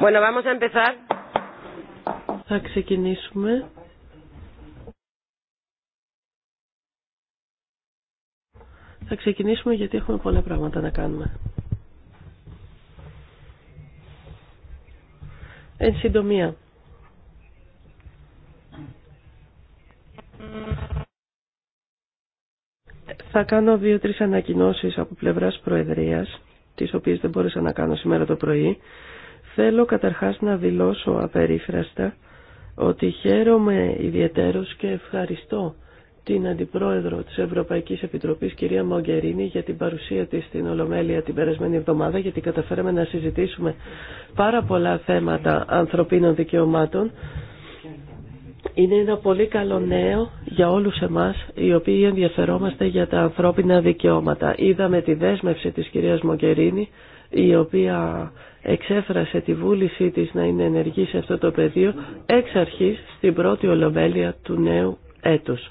Bueno, Θα ξεκινήσουμε. Θα ξεκινήσουμε γιατί έχουμε πολλά πράγματα να κάνουμε. Εν συντομία. Θα κάνω δύο-τρεις ανακοινώσεις από πλευράς Προεδρίας τις οποίες δεν μπόρεσα να κάνω σήμερα το πρωί, θέλω καταρχάς να δηλώσω απερίφραστα ότι χαίρομαι ιδιαιτέρως και ευχαριστώ την Αντιπρόεδρο της Ευρωπαϊκής Επιτροπής, κυρία Μογκερίνη, για την παρουσία της στην Ολομέλεια την περασμένη εβδομάδα, γιατί καταφέραμε να συζητήσουμε πάρα πολλά θέματα ανθρωπίνων δικαιωμάτων είναι ένα πολύ καλό νέο για όλους εμάς οι οποίοι ενδιαφερόμαστε για τα ανθρώπινα δικαιώματα. Είδαμε τη δέσμευση της κυρίας Μογκερίνη η οποία εξέφρασε τη βούλησή της να είναι ενεργή σε αυτό το πεδίο εξ αρχής στην πρώτη ολομέλεια του νέου έτους.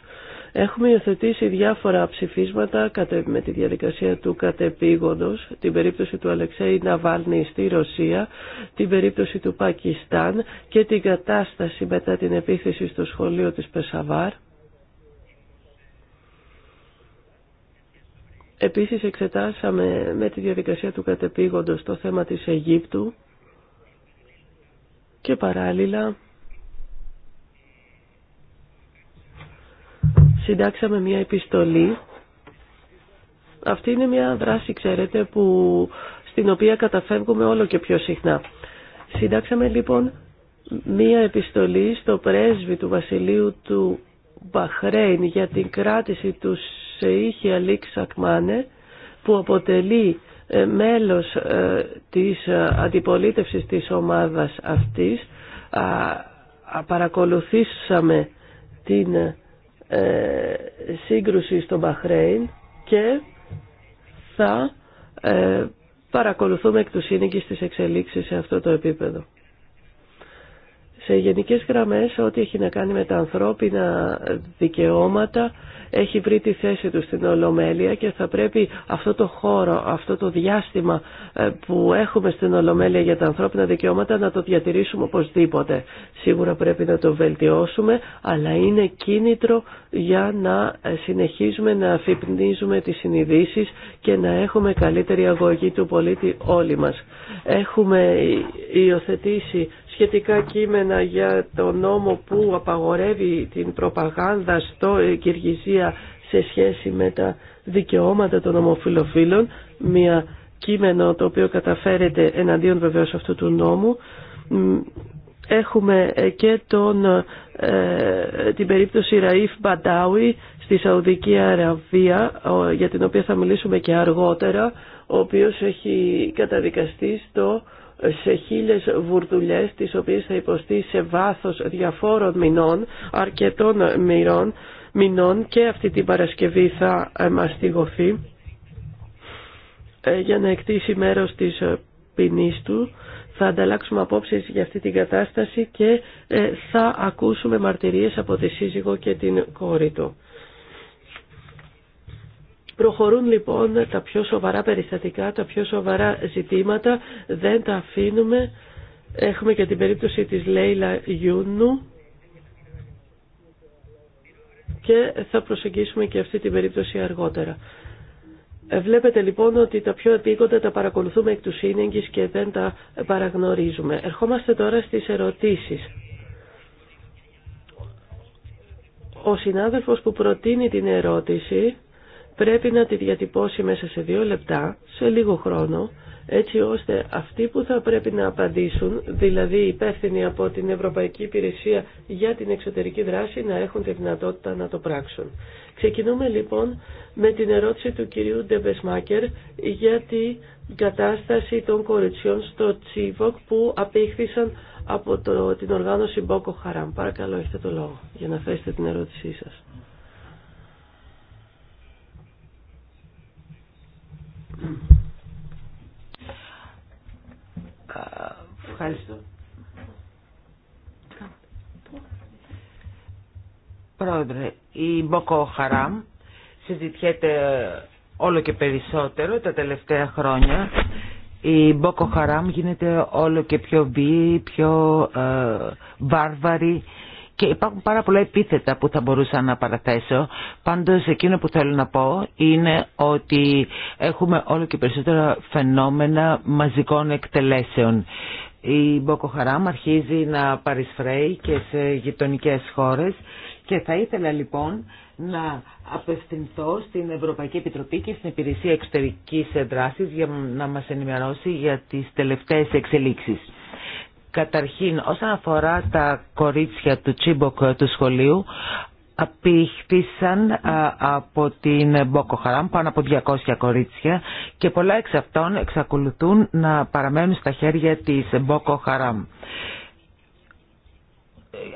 Έχουμε υιοθετήσει διάφορα ψηφίσματα με τη διαδικασία του κατεπήγοντος, την περίπτωση του Αλεξέη Ναβάλνη στη Ρωσία, την περίπτωση του Πακιστάν και την κατάσταση μετά την επίθεση στο σχολείο της Πεσαβάρ. Επίσης εξετάσαμε με τη διαδικασία του κατεπήγοντος το θέμα της Αιγύπτου και παράλληλα συντάξαμε μια επιστολή. Αυτή είναι μια δράση, ξέρετε, που, στην οποία καταφεύγουμε όλο και πιο συχνά. Συντάξαμε λοιπόν μία επιστολή στο πρέσβη του βασιλείου του Μπαχρέιν για την κράτηση του Σεΐχη Αλίξ Ακμάνε που αποτελεί ε, μέλος ε, της ε, αντιπολίτευσης της ομάδας αυτής. Παρακολουθήσαμε την ε, σύγκρουση στο Μπαχρέιν και θα ε, παρακολουθούμε εκ του σύνοικης τις εξελίξεις σε αυτό το επίπεδο. Σε γενικές γραμμές ό,τι έχει να κάνει με τα ανθρώπινα δικαιώματα έχει βρει τη θέση του στην Ολομέλεια και θα πρέπει αυτό το χώρο, αυτό το διάστημα ε, που έχουμε στην Ολομέλεια για τα ανθρώπινα δικαιώματα να το διατηρήσουμε οπωσδήποτε. Σίγουρα πρέπει να το βελτιώσουμε, αλλά είναι κίνητρο για να ε, συνεχίζουμε να αφυπνίζουμε τις συνειδήσεις και να έχουμε καλύτερη αγωγή του πολίτη όλοι μας. Έχουμε υιοθετήσει σχετικά κείμενα για το νόμο που απαγορεύει την προπαγάνδα στο ε, Κυργυζία σε σχέση με τα δικαιώματα των ομοφιλοφίλων, μια κείμενο το οποίο καταφέρεται εναντίον βεβαίως αυτού του νόμου. Έχουμε ε, και τον, ε, την περίπτωση Ραΐφ Μπαντάουι στη Σαουδική Αραβία, για την οποία θα μιλήσουμε και αργότερα, ο οποίος έχει καταδικαστεί στο σε χίλιες βουρδουλές, τις οποίες θα υποστεί σε βάθος διαφόρων μηνών, αρκετών μηρών μηνών και αυτή την Παρασκευή θα μαστιγωθεί ε, για να εκτίσει μέρος της ε, ποινής του. Θα ανταλλάξουμε απόψεις για αυτή την κατάσταση και ε, θα ακούσουμε μαρτυρίες από τη σύζυγο και την κόρη του. Προχωρούν λοιπόν τα πιο σοβαρά περιστατικά, τα πιο σοβαρά ζητήματα, δεν τα αφήνουμε. Έχουμε και την περίπτωση της Λέιλα Γιούνου και θα προσεγγίσουμε και αυτή την περίπτωση αργότερα. Ε, βλέπετε λοιπόν ότι τα πιο επίγοντα τα παρακολουθούμε εκ του σύνεγγυς και δεν τα παραγνωρίζουμε. Ερχόμαστε τώρα στις ερωτήσεις. Ο συνάδελφος που προτείνει την ερώτηση πρέπει να τη διατυπώσει μέσα σε δύο λεπτά, σε λίγο χρόνο, έτσι ώστε αυτοί που θα πρέπει να απαντήσουν, δηλαδή οι υπεύθυνοι από την Ευρωπαϊκή Υπηρεσία για την εξωτερική δράση, να έχουν τη δυνατότητα να το πράξουν. Ξεκινούμε λοιπόν με την ερώτηση του κυρίου Ντεβεσμάκερ για την κατάσταση των κοριτσιών στο Τσίβοκ που απήχθησαν από την οργάνωση Μπόκο Χαράμ. Παρακαλώ, έχετε το λόγο για να θέσετε την ερώτησή σας. Ευχαριστώ. Πρόεδρε, η Μποκο Χαράμ συζητιέται όλο και περισσότερο τα τελευταία χρόνια. Η Μποκο Χαράμ γίνεται όλο και πιο βίαιη, πιο ε, βάρβαρη και υπάρχουν πάρα πολλά επίθετα που θα μπορούσα να παραθέσω. Πάντως εκείνο που θέλω να πω είναι ότι έχουμε όλο και περισσότερα φαινόμενα μαζικών εκτελέσεων. Η Μποκοχαράμ αρχίζει να παρισφρέει και σε γειτονικές χώρες και θα ήθελα λοιπόν να απευθυνθώ στην Ευρωπαϊκή Επιτροπή και στην Υπηρεσία Εξωτερικής Δράσης για να μας ενημερώσει για τις τελευταίες εξελίξεις. Καταρχήν, όσον αφορά τα κορίτσια του Τσίμποκ ε, του σχολείου, απηχθήσαν ε, από την Χαράμ, πάνω από 200 κορίτσια και πολλά εξ αυτών εξακολουθούν να παραμένουν στα χέρια της Χαράμ.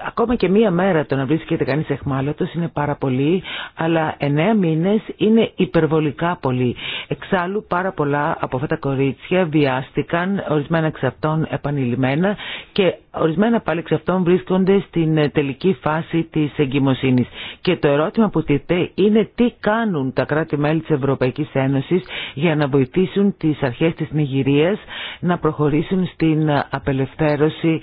Ακόμα και μία μέρα το να βρίσκεται κανείς εχμάλωτος είναι πάρα πολύ, αλλά εννέα μήνες είναι υπερβολικά πολύ. Εξάλλου πάρα πολλά από αυτά τα κορίτσια βιάστηκαν, ορισμένα εξ αυτών επανειλημμένα και ορισμένα πάλι εξ αυτών βρίσκονται στην ε, τελική φάση της εγκυμοσύνης. Και το ερώτημα που τίθεται είναι τι κάνουν τα κράτη-μέλη της Ευρωπαϊκής Ένωσης για να βοηθήσουν τις αρχές της Νιγηρίας να προχωρήσουν στην ε, απελευθέρωση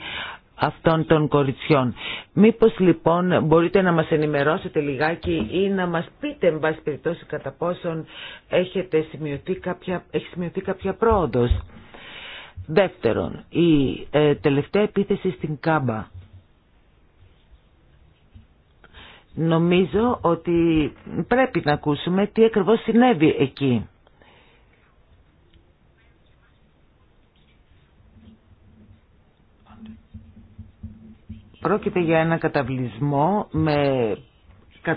αυτών των κοριτσιών. Μήπως λοιπόν μπορείτε να μας ενημερώσετε λιγάκι ή να μας πείτε εν πάση περιπτώσει κατά πόσον έχετε σημειωθεί κάποια, έχει σημειωθεί κάποια πρόοδος. Δεύτερον, η ε, τελευταία επίθεση στην Κάμπα. Νομίζω ότι πρέπει να ακούσουμε τι ακριβώς συνέβη εκεί. Πρόκειται για ένα καταβλισμό με 102.000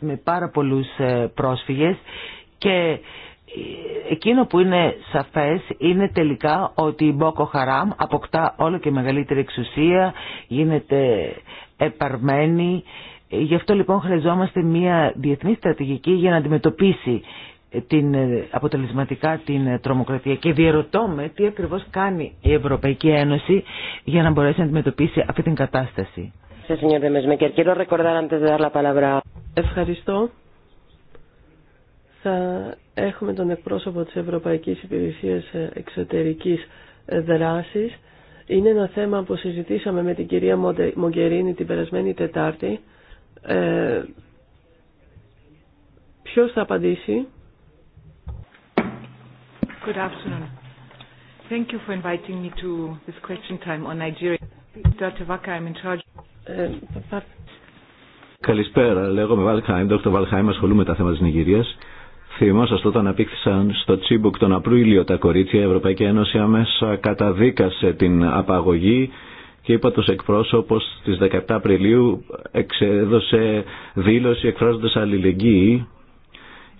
με πάρα πολλούς ε, πρόσφυγες και ε, εκείνο που είναι σαφές είναι τελικά ότι η Μπόκο Χαράμ αποκτά όλο και μεγαλύτερη εξουσία, γίνεται επαρμένη. Γι' αυτό λοιπόν χρειαζόμαστε μια διεθνή στρατηγική για να αντιμετωπίσει την, ε, αποτελεσματικά την ε, τρομοκρατία και διαρωτώ με τι ακριβώς κάνει η Ευρωπαϊκή Ένωση για να μπορέσει να αντιμετωπίσει αυτή την κατάσταση. Ευχαριστώ. Θα έχουμε τον εκπρόσωπο της Ευρωπαϊκής Υπηρεσίας Εξωτερικής Δράσης. Είναι ένα θέμα που συζητήσαμε με την κυρία Μογκερίνη την περασμένη Τετάρτη. Ε, ποιος θα απαντήσει Good afternoon. Thank you for inviting me to this question time on Nigeria. Dr. I'm in charge. Ε, Καλησπέρα, λέγομαι Βαλχάιμ, Dr. Βαλχάιμ, ασχολούμαι με τα θέματα της Νιγηρίας. Θυμόσαστε όταν απήχθησαν στο Τσίμπουκ τον Απρίλιο τα κορίτσια, η Ευρωπαϊκή Ένωση αμέσα καταδίκασε την απαγωγή και είπα τους εκπρόσωπος στις 17 Απριλίου εξέδωσε δήλωση εκφράζοντας αλληλεγγύη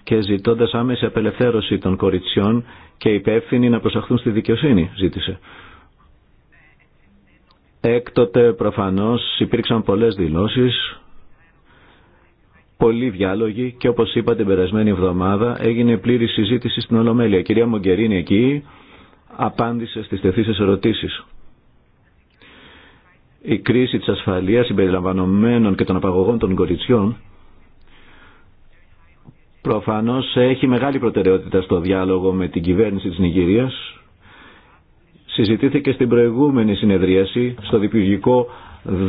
και ζητώντας άμεση απελευθέρωση των κοριτσιών και υπεύθυνοι να προσαχθούν στη δικαιοσύνη, ζήτησε. Έκτοτε προφανώς υπήρξαν πολλές δηλώσεις, πολλοί διάλογοι και όπως είπα την περασμένη εβδομάδα έγινε πλήρη συζήτηση στην Ολομέλεια. Η κυρία Μογκερίνη εκεί απάντησε στις τεθήσεις ερωτήσεις. Η κρίση της ασφαλείας συμπεριλαμβανομένων και των απαγωγών των κοριτσιών προφανώς έχει μεγάλη προτεραιότητα στο διάλογο με την κυβέρνηση της Νιγηρίας. Συζητήθηκε στην προηγούμενη συνεδρίαση, στο διπλωματικό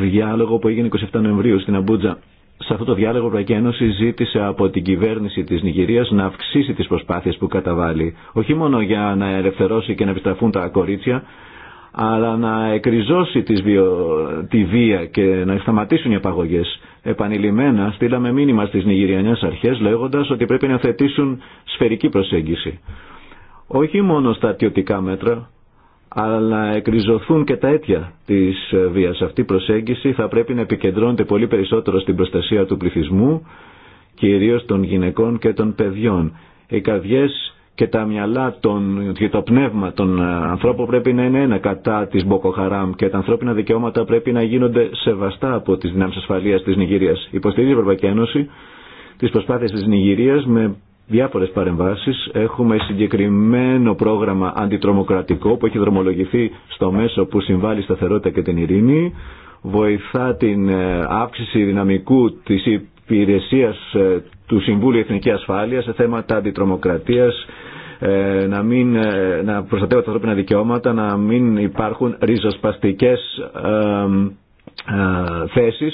διάλογο που έγινε 27 Νοεμβρίου στην Αμπούτζα. Σε αυτό το διάλογο η Ένωση ζήτησε από την κυβέρνηση της Νιγηρίας να αυξήσει τις προσπάθειες που καταβάλει. Όχι μόνο για να ελευθερώσει και να επιστραφούν τα κορίτσια, αλλά να εκριζώσει τις βιο... τη βία και να σταματήσουν οι απαγωγές. Επανειλημμένα στείλαμε μήνυμα στις Νιγηριανές αρχές λέγοντας ότι πρέπει να θετήσουν σφαιρική προσέγγιση. Όχι μόνο στα στατιωτικά μέτρα, αλλά να εκριζωθούν και τα αίτια της βίας. Αυτή η προσέγγιση θα πρέπει να επικεντρώνεται πολύ περισσότερο στην προστασία του πληθυσμού, κυρίως των γυναικών και των παιδιών. Οι καρδιές και τα μυαλά και το πνεύμα των ε, ανθρώπων πρέπει να είναι ένα κατά της Μποκοχαράμ και τα ανθρώπινα δικαιώματα πρέπει να γίνονται σεβαστά από τις δυνάμεις ασφαλείας της Νιγηρίας. Υποστηρίζει η Ευρωπαϊκή Ένωση τις προσπάθειες της Νιγηρίας με διάφορες παρεμβάσεις. Έχουμε συγκεκριμένο πρόγραμμα αντιτρομοκρατικό που έχει δρομολογηθεί στο μέσο που συμβάλλει σταθερότητα και την ειρήνη. Βοηθά την ε, αύξηση δυναμικού της υπηρεσίας ε, του Συμβούλου Εθνική Ασφάλεια σε θέματα αντιτρομοκρατία, ε, να, ε, να προστατεύονται τα ανθρώπινα δικαιώματα, να μην υπάρχουν ριζοσπαστικέ ε, θέσει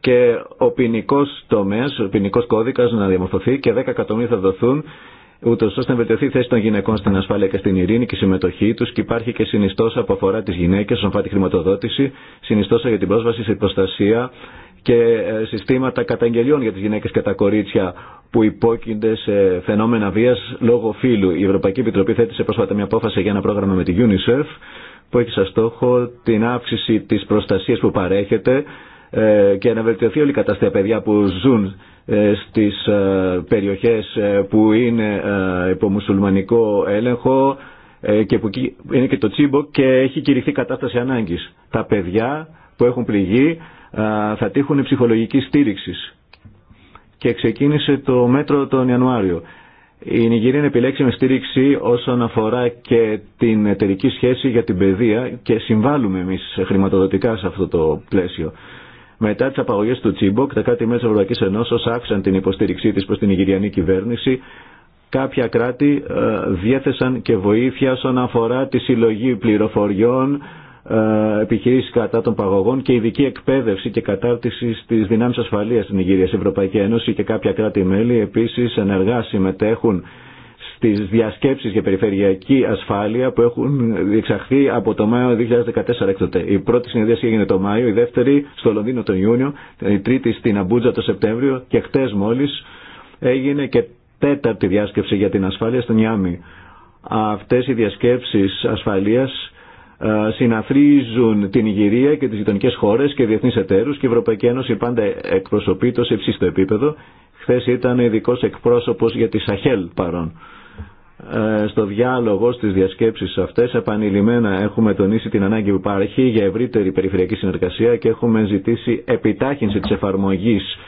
και ο ποινικό τομέα, ο ποινικό κώδικα να διαμορφωθεί και 10 εκατομμύρια θα δοθούν ούτω ώστε να βελτιωθεί η θέση των γυναικών στην ασφάλεια και στην ειρήνη και η συμμετοχή του και υπάρχει και συνιστόσα που αφορά τι γυναίκε, όσον αφορά τη χρηματοδότηση, συνιστόσα για την πρόσβαση σε προστασία και ε, συστήματα καταγγελιών για τις γυναίκες και τα κορίτσια που υπόκεινται σε φαινόμενα βίας λόγω φύλου. Η Ευρωπαϊκή Επιτροπή θέτησε πρόσφατα μια απόφαση για ένα πρόγραμμα με τη UNICEF που έχει σαν στόχο την αύξηση της προστασίας που παρέχεται ε, και να βελτιωθεί όλη η κατάσταση παιδιά που ζουν ε, στις περιοχές που είναι υπό μουσουλμανικό έλεγχο και που είναι και το τσίμπο και έχει κηρυχθεί κατάσταση ανάγκης. Τα παιδιά που έχουν πληγεί θα τύχουν ψυχολογική στήριξη. Και ξεκίνησε το μέτρο τον Ιανουάριο. Η Νιγηρία είναι με στήριξη όσον αφορά και την εταιρική σχέση για την παιδεία και συμβάλλουμε εμεί χρηματοδοτικά σε αυτό το πλαίσιο. Μετά τι απαγωγέ του Τσίμποκ, τα κράτη μέσα τη Ευρωπαϊκή Ενώσεω άφησαν την υποστήριξή τη προ την Νιγηριανή κυβέρνηση. Κάποια κράτη ε, διέθεσαν και βοήθεια όσον αφορά τη συλλογή πληροφοριών, ε, επιχειρήσει κατά των παγωγών και ειδική εκπαίδευση και κατάρτιση τη δυνάμει ασφαλεία στην Ιγυρία. Η Ευρωπαϊκή Ένωση και κάποια κράτη-μέλη επίση ενεργά συμμετέχουν στι διασκέψει για περιφερειακή ασφάλεια που έχουν διεξαχθεί από το Μάιο 2014 έκτοτε. Η πρώτη συνεδρίαση έγινε το Μάιο, η δεύτερη στο Λονδίνο τον Ιούνιο, η τρίτη στην Αμπούτζα το Σεπτέμβριο και χτε μόλι έγινε και τέταρτη διάσκεψη για την ασφάλεια στην Ιάμι. Αυτές οι διασκέψεις ασφαλείας ε, συναθρίζουν την Ιγυρία και τις γειτονικέ χώρες και διεθνείς εταίρους και η Ευρωπαϊκή Ένωση πάντα εκπροσωπεί το σε επίπεδο. Χθε ήταν ειδικό εκπρόσωπος για τη Σαχέλ παρόν. Ε, στο διάλογο στις διασκέψεις αυτές επανειλημμένα έχουμε τονίσει την ανάγκη που υπάρχει για ευρύτερη περιφερειακή συνεργασία και έχουμε ζητήσει επιτάχυνση της εφαρμογής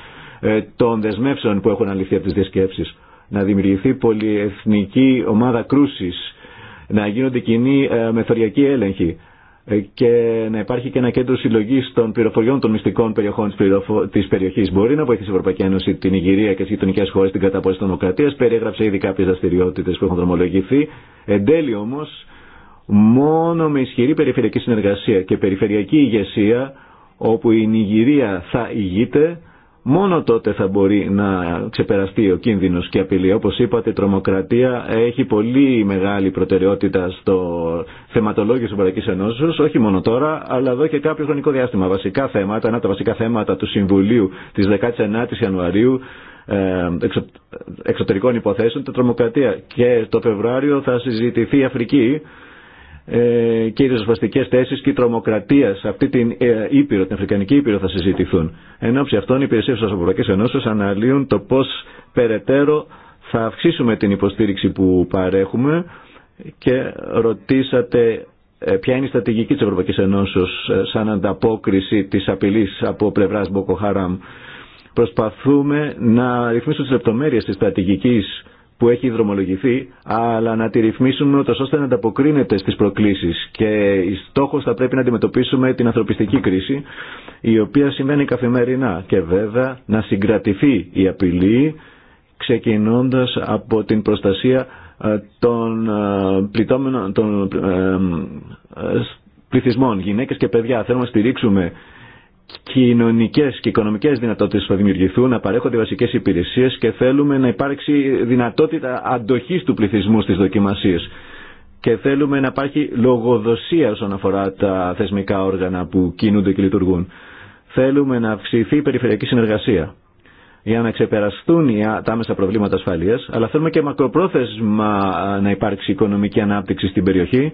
ε, των δεσμεύσεων που έχουν αληθεί από τις διασκέψεις. Να δημιουργηθεί πολυεθνική ομάδα κρούσης να γίνονται κοινοί ε, μεθοριακοί έλεγχοι ε, και να υπάρχει και ένα κέντρο συλλογή των πληροφοριών των μυστικών περιοχών τη περιοχή. Μπορεί να βοηθήσει η Ευρωπαϊκή Ένωση την Ιγυρία και τι γειτονικέ χώρε στην καταπολέμηση τη δημοκρατία. Περιέγραψε ήδη κάποιε δραστηριότητε που έχουν δρομολογηθεί. Εν τέλει όμω, μόνο με ισχυρή περιφερειακή συνεργασία και περιφερειακή ηγεσία, όπου η Νιγηρία θα ηγείται, Μόνο τότε θα μπορεί να ξεπεραστεί ο κίνδυνος και η απειλή. Όπως είπατε, η τρομοκρατία έχει πολύ μεγάλη προτεραιότητα στο θεματολόγιο της Ευρωπαϊκή Ενώσεως, όχι μόνο τώρα, αλλά εδώ και κάποιο χρονικό διάστημα. Βασικά θέματα, ένα από τα βασικά θέματα του Συμβουλίου της 19 η Ιανουαρίου, ε, εξωτερικών υποθέσεων, τα τρομοκρατία. Και το Φεβράριο θα συζητηθεί η Αφρική, ε, και οι ριζοσπαστικέ θέσει και η τρομοκρατία σε αυτή την ε, Ήπειρο, την Αφρικανική Ήπειρο, θα συζητηθούν. Εν ώψη αυτών, οι υπηρεσίε τη Ευρωπαϊκή Ενώσεω αναλύουν το πώ περαιτέρω θα αυξήσουμε την υποστήριξη που παρέχουμε και ρωτήσατε ε, ποια είναι η στρατηγική της Ευρωπαϊκής Ενώσεως ε, σαν ανταπόκριση της απειλής από πλευράς Μποκοχαράμ. Προσπαθούμε να ρυθμίσουμε τις λεπτομέρειες της στρατηγικής που έχει δρομολογηθεί, αλλά να τη ρυθμίσουμε ούτως ώστε να ανταποκρίνεται στις προκλήσεις. Και στόχο στόχος θα πρέπει να αντιμετωπίσουμε την ανθρωπιστική κρίση, η οποία σημαίνει καθημερινά και βέβαια να συγκρατηθεί η απειλή, ξεκινώντας από την προστασία ε, των, ε, ε, πληθυσμών, γυναίκες και παιδιά. Θέλουμε να στηρίξουμε κοινωνικές και οικονομικές δυνατότητες που θα δημιουργηθούν, να παρέχονται βασικές υπηρεσίες και θέλουμε να υπάρξει δυνατότητα αντοχής του πληθυσμού στις δοκιμασίες. Και θέλουμε να υπάρχει λογοδοσία όσον αφορά τα θεσμικά όργανα που κινούνται και λειτουργούν. Θέλουμε να αυξηθεί η περιφερειακή συνεργασία για να ξεπεραστούν τα άμεσα προβλήματα ασφαλείας, αλλά θέλουμε και μακροπρόθεσμα να υπάρξει οικονομική ανάπτυξη στην περιοχή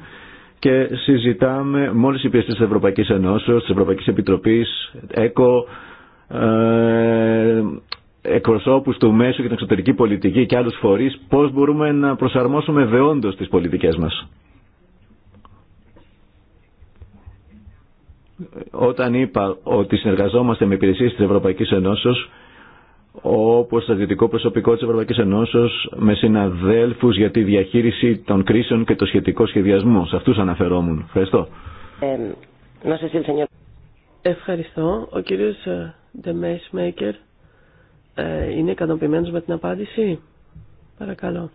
και συζητάμε με όλες οι πιεστές της Ευρωπαϊκής Ενώσεως, της Ευρωπαϊκής Επιτροπής, ΕΚΟ, ε, εκπροσώπους του μέσου και την εξωτερική πολιτική και άλλους φορείς, πώς μπορούμε να προσαρμόσουμε δεόντως τις πολιτικές μας. Όταν είπα ότι συνεργαζόμαστε με υπηρεσίες της Ευρωπαϊκής Ενώσεως, Όπω το δυτικό προσωπικό τη Ευρωπαϊκή Ενώσεω με συναδέλφου για τη διαχείριση των κρίσεων και το σχετικό σχεδιασμό. Σε αυτού αναφερόμουν. Ευχαριστώ. Ε, Ευχαριστώ. Ο κύριος Ντεμέσ Μέικερ είναι ικανοποιημένο με την απάντηση. Παρακαλώ.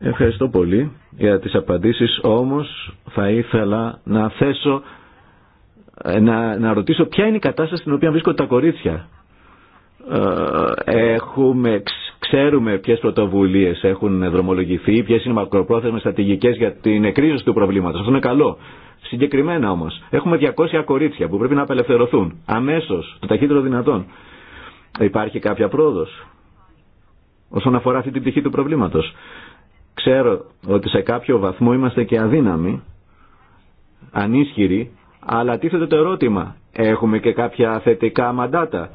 Ευχαριστώ πολύ για τις απαντήσεις, όμως θα ήθελα να θέσω ε, να, να ρωτήσω ποια είναι η κατάσταση στην οποία βρίσκονται τα κορίτσια. Ε, έχουμε, ξέρουμε ποιες πρωτοβουλίες έχουν δρομολογηθεί, ποιες είναι οι μακροπρόθεσμες στρατηγικές για την εκρίζωση του προβλήματος. Αυτό είναι καλό. Συγκεκριμένα όμως, έχουμε 200 κορίτσια που πρέπει να απελευθερωθούν αμέσως, το ταχύτερο δυνατόν. Υπάρχει κάποια πρόοδος όσον αφορά αυτή την πτυχή του προβλήματος. Ξέρω ότι σε κάποιο βαθμό είμαστε και αδύναμοι, ανίσχυροι αλλά τίθεται το ερώτημα, έχουμε και κάποια θετικά μαντάτα.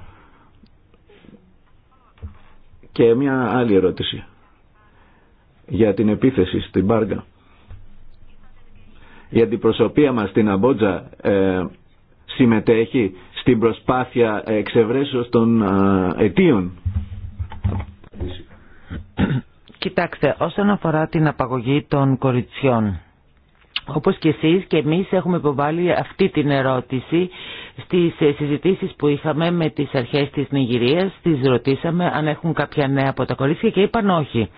Και μια άλλη ερώτηση για την επίθεση στην Πάργα. Η αντιπροσωπεία μας στην Αμπότζα ε, συμμετέχει στην προσπάθεια εξευρέσεως των ε, αιτίων. Κοιτάξτε, όσον αφορά την απαγωγή των κοριτσιών, όπως και εσείς και εμείς έχουμε υποβάλει αυτή την ερώτηση στις συζητήσεις που είχαμε με τις αρχές της Νιγηρίας. Τις ρωτήσαμε αν έχουν κάποια νέα από τα κορίτσια και είπαν όχι.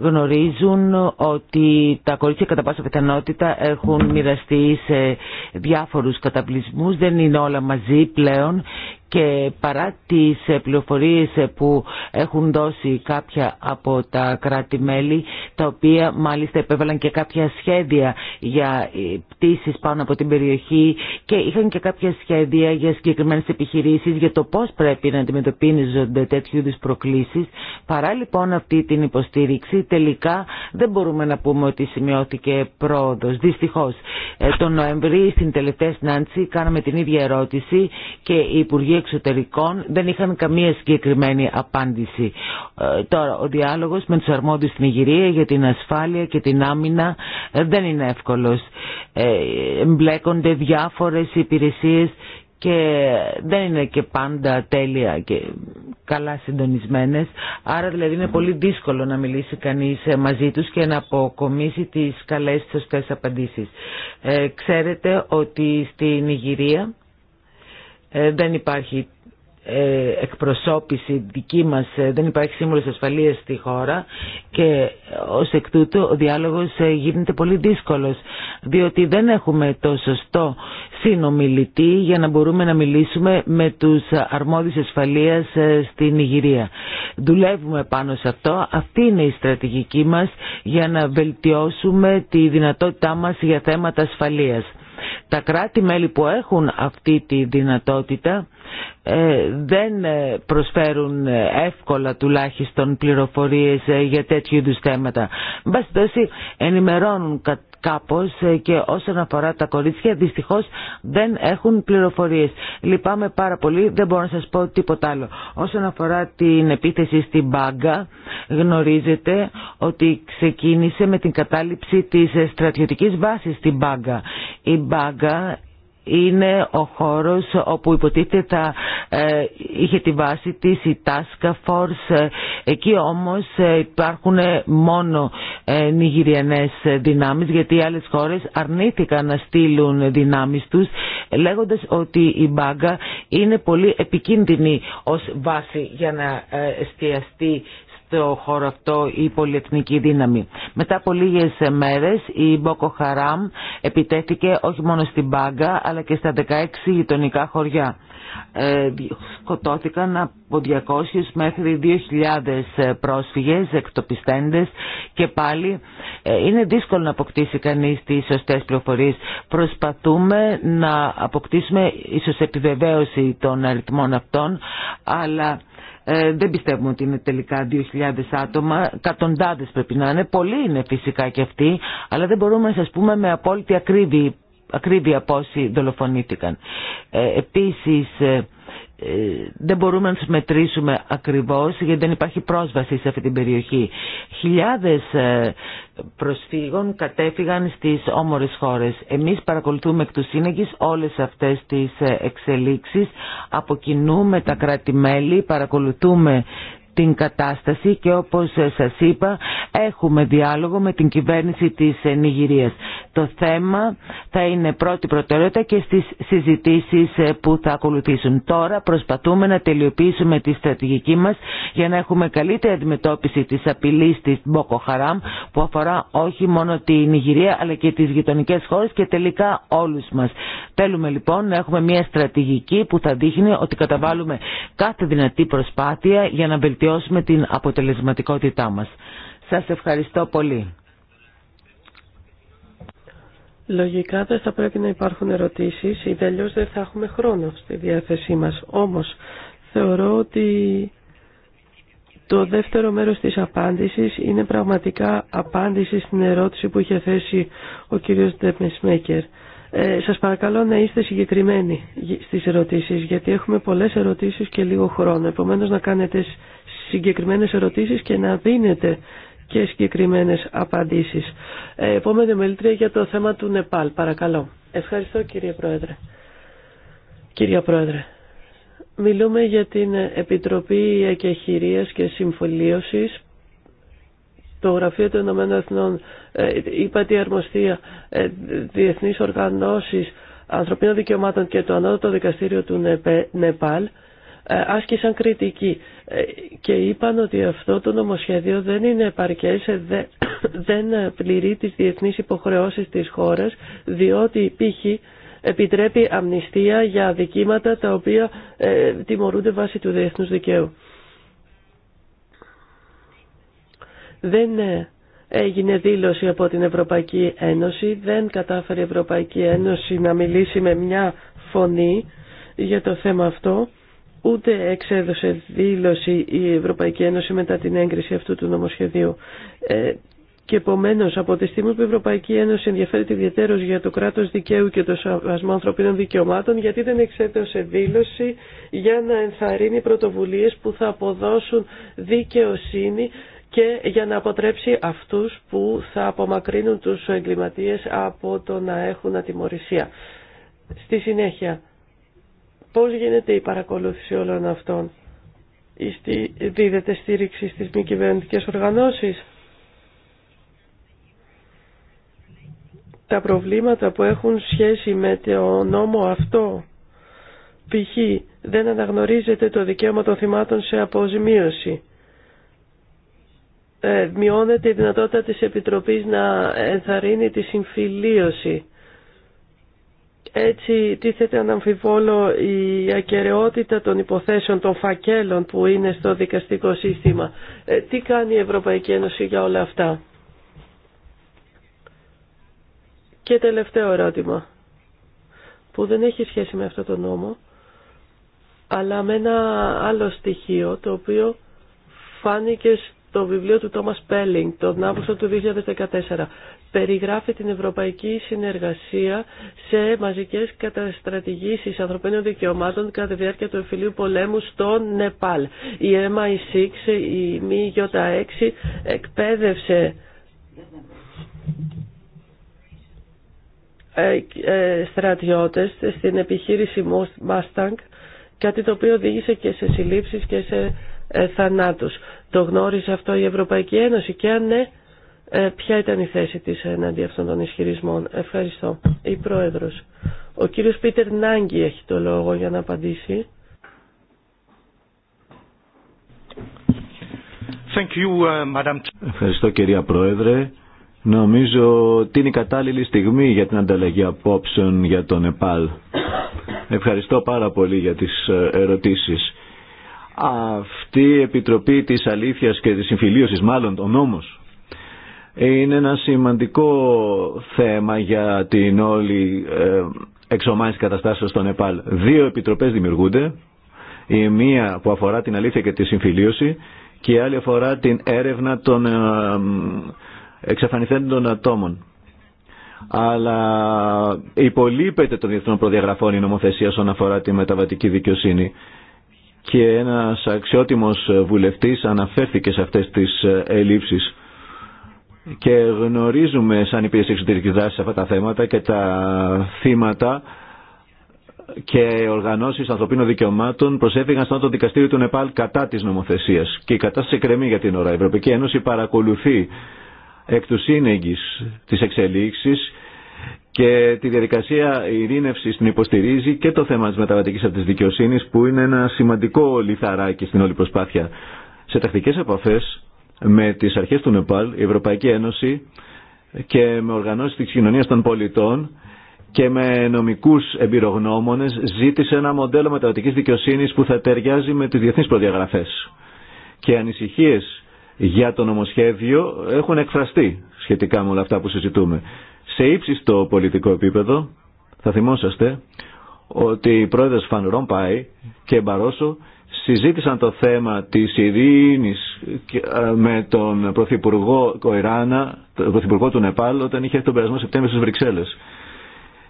Γνωρίζουν ότι τα κορίτσια κατά πάσα πιθανότητα έχουν μοιραστεί σε διάφορους καταπλησμούς, δεν είναι όλα μαζί πλέον και παρά τις πληροφορίες που έχουν δώσει κάποια από τα κράτη-μέλη τα οποία μάλιστα επέβαλαν και κάποια σχέδια για ε, πτήσεις πάνω από την περιοχή και είχαν και κάποια σχέδια για συγκεκριμένες επιχειρήσεις για το πώς πρέπει να αντιμετωπίζονται τέτοιου είδους προκλήσεις παρά λοιπόν αυτή την υποστήριξη τελικά δεν μπορούμε να πούμε ότι σημειώθηκε πρόοδος δυστυχώς ε, τον Νοέμβρη στην τελευταία συνάντηση κάναμε την ίδια ερώτηση και οι Υπουργοί Εξωτερικών δεν είχαν καμία συγκεκριμένη απάντηση. Ε, τώρα, ο διάλογος με τους αρμόδιους στην Ιγυρία για την ασφάλεια και την άμυνα ε, δεν είναι εύκολος. Ε, Μπλέκονται διάφορες υπηρεσίες και δεν είναι και πάντα τέλεια και καλά συντονισμένες άρα δηλαδή είναι πολύ δύσκολο να μιλήσει κανείς μαζί τους και να αποκομίσει τις καλές σωστές απαντήσεις. ξέρετε ότι στην Ιγυρία ε, δεν υπάρχει ε, εκπροσώπηση δική μας, ε, δεν υπάρχει σύμβολος ασφαλείας στη χώρα και ως εκ τούτου ο διάλογος γίνεται πολύ δύσκολος διότι δεν έχουμε το σωστό συνομιλητή για να μπορούμε να μιλήσουμε με τους αρμόδιους ασφαλείας στην Ιγυρία. Δουλεύουμε πάνω σε αυτό, αυτή είναι η στρατηγική μας για να βελτιώσουμε τη δυνατότητά μας για θέματα ασφαλείας. Τα κράτη-μέλη που έχουν αυτή τη δυνατότητα ε, δεν ε, προσφέρουν ε, εύκολα τουλάχιστον πληροφορίες για τέτοιου είδους θέματα. ενημερώνουν κάπως ε, και όσον αφορά τα κορίτσια δυστυχώς δεν έχουν πληροφορίες. Λυπάμαι πάρα πολύ, δεν μπορώ να σας πω τίποτα άλλο. Όσον αφορά την επίθεση στην Μπάγκα γνωρίζετε ότι ξεκίνησε με την κατάληψη της στρατιωτικής βάσης στην Μπάγκα. Η Μπάγκα είναι ο χώρος όπου υποτίθεται θα ε, είχε τη βάση της η Task Force. Ε, εκεί όμως ε, υπάρχουν μόνο ε, νιγηριανές δυνάμεις γιατί οι άλλες χώρες αρνήθηκαν να στείλουν δυνάμεις τους λέγοντας ότι η μπάγκα είναι πολύ επικίνδυνη ως βάση για να εστιαστεί το χώρο αυτό η πολυεθνική δύναμη. Μετά από λίγε μέρες η Μπόκο Χαράμ επιτέθηκε όχι μόνο στην Μπάγκα αλλά και στα 16 γειτονικά χωριά. Ε, σκοτώθηκαν από 200 μέχρι 2.000 ε, πρόσφυγες, εκτοπιστέντες και πάλι ε, είναι δύσκολο να αποκτήσει κανείς τις σωστές πληροφορίες. Προσπαθούμε να αποκτήσουμε ίσως επιβεβαίωση των αριθμών αυτών, αλλά... δεν πιστεύουμε ότι είναι τελικά 2.000 άτομα, κατοντάδες πρέπει να είναι, πολλοί είναι φυσικά και αυτοί, αλλά δεν μπορούμε να σας πούμε με απόλυτη ακρίβεια ακρίβεια πόσοι δολοφονήθηκαν. Ε, επίσης ε, ε, δεν μπορούμε να τους μετρήσουμε ακριβώς γιατί δεν υπάρχει πρόσβαση σε αυτή την περιοχή. Χιλιάδες προσφύγων κατέφυγαν στις όμορες χώρες. Εμείς παρακολουθούμε εκ του σύνεγης όλες αυτές τις εξελίξεις. Αποκινούμε τα κράτη-μέλη, παρακολουθούμε την κατάσταση και όπως σας είπα έχουμε διάλογο με την κυβέρνηση της Νιγηρίας. Το θέμα θα είναι πρώτη προτεραιότητα και στις συζητήσεις ε, που θα ακολουθήσουν. Τώρα προσπαθούμε να τελειοποιήσουμε τη στρατηγική μας για να έχουμε καλύτερη αντιμετώπιση της απειλής της Μποκοχαράμ που αφορά όχι μόνο την Ιγυρία αλλά και τις γειτονικές χώρες και τελικά όλους μας. Θέλουμε λοιπόν να έχουμε μια στρατηγική που θα δείχνει ότι καταβάλουμε κάθε δυνατή προσπάθεια για να βελτιώσουμε την αποτελεσματικότητά μας. Σας ευχαριστώ πολύ. Λογικά δεν θα πρέπει να υπάρχουν ερωτήσεις ή τελειώς δεν θα έχουμε χρόνο στη διάθεσή μας. Όμως θεωρώ ότι το δεύτερο μέρος της απάντησης είναι πραγματικά απάντηση στην ερώτηση που είχε θέσει ο κύριος Ντεπνισμέκερ. Ε, σας παρακαλώ να είστε συγκεκριμένοι στις ερωτήσεις γιατί έχουμε πολλές ερωτήσεις και λίγο χρόνο. Επομένως να κάνετε συγκεκριμένες ερωτήσεις και να δίνετε και συγκεκριμένες απαντήσεις. Ε, επόμενη μελήτρια για το θέμα του Νεπάλ. Παρακαλώ. Ευχαριστώ κύριε Πρόεδρε. Κύριε Πρόεδρε. Μιλούμε για την Επιτροπή Εκεχηρίας και Συμφωλίωσης το Γραφείο των Ηνωμένων Εθνών, ε, είπα τη αρμοστία, ε, οργανώσεις ανθρωπίνων δικαιωμάτων και το Ανώτατο Δικαστήριο του Νεπάλ ε, άσκησαν κριτική ε, και είπαν ότι αυτό το νομοσχέδιο δεν είναι επαρκές, ε, δεν πληρεί τις διεθνείς υποχρεώσεις της χώρας, διότι π.χ. επιτρέπει αμνηστία για αδικήματα τα οποία τιμωρούνται βάσει του διεθνούς δικαίου. Δεν έγινε δήλωση από την Ευρωπαϊκή Ένωση, δεν κατάφερε η Ευρωπαϊκή Ένωση να μιλήσει με μια φωνή για το θέμα αυτό ούτε εξέδωσε δήλωση η Ευρωπαϊκή Ένωση μετά την έγκριση αυτού του νομοσχεδίου. Ε, και επομένω, από τη στιγμή που η Ευρωπαϊκή Ένωση ενδιαφέρεται ιδιαίτερω για το κράτο δικαίου και το σεβασμό ανθρωπίνων δικαιωμάτων, γιατί δεν εξέδωσε δήλωση για να ενθαρρύνει πρωτοβουλίε που θα αποδώσουν δικαιοσύνη και για να αποτρέψει αυτού που θα απομακρύνουν του εγκληματίε από το να έχουν ατιμορρησία. Στη συνέχεια, Πώς γίνεται η παρακολούθηση όλων αυτών. Στη, δίδεται στήριξη στις μη κυβερνητικές οργανώσεις. Τα προβλήματα που έχουν σχέση με το νόμο αυτό, π.χ. δεν αναγνωρίζεται το δικαίωμα των θυμάτων σε αποζημίωση. Ε, μειώνεται η δυνατότητα της Επιτροπής να ενθαρρύνει τη συμφιλίωση έτσι τίθεται αναμφιβόλο η ακαιρεότητα των υποθέσεων των φακέλων που είναι στο δικαστικό σύστημα. Ε, τι κάνει η Ευρωπαϊκή Ένωση για όλα αυτά. Και τελευταίο ερώτημα που δεν έχει σχέση με αυτό το νόμο αλλά με ένα άλλο στοιχείο το οποίο φάνηκε στο βιβλίο του Τόμας Πέλινγκ τον Αύγουστο του 2014 περιγράφει την ευρωπαϊκή συνεργασία σε μαζικές καταστρατηγήσεις ανθρωπίνων δικαιωμάτων κατά τη διάρκεια του εμφυλίου πολέμου στο Νεπάλ. Η MI6, η ΜΙΙΟΤΑ6 εκπαίδευσε ε, ε, στρατιώτες στην επιχείρηση Mustang, κάτι το οποίο οδήγησε και σε συλλήψεις και σε ε, θανάτους. Το γνώρισε αυτό η Ευρωπαϊκή Ένωση και αν ναι, ε, ποια ήταν η θέση της εναντί αυτών των ισχυρισμών. Ευχαριστώ. Η Πρόεδρος. Ο κύριος Πίτερ Νάγκη έχει το λόγο για να απαντήσει. Thank you, uh, Madam. Ευχαριστώ κυρία Πρόεδρε. Νομίζω ότι είναι η κατάλληλη στιγμή για την ανταλλαγή απόψεων για τον ΕΠΑΛ. Ευχαριστώ πάρα πολύ για τις ε, ερωτήσεις. Αυτή η Επιτροπή της Αλήθειας και της Συμφιλίωσης, μάλλον ο νόμος είναι ένα σημαντικό θέμα για την όλη ε, εξομάλυνση καταστάσεως στο Νεπάλ. Δύο επιτροπές δημιουργούνται, η μία που αφορά την αλήθεια και τη συμφιλίωση και η άλλη αφορά την έρευνα των ε, εξαφανιθέντων ατόμων. Αλλά υπολείπεται των διεθνών προδιαγραφών η νομοθεσία όσον αφορά τη μεταβατική δικαιοσύνη. Και ένας αξιότιμος βουλευτής αναφέρθηκε σε αυτές τις ε, ελλείψεις και γνωρίζουμε σαν υπηρεσία εξωτερικής δράσης αυτά τα θέματα και τα θύματα και οργανώσει ανθρωπίνων δικαιωμάτων προσέφηγαν στον το δικαστήριο του Νεπάλ κατά τη νομοθεσία. Και η κατάσταση εκκρεμεί για την ώρα. Η Ευρωπαϊκή Ένωση παρακολουθεί εκ του σύνεγγυ τι εξελίξει και τη διαδικασία ειρήνευση την υποστηρίζει και το θέμα τη μεταβατική από τη δικαιοσύνη που είναι ένα σημαντικό λιθαράκι στην όλη προσπάθεια. Σε τακτικέ επαφέ με τις αρχές του Νεπάλ, η Ευρωπαϊκή Ένωση και με οργανώσεις της κοινωνίας των πολιτών και με νομικούς εμπειρογνώμονες ζήτησε ένα μοντέλο μεταβατικής δικαιοσύνης που θα ταιριάζει με τις διεθνείς προδιαγραφές. Και ανησυχίες για το νομοσχέδιο έχουν εκφραστεί σχετικά με όλα αυτά που συζητούμε. Σε ύψιστο πολιτικό επίπεδο θα θυμόσαστε ότι οι πρόεδρος Φαν Ρομπάι και Μπαρόσο συζήτησαν το θέμα της ειρήνης ε, με τον Πρωθυπουργό Κοϊράνα, τον Πρωθυπουργό του Νεπάλ, όταν είχε τον περασμό Σεπτέμβριο στις Βρυξέλλες.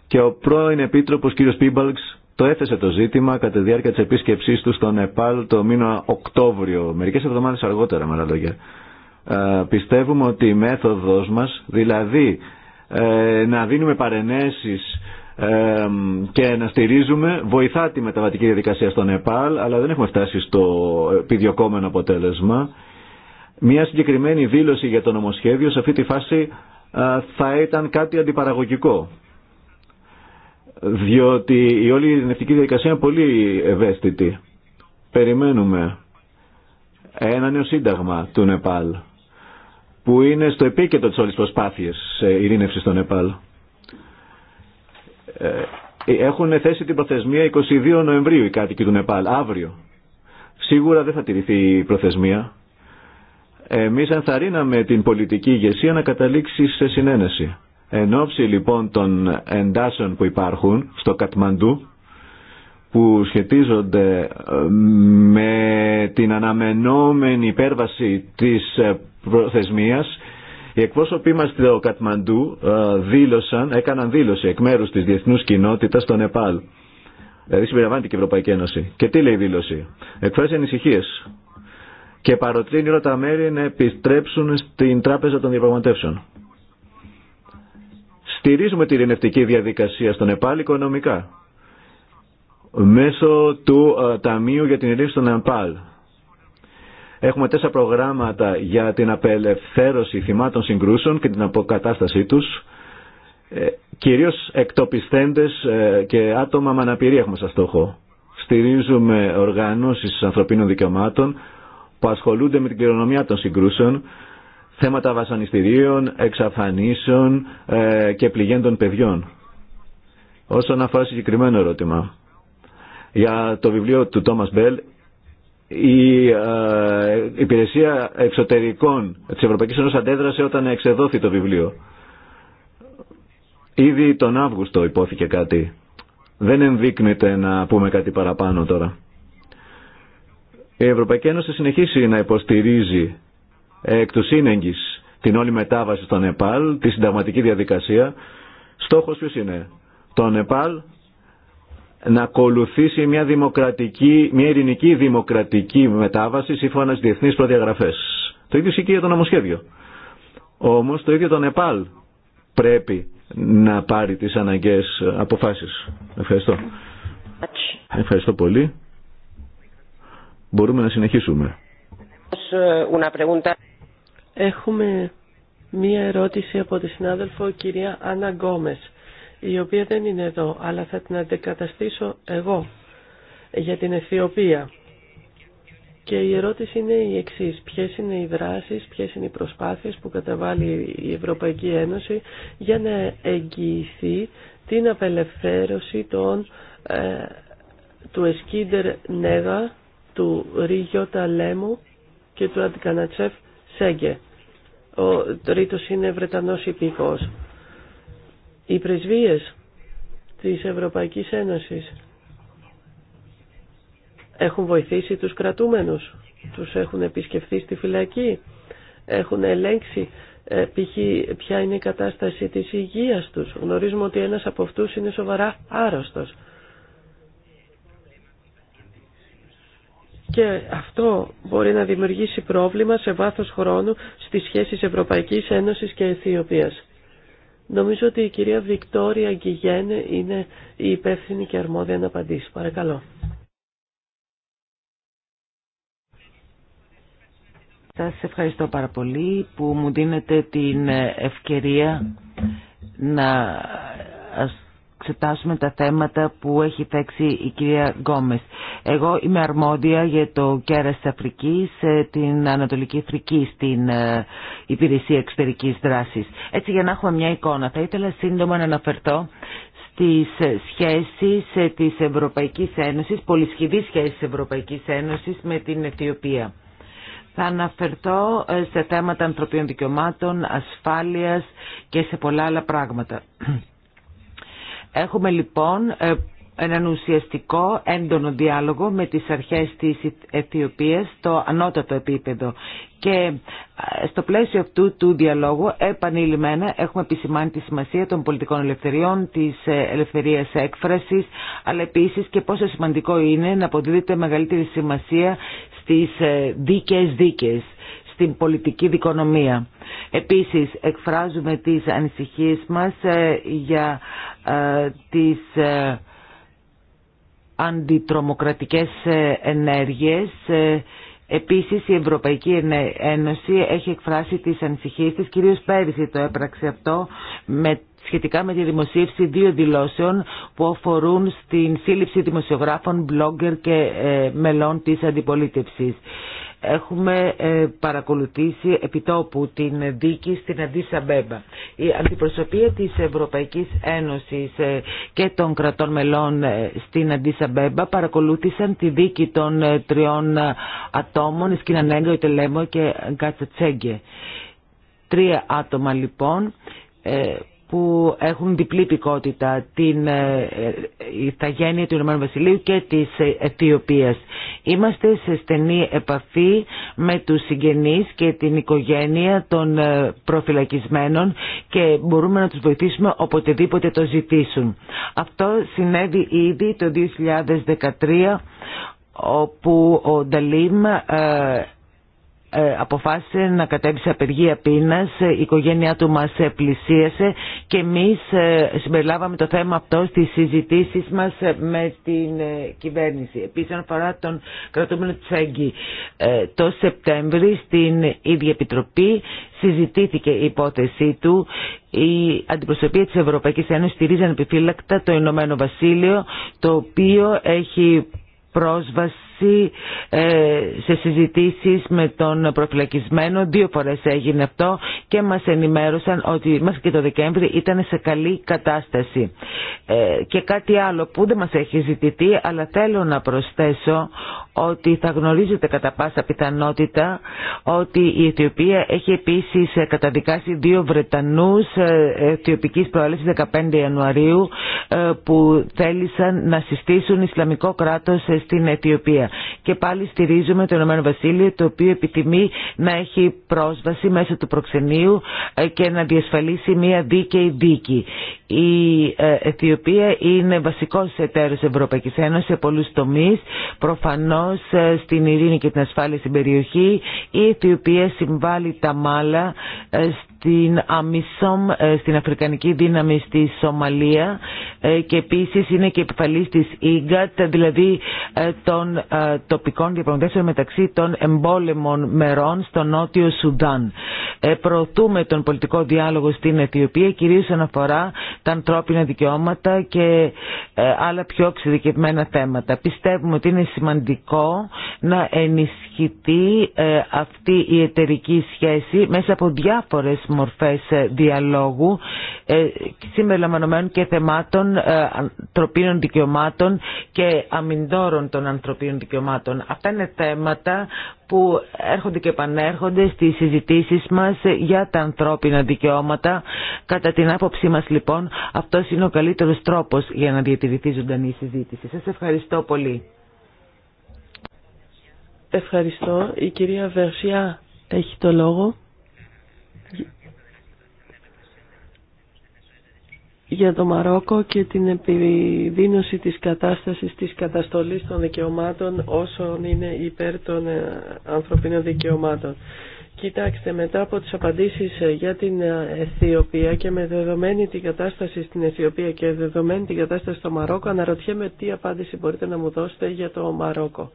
Και ο πρώην Επίτροπος κ. Πίμπαλξ το έθεσε το ζήτημα κατά τη διάρκεια της επίσκεψής του στο Νεπάλ το μήνα Οκτώβριο, μερικές εβδομάδες αργότερα με άλλα λόγια. Ε, πιστεύουμε ότι η μέθοδος μας, δηλαδή ε, να δίνουμε παρενέσεις και να στηρίζουμε βοηθά τη μεταβατική διαδικασία στο Νεπάλ αλλά δεν έχουμε φτάσει στο επιδιωκόμενο αποτέλεσμα. Μια συγκεκριμένη δήλωση για το νομοσχέδιο σε αυτή τη φάση θα ήταν κάτι αντιπαραγωγικό διότι η όλη ειρηνευτική διαδικασία είναι πολύ ευαίσθητη. Περιμένουμε ένα νέο σύνταγμα του Νεπάλ που είναι στο επίκεντρο της όλης προσπάθειας ειρήνευση στο Νεπάλ. Ε, ε, έχουν θέσει την προθεσμία 22 Νοεμβρίου οι κάτοικοι του Νεπάλ, αύριο. Σίγουρα δεν θα τηρηθεί η προθεσμία. Εμεί ενθαρρύναμε την πολιτική ηγεσία να καταλήξει σε συνένεση. Εν ώψη λοιπόν των εντάσεων που υπάρχουν στο Κατμαντού, που σχετίζονται ε, με την αναμενόμενη υπέρβαση της προθεσμίας οι εκπρόσωποι μα στο Κατμαντού ε, δήλωσαν, έκαναν δήλωση εκ μέρου της διεθνούς κοινότητας στο Νεπάλ. Δηλαδή συμπεριλαμβάνεται και η Ευρωπαϊκή Ένωση. Και τι λέει η δήλωση. Εκφράζει ανησυχίε. Και παροτρύνει όλα τα μέρη να επιστρέψουν στην Τράπεζα των Διαπραγματεύσεων. Στηρίζουμε την ειρηνευτική διαδικασία στο Νεπάλ οικονομικά. Μέσω του ε, Ταμείου για την Ειρήνη στο ΕΠΑΛ. Έχουμε τέσσερα προγράμματα για την απελευθέρωση θυμάτων συγκρούσεων και την αποκατάστασή τους. Ε, κυρίως εκτοπιστέντες ε, και άτομα με αναπηρία έχουμε σαν στόχο. Στηρίζουμε οργανώσεις ανθρωπίνων δικαιωμάτων που ασχολούνται με την κληρονομιά των συγκρούσεων, θέματα βασανιστήριων, εξαφανίσεων ε, και πληγέντων παιδιών. Όσον αφορά συγκεκριμένο ερώτημα, για το βιβλίο του Τόμας Μπέλ η ε, υπηρεσία εξωτερικών της Ευρωπαϊκής Ένωσης αντέδρασε όταν εξεδόθη το βιβλίο. Ήδη τον Αύγουστο υπόθηκε κάτι. Δεν ενδείκνεται να πούμε κάτι παραπάνω τώρα. Η Ευρωπαϊκή Ένωση συνεχίσει να υποστηρίζει εκ του σύνεγγυς την όλη μετάβαση στο Νεπάλ, τη συνταγματική διαδικασία. Στόχος ποιος είναι. Το Νεπάλ να ακολουθήσει μια, δημοκρατική, μια ειρηνική δημοκρατική μετάβαση σύμφωνα στι διεθνεί προδιαγραφέ. Το ίδιο ισχύει για το νομοσχέδιο. Όμω το ίδιο το Νεπάλ πρέπει να πάρει τις αναγκαίες αποφάσεις. Ευχαριστώ. Ευχαριστώ πολύ. Μπορούμε να συνεχίσουμε. Έχουμε μία ερώτηση από τη συνάδελφο κυρία Άννα Γκόμες η οποία δεν είναι εδώ, αλλά θα την αντικαταστήσω εγώ για την Αιθιοπία. Και η ερώτηση είναι η εξή. Ποιε είναι οι δράσει, ποιε είναι οι προσπάθειε που καταβάλει η Ευρωπαϊκή Ένωση για να εγγυηθεί την απελευθέρωση των, ε, του Εσκίντερ Νέγα, του Ρίγιο Ταλέμου και του Αντικανατσέφ Σέγκε. Ο τρίτος είναι Βρετανός υπήκος οι πρεσβείες της Ευρωπαϊκής Ένωσης έχουν βοηθήσει τους κρατούμενους, τους έχουν επισκεφθεί στη φυλακή, έχουν ελέγξει ε, ποια είναι η κατάσταση της υγείας τους. Γνωρίζουμε ότι ένας από αυτούς είναι σοβαρά άρρωστος. Και αυτό μπορεί να δημιουργήσει πρόβλημα σε βάθος χρόνου στις σχέσεις Ευρωπαϊκής Ένωσης και Αιθιοπίας. Νομίζω ότι η κυρία Βικτόρια Γκυγέν είναι η υπεύθυνη και αρμόδια να απαντήσει. Παρακαλώ. σα ευχαριστώ πάρα πολύ που μου δίνετε την ευκαιρία να εξετάσουμε τα θέματα που έχει θέξει η κυρία Γκόμες. Εγώ είμαι αρμόδια για το κέρα της Αφρικής, ε, την Ανατολική Αφρική στην ε, Υπηρεσία Εξωτερικής Δράσης. Έτσι για να έχουμε μια εικόνα θα ήθελα σύντομα να αναφερθώ στις σχέσεις ε, της Ευρωπαϊκής Ένωσης, πολυσχηδείς σχέσεις της Ευρωπαϊκής Ένωσης με την Αιθιοπία. Θα αναφερθώ σε θέματα ανθρωπίων δικαιωμάτων, ασφάλειας και σε πολλά άλλα πράγματα. Έχουμε λοιπόν ε, έναν ουσιαστικό έντονο διάλογο με τις αρχές της Αιθιοπίας στο ανώτατο επίπεδο. Και ε, στο πλαίσιο αυτού του διαλόγου επανειλημμένα έχουμε επισημάνει τη σημασία των πολιτικών ελευθεριών, της ε, ελευθερίας έκφρασης, αλλά επίσης και πόσο σημαντικό είναι να αποδίδεται μεγαλύτερη σημασία στις δίκαιες δίκαιες στην πολιτική δικονομία. Επίσης εκφράζουμε τις ανησυχίες μας ε, για ε, τις ε, αντιτρομοκρατικές ενέργειες. Επίσης η Ευρωπαϊκή Ένωση έχει εκφράσει τις ανησυχίες της, κυρίως πέρυσι το έπραξε αυτό, με σχετικά με τη δημοσίευση δύο δηλώσεων που αφορούν στην σύλληψη δημοσιογράφων, blogger και μελών της αντιπολίτευσης έχουμε ε, παρακολουθήσει επιτόπου την δίκη στην Αντίσα Μπέμπα. Η αντιπροσωπεία της Ευρωπαϊκής Ένωσης ε, και των κρατών μελών ε, στην Αντίσα Μπέμπα παρακολούθησαν τη δίκη των τριών ατόμων, η Ιτελέμο και Γκάτσα Τρία άτομα λοιπόν που έχουν διπλή πικότητα την ε, ε, ηθαγένεια του Ηνωμένου Βασιλείου και της Αιθιοπίας. Είμαστε σε στενή επαφή με τους συγγενείς και την οικογένεια των ε, προφυλακισμένων και μπορούμε να τους βοηθήσουμε οποτεδήποτε το ζητήσουν. Αυτό συνέβη ήδη το 2013 όπου ο Νταλίμ ε, αποφάσισε να κατέβει σε απεργία πείνας, ε, η οικογένειά του μας ε, πλησίασε και εμείς συμπεριλάβαμε το θέμα αυτό στις συζητήσεις μας με την κυβέρνηση. Επίσης αφορά τον κρατούμενο Τσέγγι. Το Σεπτέμβρη στην ίδια επιτροπή συζητήθηκε η υπόθεσή του. Η αντιπροσωπεία της Ευρωπαϊκής Ένωσης στηρίζει ανεπιφύλακτα το Ηνωμένο Βασίλειο, το οποίο έχει πρόσβαση ε, σε συζητήσεις με τον προφυλακισμένο. Δύο φορές έγινε αυτό και μας ενημέρωσαν ότι μέχρι και το Δεκέμβρη ήταν σε καλή κατάσταση. Ε, και κάτι άλλο που δεν μας έχει ζητηθεί αλλά θέλω να προσθέσω ότι θα γνωρίζετε κατά πάσα πιθανότητα ότι η Αιθιοπία έχει επίσης καταδικάσει δύο Βρετανούς ε, αιθιοπικής προέλευση 15 Ιανουαρίου που θέλησαν να συστήσουν Ισλαμικό κράτος στην Αιθιοπία. Και πάλι στηρίζουμε το Ηνωμένο Βασίλειο το οποίο επιθυμεί να έχει πρόσβαση μέσω του προξενείου ε, και να διασφαλίσει μια δίκαιη δίκη. Η ε, Αιθιοπία είναι βασικός εταίρος Ευρωπαϊκής Ένωσης σε πολλούς τομείς. Προφανώς ε, στην ειρήνη και την ασφάλεια στην περιοχή η Αιθιοπία συμβάλλει τα μάλα στην Αμισόμ, ε, στην Αφρικανική Δύναμη στη Σομαλία ε, και επίσης είναι και επιφαλής της ΙΓΑΤ δηλαδή ε, των τοπικών διαπραγματεύσεων μεταξύ των εμπόλεμων μερών στο Νότιο Σουδάν. Προωθούμε τον πολιτικό διάλογο στην Αιθιοπία κυρίως αναφορά τα ανθρώπινα δικαιώματα και άλλα πιο εξειδικευμένα θέματα. Πιστεύουμε ότι είναι σημαντικό να ενισχύσουμε ενισχυθεί αυτή η εταιρική σχέση μέσα από διάφορες μορφές ε, διαλόγου ε, συμπεριλαμβανομένων και θεμάτων ε, ανθρωπίνων δικαιωμάτων και αμυντόρων των ανθρωπίνων δικαιωμάτων. Αυτά είναι θέματα που έρχονται και επανέρχονται στις συζητήσεις μας για τα ανθρώπινα δικαιώματα. Κατά την άποψή μας λοιπόν αυτός είναι ο καλύτερος τρόπος για να διατηρηθεί ζωντανή συζήτηση. Σας ευχαριστώ πολύ. Ευχαριστώ. Η κυρία Βερσιά έχει το λόγο. για το Μαρόκο και την επιδείνωση της κατάστασης της καταστολής των δικαιωμάτων όσων είναι υπέρ των ε, ανθρωπίνων δικαιωμάτων. Κοιτάξτε, μετά από τις απαντήσεις ε, για την ε, Αιθιοπία και με δεδομένη την κατάσταση στην Αιθιοπία και δεδομένη την κατάσταση στο Μαρόκο, αναρωτιέμαι τι απάντηση μπορείτε να μου δώσετε για το Μαρόκο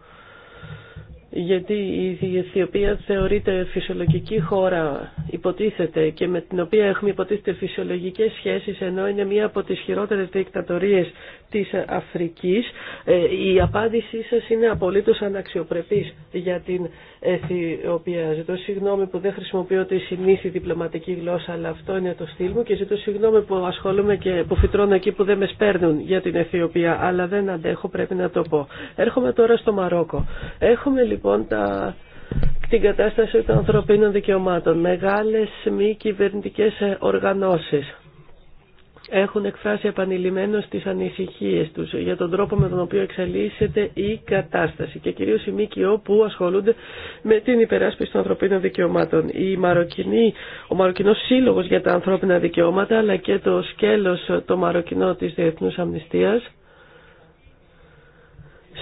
γιατί η Αιθιοπία θεωρείται φυσιολογική χώρα, υποτίθεται, και με την οποία έχουμε υποτίθεται φυσιολογικές σχέσεις, ενώ είναι μία από τις χειρότερες δικτατορίες της Αφρικής. Ε, η απάντησή σας είναι απολύτως αναξιοπρεπής για την Αιθιοπία. Ζητώ συγγνώμη που δεν χρησιμοποιώ τη συνήθη διπλωματική γλώσσα, αλλά αυτό είναι το στυλ μου και ζητώ συγγνώμη που ασχολούμαι και που φυτρώνω εκεί που δεν με σπέρνουν για την Αιθιοπία, αλλά δεν αντέχω, πρέπει να το πω. Έρχομαι τώρα στο Μαρόκο. Έχουμε λοιπόν λοιπόν τα, την κατάσταση των ανθρωπίνων δικαιωμάτων. Μεγάλες μη κυβερνητικέ ε, οργανώσεις έχουν εκφράσει επανειλημμένως τις ανησυχίες τους για τον τρόπο με τον οποίο εξελίσσεται η κατάσταση και κυρίως οι ΜΚΟ που ασχολούνται με την υπεράσπιση των ανθρωπίνων δικαιωμάτων. Η Μαροκινή, ο Μαροκινός Σύλλογος για τα Ανθρώπινα Δικαιώματα αλλά και το σκέλος το Μαροκινό της Διεθνούς Αμνηστίας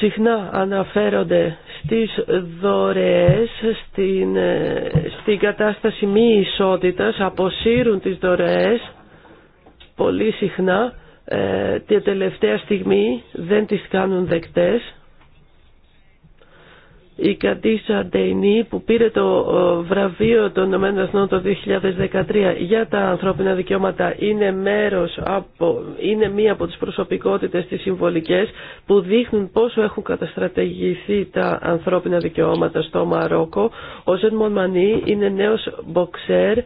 συχνά αναφέρονται στις δωρεές, στην, ε, στην κατάσταση μη ισότητας, αποσύρουν τις δωρεές πολύ συχνά, ε, τη τελευταία στιγμή δεν τις κάνουν δεκτές η Καντίσα Ντεϊνή που πήρε το βραβείο των ΗΠΑ το 2013 για τα ανθρώπινα δικαιώματα είναι μέρος από, είναι μία από τις προσωπικότητες τις συμβολικές που δείχνουν πόσο έχουν καταστρατηγηθεί τα ανθρώπινα δικαιώματα στο Μαρόκο. Ο Ζεν Μονμανί είναι νέος μποξέρ,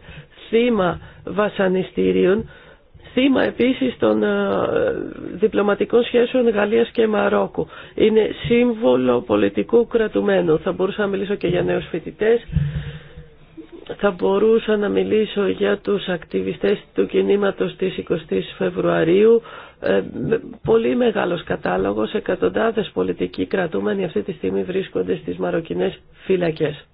θύμα βασανιστήριων θύμα επίσης των ε, διπλωματικών σχέσεων Γαλλίας και Μαρόκου. Είναι σύμβολο πολιτικού κρατουμένου. Θα μπορούσα να μιλήσω και για νέους φοιτητέ. Θα μπορούσα να μιλήσω για τους ακτιβιστές του κινήματος της 20 Φεβρουαρίου. Ε, πολύ μεγάλος κατάλογος, εκατοντάδες πολιτικοί κρατούμενοι αυτή τη στιγμή βρίσκονται στις μαροκινές φυλακές.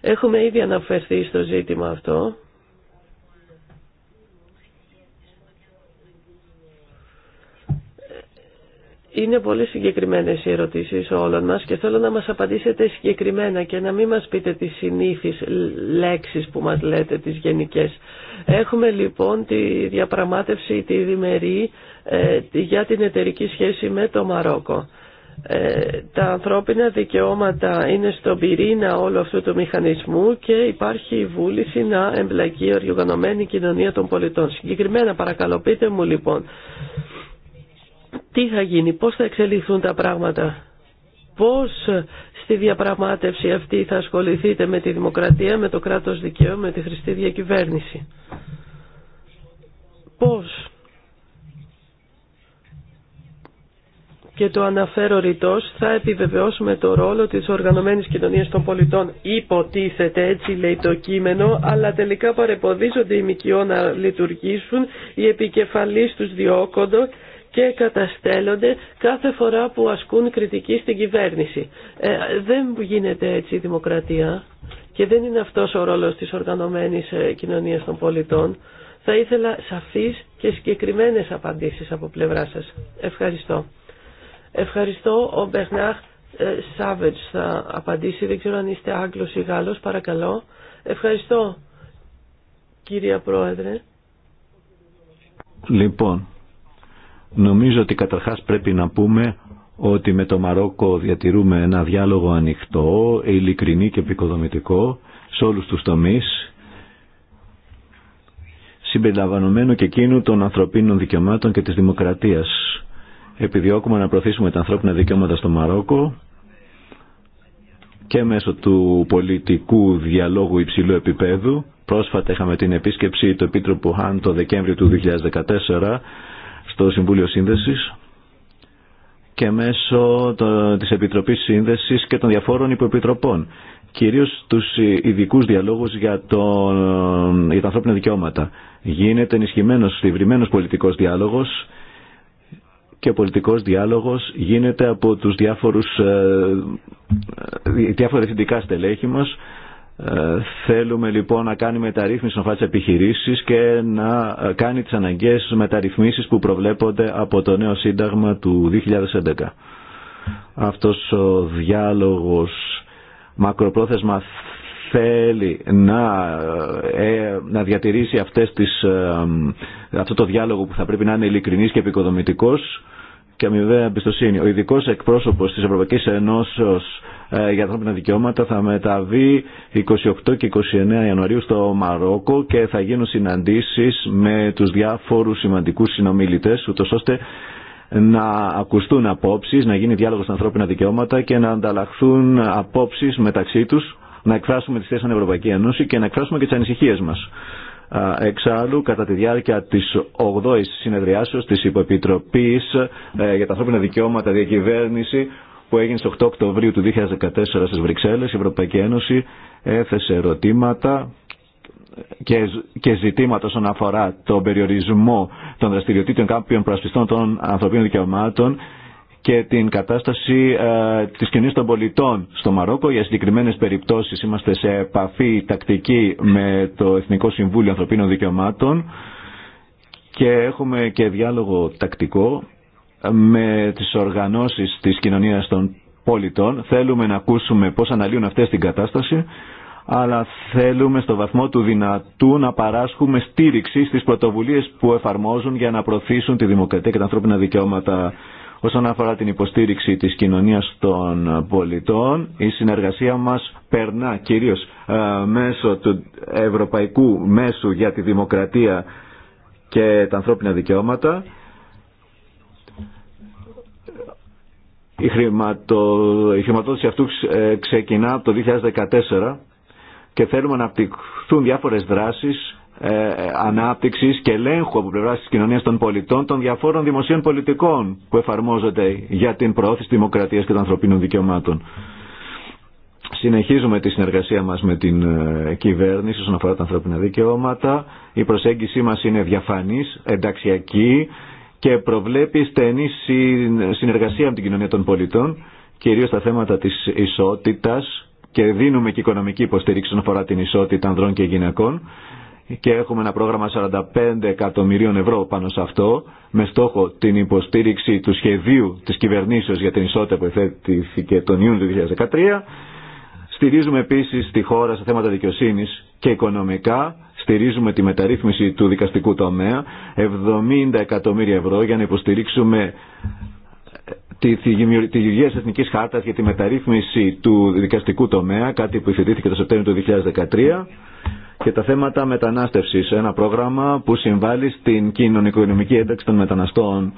Έχουμε ήδη αναφερθεί στο ζήτημα αυτό. Είναι πολύ συγκεκριμένε οι ερωτήσεις όλων μας και θέλω να μας απαντήσετε συγκεκριμένα και να μην μα πείτε τις συνήθεις λέξεις που μας λέτε, τις γενικέ. Έχουμε λοιπόν τη διαπραγμάτευση, τη διμερή ε, για την εταιρική σχέση με το Μαρόκο. Ε, τα ανθρώπινα δικαιώματα είναι στον πυρήνα όλου αυτού του μηχανισμού και υπάρχει η βούληση να εμπλακεί η οργανωμένη κοινωνία των πολιτών. Συγκεκριμένα παρακαλώ πείτε μου λοιπόν τι θα γίνει, πώς θα εξελιχθούν τα πράγματα, πώς στη διαπραγμάτευση αυτή θα ασχοληθείτε με τη δημοκρατία, με το κράτος δικαίου, με τη χρηστή διακυβέρνηση. Πώς. Και το αναφέρω ρητός, θα επιβεβαιώσουμε το ρόλο της οργανωμένης κοινωνίας των πολιτών. Υποτίθεται, έτσι λέει το κείμενο, αλλά τελικά παρεποδίζονται οι ΜΚΟ να λειτουργήσουν, οι επικεφαλείς τους διώκονται, και καταστέλλονται κάθε φορά που ασκούν κριτική στην κυβέρνηση. Ε, δεν γίνεται έτσι η δημοκρατία και δεν είναι αυτός ο ρόλος της οργανωμένης ε, κοινωνίας των πολιτών. Θα ήθελα σαφείς και συγκεκριμένες απαντήσεις από πλευρά σας. Ευχαριστώ. Ευχαριστώ ο Μπερνάχ ε, Σάβετς θα απαντήσει. Δεν ξέρω αν είστε Άγγλος ή Γάλλος. Παρακαλώ. Ευχαριστώ κυρία Πρόεδρε. Λοιπόν, Νομίζω ότι καταρχάς πρέπει να πούμε ότι με το Μαρόκο διατηρούμε ένα διάλογο ανοιχτό, ειλικρινή και επικοδομητικό σε όλους τους τομείς, συμπεριλαμβανομένου και εκείνου των ανθρωπίνων δικαιωμάτων και της δημοκρατίας. Επιδιώκουμε να προωθήσουμε τα ανθρώπινα δικαιώματα στο Μαρόκο και μέσω του πολιτικού διαλόγου υψηλού επίπεδου. Πρόσφατα είχαμε την επίσκεψη του Επίτροπου Χάν το Δεκέμβριο του 2014 στο Συμβούλιο Σύνδεσης και μέσω το, της Επιτροπής Σύνδεσης και των διαφόρων υποεπιτροπών. Κυρίως τους ειδικού διαλόγους για, τον για τα ανθρώπινα δικαιώματα. Γίνεται ενισχυμένος, στιβρημένος πολιτικός διάλογος και ο πολιτικός διάλογος γίνεται από τους διάφορους, ε, ε, διάφορα διευθυντικά στελέχη μας ε, θέλουμε λοιπόν να κάνει μεταρρύθμιση στον φάση επιχειρήσεις και να ε, κάνει τις αναγκαίες μεταρρυθμίσεις που προβλέπονται από το νέο σύνταγμα του 2011. Αυτός ο διάλογος μακροπρόθεσμα θέλει να, ε, να διατηρήσει αυτές τις, αυτό το διάλογο που θα πρέπει να είναι ειλικρινής και επικοδομητικός και αμοιβαία εμπιστοσύνη. Ο ειδικό εκπρόσωπο τη Ευρωπαϊκή Ενώσεω ε, για ανθρώπινα δικαιώματα θα μεταβεί 28 και 29 Ιανουαρίου στο Μαρόκο και θα γίνουν συναντήσει με του διάφορου σημαντικού συνομιλητέ, ούτω ώστε να ακουστούν απόψει, να γίνει διάλογο στα ανθρώπινα δικαιώματα και να ανταλλαχθούν απόψει μεταξύ του, να εκφράσουμε τι θέσει στην Ευρωπαϊκή Ένωση και να εκφράσουμε και τι ανησυχίε μα. Εξάλλου, κατά τη διάρκεια της 8ης συνεδριάσεως της Υποεπιτροπής ε, για τα ανθρώπινα δικαιώματα διακυβέρνηση που έγινε στις 8 Οκτωβρίου του 2014 στις Βρυξέλλες, η Ευρωπαϊκή Ένωση έθεσε ερωτήματα και, και ζητήματα όσον αφορά τον περιορισμό των δραστηριοτήτων κάποιων προασπιστών των ανθρωπίνων δικαιωμάτων και την κατάσταση ε, της κοινή των πολιτών στο Μαρόκο. Για συγκεκριμένες περιπτώσεις είμαστε σε επαφή τακτική με το Εθνικό Συμβούλιο Ανθρωπίνων Δικαιωμάτων και έχουμε και διάλογο τακτικό με τις οργανώσεις της κοινωνίας των πολιτών. Θέλουμε να ακούσουμε πώς αναλύουν αυτές την κατάσταση αλλά θέλουμε στο βαθμό του δυνατού να παράσχουμε στήριξη στις πρωτοβουλίες που εφαρμόζουν για να προωθήσουν τη δημοκρατία και τα ανθρώπινα δικαιώματα Όσον αφορά την υποστήριξη της κοινωνίας των πολιτών, η συνεργασία μας περνά κυρίως ε, μέσω του Ευρωπαϊκού Μέσου για τη Δημοκρατία και τα ανθρώπινα δικαιώματα. Η, χρηματο... η χρηματοδότηση αυτού ε, ξεκινά από το 2014 και θέλουμε να απτυχθούν διάφορες δράσεις ε, Ανάπτυξη και ελέγχου από πλευρά τη κοινωνία των πολιτών των διαφόρων δημοσίων πολιτικών που εφαρμόζονται για την προώθηση της δημοκρατίας και των ανθρωπίνων δικαιωμάτων. Συνεχίζουμε τη συνεργασία μα με την ε, κυβέρνηση όσον αφορά τα ανθρώπινα δικαιώματα. Η προσέγγιση μα είναι διαφανή, ενταξιακή και προβλέπει στενή συνεργασία με την κοινωνία των πολιτών, κυρίως στα θέματα τη ισότητα και δίνουμε και οικονομική υποστήριξη όσον αφορά την ισότητα ανδρών και γυναικών και έχουμε ένα πρόγραμμα 45 εκατομμυρίων ευρώ πάνω σε αυτό με στόχο την υποστήριξη του σχεδίου της κυβερνήσεως για την ισότητα που εφέτηθηκε τον Ιούνιο του 2013. Στηρίζουμε επίσης τη χώρα σε θέματα δικαιοσύνης και οικονομικά. Στηρίζουμε τη μεταρρύθμιση του δικαστικού τομέα 70 εκατομμύρια ευρώ για να υποστηρίξουμε ε, τη, τη, τη, τη Εθνικής για τη μεταρρύθμιση του δικαστικού τομέα, κάτι που εφετήθηκε το Σεπτέμβριο του 2013 και τα θέματα μετανάστευσης. Ένα πρόγραμμα που συμβάλλει στην κοινωνικο-οικονομική ένταξη των μεταναστών.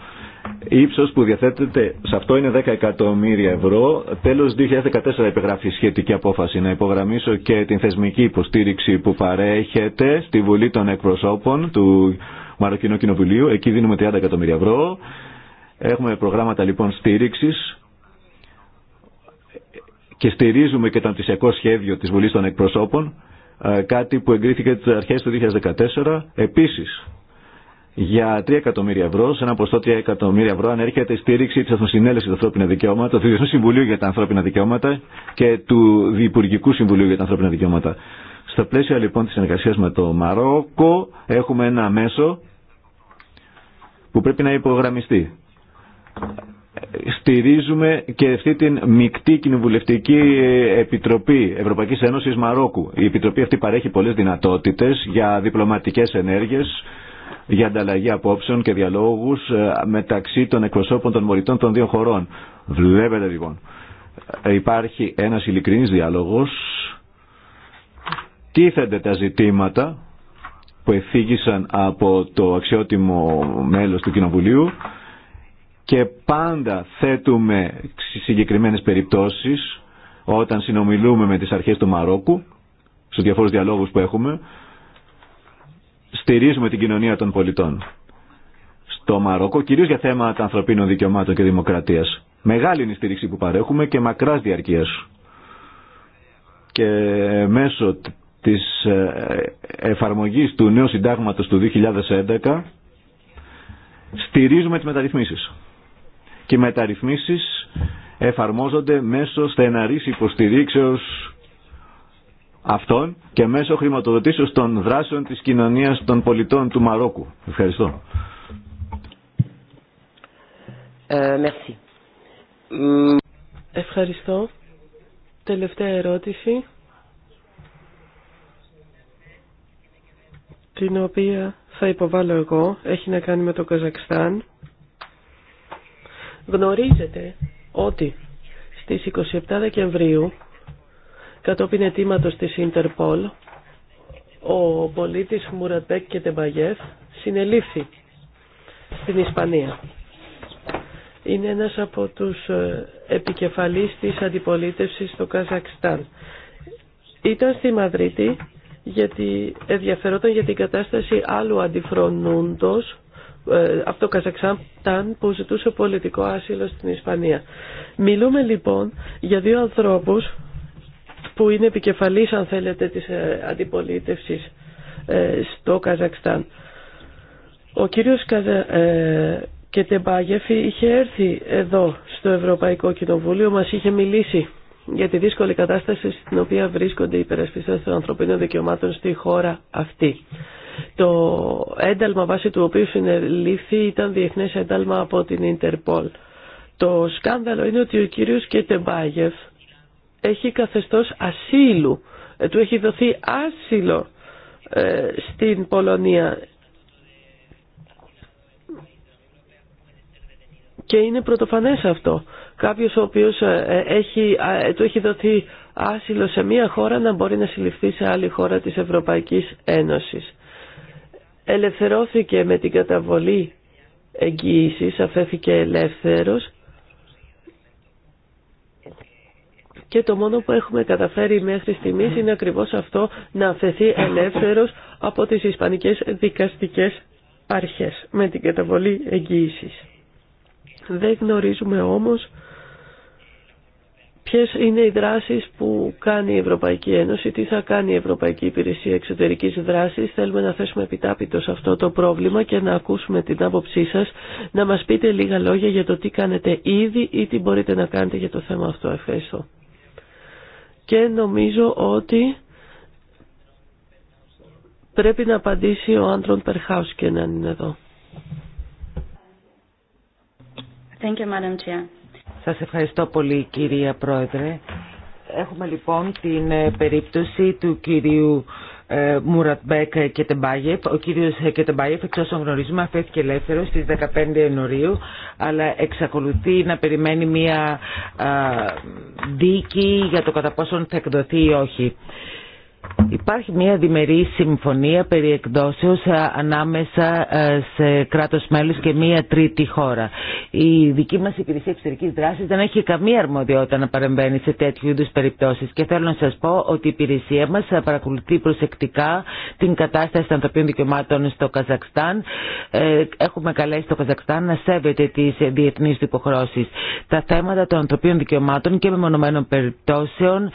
ύψος που διαθέτεται σε αυτό είναι 10 εκατομμύρια ευρώ. Τέλος 2014 υπεγράφει σχετική απόφαση. Να υπογραμμίσω και την θεσμική υποστήριξη που παρέχεται στη Βουλή των Εκπροσώπων του Μαροκινού Κοινοβουλίου. Εκεί δίνουμε 30 εκατομμύρια ευρώ. Έχουμε προγράμματα λοιπόν στήριξης και στηρίζουμε και το αντισιακό σχέδιο της Βουλής των Εκπροσώπων ε, κάτι που εγκρίθηκε τις αρχές του 2014. Επίσης, για 3 εκατομμύρια ευρώ, σε ένα ποστό 3 εκατομμύρια ευρώ, ανέρχεται η στήριξη τη Αθνοσυνέλευση του Ανθρώπινα Δικαιώματα, του Διεθνού Συμβουλίου για τα Ανθρώπινα Δικαιώματα και του Διπουργικού Συμβουλίου για τα Ανθρώπινα Δικαιώματα. Στα πλαίσια λοιπόν τη συνεργασία με το Μαρόκο, έχουμε ένα μέσο που πρέπει να υπογραμμιστεί στηρίζουμε και αυτή την μεικτή κοινοβουλευτική επιτροπή Ευρωπαϊκής Ένωσης Μαρόκου. Η επιτροπή αυτή παρέχει πολλές δυνατότητες για διπλωματικές ενέργειες, για ανταλλαγή απόψεων και διαλόγους ε, μεταξύ των εκπροσώπων των μοριτών των δύο χωρών. Βλέπετε λοιπόν, υπάρχει ένας ειλικρινής διάλογος, τίθενται τα ζητήματα που εφήγησαν από το αξιότιμο μέλος του Κοινοβουλίου και πάντα θέτουμε συγκεκριμένες περιπτώσεις όταν συνομιλούμε με τις αρχές του Μαρόκου στους διαφόρους διαλόγους που έχουμε στηρίζουμε την κοινωνία των πολιτών στο Μαρόκο κυρίως για θέματα ανθρωπίνων δικαιωμάτων και δημοκρατίας μεγάλη είναι η στήριξη που παρέχουμε και μακράς διαρκείας και μέσω της ε, εφαρμογής του νέου συντάγματος του 2011 στηρίζουμε τις μεταρρυθμίσεις και οι μεταρρυθμίσεις εφαρμόζονται μέσω στεναρής υποστηρίξεως αυτών και μέσω χρηματοδοτήσεως των δράσεων της κοινωνίας των πολιτών του Μαρόκου. Ευχαριστώ. Ε, Ευχαριστώ. Τελευταία ερώτηση. Την οποία θα υποβάλω εγώ. Έχει να κάνει με το Καζακστάν. Γνωρίζετε ότι στις 27 Δεκεμβρίου, κατόπιν ετήματος της Ιντερπόλ, ο πολίτης Μουρατέκ και Τεμπαγεύ συνελήφθη στην Ισπανία. Είναι ένας από τους ε, επικεφαλείς της αντιπολίτευσης στο Καζακστάν. Ήταν στη Μαδρίτη γιατί ενδιαφερόταν για την κατάσταση άλλου αντιφρονούντος ε, από το Καζακστάν που ζητούσε πολιτικό άσυλο στην Ισπανία. Μιλούμε λοιπόν για δύο ανθρώπους που είναι επικεφαλής αν θέλετε της ε, αντιπολίτευσης ε, στο Καζακστάν. Ο κύριος Καζα... Και είχε έρθει εδώ στο Ευρωπαϊκό Κοινοβούλιο, μας είχε μιλήσει για τη δύσκολη κατάσταση στην οποία βρίσκονται οι υπερασπιστές των ανθρωπίνων δικαιωμάτων στη χώρα αυτή. Το ένταλμα βάσει του οποίου συνελήφθη ήταν διεθνές ένταλμα από την Ιντερπόλ. Το σκάνδαλο είναι ότι ο κύριος Κετεμπάγεφ έχει καθεστώς ασύλου. Ε, του έχει δοθεί άσυλο ε, στην Πολωνία και είναι πρωτοφανές αυτό. Κάποιος ο οποίος ε, έχει, του έχει δοθεί άσυλο σε μία χώρα να μπορεί να συλληφθεί σε άλλη χώρα της Ευρωπαϊκής Ένωσης ελευθερώθηκε με την καταβολή εγγύησης, αφέθηκε ελεύθερος και το μόνο που έχουμε καταφέρει μέχρι στιγμής είναι ακριβώς αυτό να αφαιθεί ελεύθερος από τις ισπανικές δικαστικές αρχές με την καταβολή εγγύησης. Δεν γνωρίζουμε όμως ποιες είναι οι δράσεις που κάνει η Ευρωπαϊκή Ένωση, τι θα κάνει η Ευρωπαϊκή Υπηρεσία Εξωτερικής Δράσης. Θέλουμε να θέσουμε επιτάπητο σε αυτό το πρόβλημα και να ακούσουμε την άποψή σας, να μας πείτε λίγα λόγια για το τι κάνετε ήδη ή τι μπορείτε να κάνετε για το θέμα αυτό. Ευχαριστώ. Και νομίζω ότι πρέπει να απαντήσει ο Άντρον και να είναι εδώ. Thank you, Madam Chair. Σας ευχαριστώ πολύ κυρία Πρόεδρε. Έχουμε λοιπόν την ε, περίπτωση του κυρίου ε, Μουρατμπέκ και Τεμπάγεφ. Ο κύριος Κετεμπάγεφ, εξ όσων γνωρίζουμε, αφέθηκε ελεύθερο στις 15 Ιανουαρίου, αλλά εξακολουθεί να περιμένει μία δίκη για το κατά πόσον θα εκδοθεί ή όχι. Υπάρχει μια διμερή συμφωνία περί εκδόσεως ε, ανάμεσα ε, σε κράτος μέλους και μια τρίτη χώρα. Η δική μας υπηρεσία εξωτερικής δράσης δεν έχει καμία αρμοδιότητα να παρεμβαίνει σε τέτοιου είδους περιπτώσεις και θέλω να σας πω ότι η υπηρεσία μας ε, παρακολουθεί προσεκτικά την κατάσταση των ανθρωπίνων δικαιωμάτων στο Καζακστάν. Έχουμε καλέσει το Καζακστάν να σέβεται τις διεθνείς του υποχρώσεις. Τα θέματα των ανθρωπίνων δικαιωμάτων και μεμονωμένων περιπτώσεων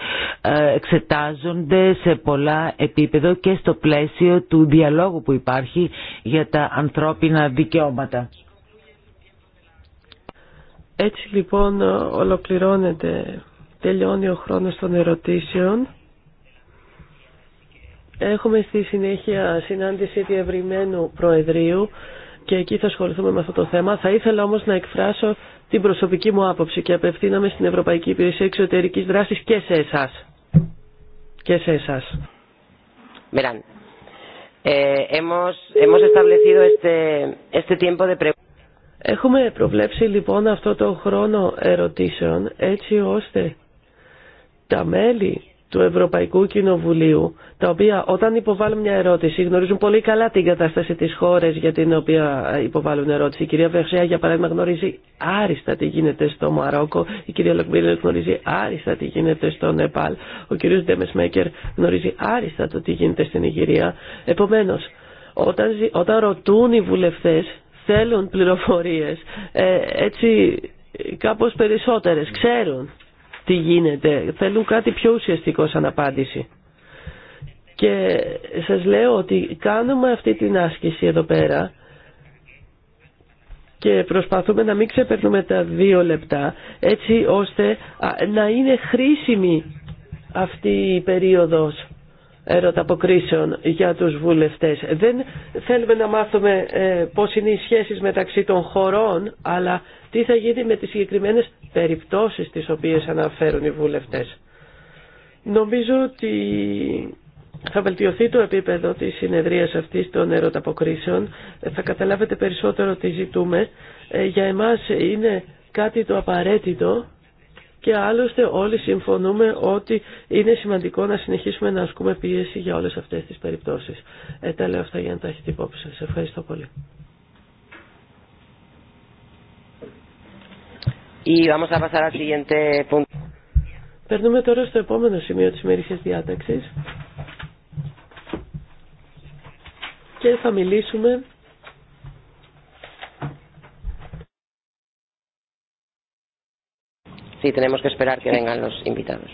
εξετάζονται σε πολλά επίπεδο και στο πλαίσιο του διαλόγου που υπάρχει για τα ανθρώπινα δικαιώματα. Έτσι λοιπόν ολοκληρώνεται, τελειώνει ο χρόνος των ερωτήσεων. Έχουμε στη συνέχεια συνάντηση διευρυμένου Προεδρίου και εκεί θα ασχοληθούμε με αυτό το θέμα. Θα ήθελα όμως να εκφράσω την προσωπική μου άποψη και απευθύναμε στην Ευρωπαϊκή Υπηρεσία Εξωτερικής Δράσης και σε εσάς και σε εσάς. Verán, eh, hemos, hemos establecido este, este tiempo de preguntas. Έχουμε προβλέψει λοιπόν αυτό το χρόνο ερωτήσεων έτσι ώστε τα μέλη του Ευρωπαϊκού Κοινοβουλίου, τα οποία όταν υποβάλλουν μια ερώτηση γνωρίζουν πολύ καλά την κατάσταση της χώρας για την οποία ε, υποβάλλουν ερώτηση. Η κυρία Βερσέα, για παράδειγμα, γνωρίζει άριστα τι γίνεται στο Μαρόκο, η κυρία Λοκμπίλερ γνωρίζει άριστα τι γίνεται στο Νεπάλ, ο κύριος Ντέμεσμέκερ γνωρίζει άριστα το τι γίνεται στην Ιγυρία. Επομένως, όταν, όταν ρωτούν οι βουλευτές, θέλουν πληροφορίες, ε, έτσι κάπως περισσότερες, ξέρουν τι γίνεται. Θέλουν κάτι πιο ουσιαστικό σαν απάντηση. Και σας λέω ότι κάνουμε αυτή την άσκηση εδώ πέρα και προσπαθούμε να μην ξεπερνούμε τα δύο λεπτά έτσι ώστε να είναι χρήσιμη αυτή η περίοδος ερωταποκρίσεων για τους βουλευτές. Δεν θέλουμε να μάθουμε ε, πώς είναι οι σχέσεις μεταξύ των χωρών, αλλά τι θα γίνει με τις συγκεκριμένες περιπτώσεις τις οποίες αναφέρουν οι βουλευτές. Νομίζω ότι θα βελτιωθεί το επίπεδο της συνεδρίας αυτής των ερωταποκρίσεων. Θα καταλάβετε περισσότερο τι ζητούμε. Ε, για εμάς είναι κάτι το απαραίτητο και άλλωστε όλοι συμφωνούμε ότι είναι σημαντικό να συνεχίσουμε να ασκούμε πίεση για όλες αυτές τις περιπτώσεις. Ε, τα λέω αυτά για να τα έχετε υπόψη σας. Ευχαριστώ πολύ. Περνούμε τώρα στο επόμενο σημείο της ημερήσιας διάταξης και θα μιλήσουμε sí, tenemos que esperar que vengan los invitados.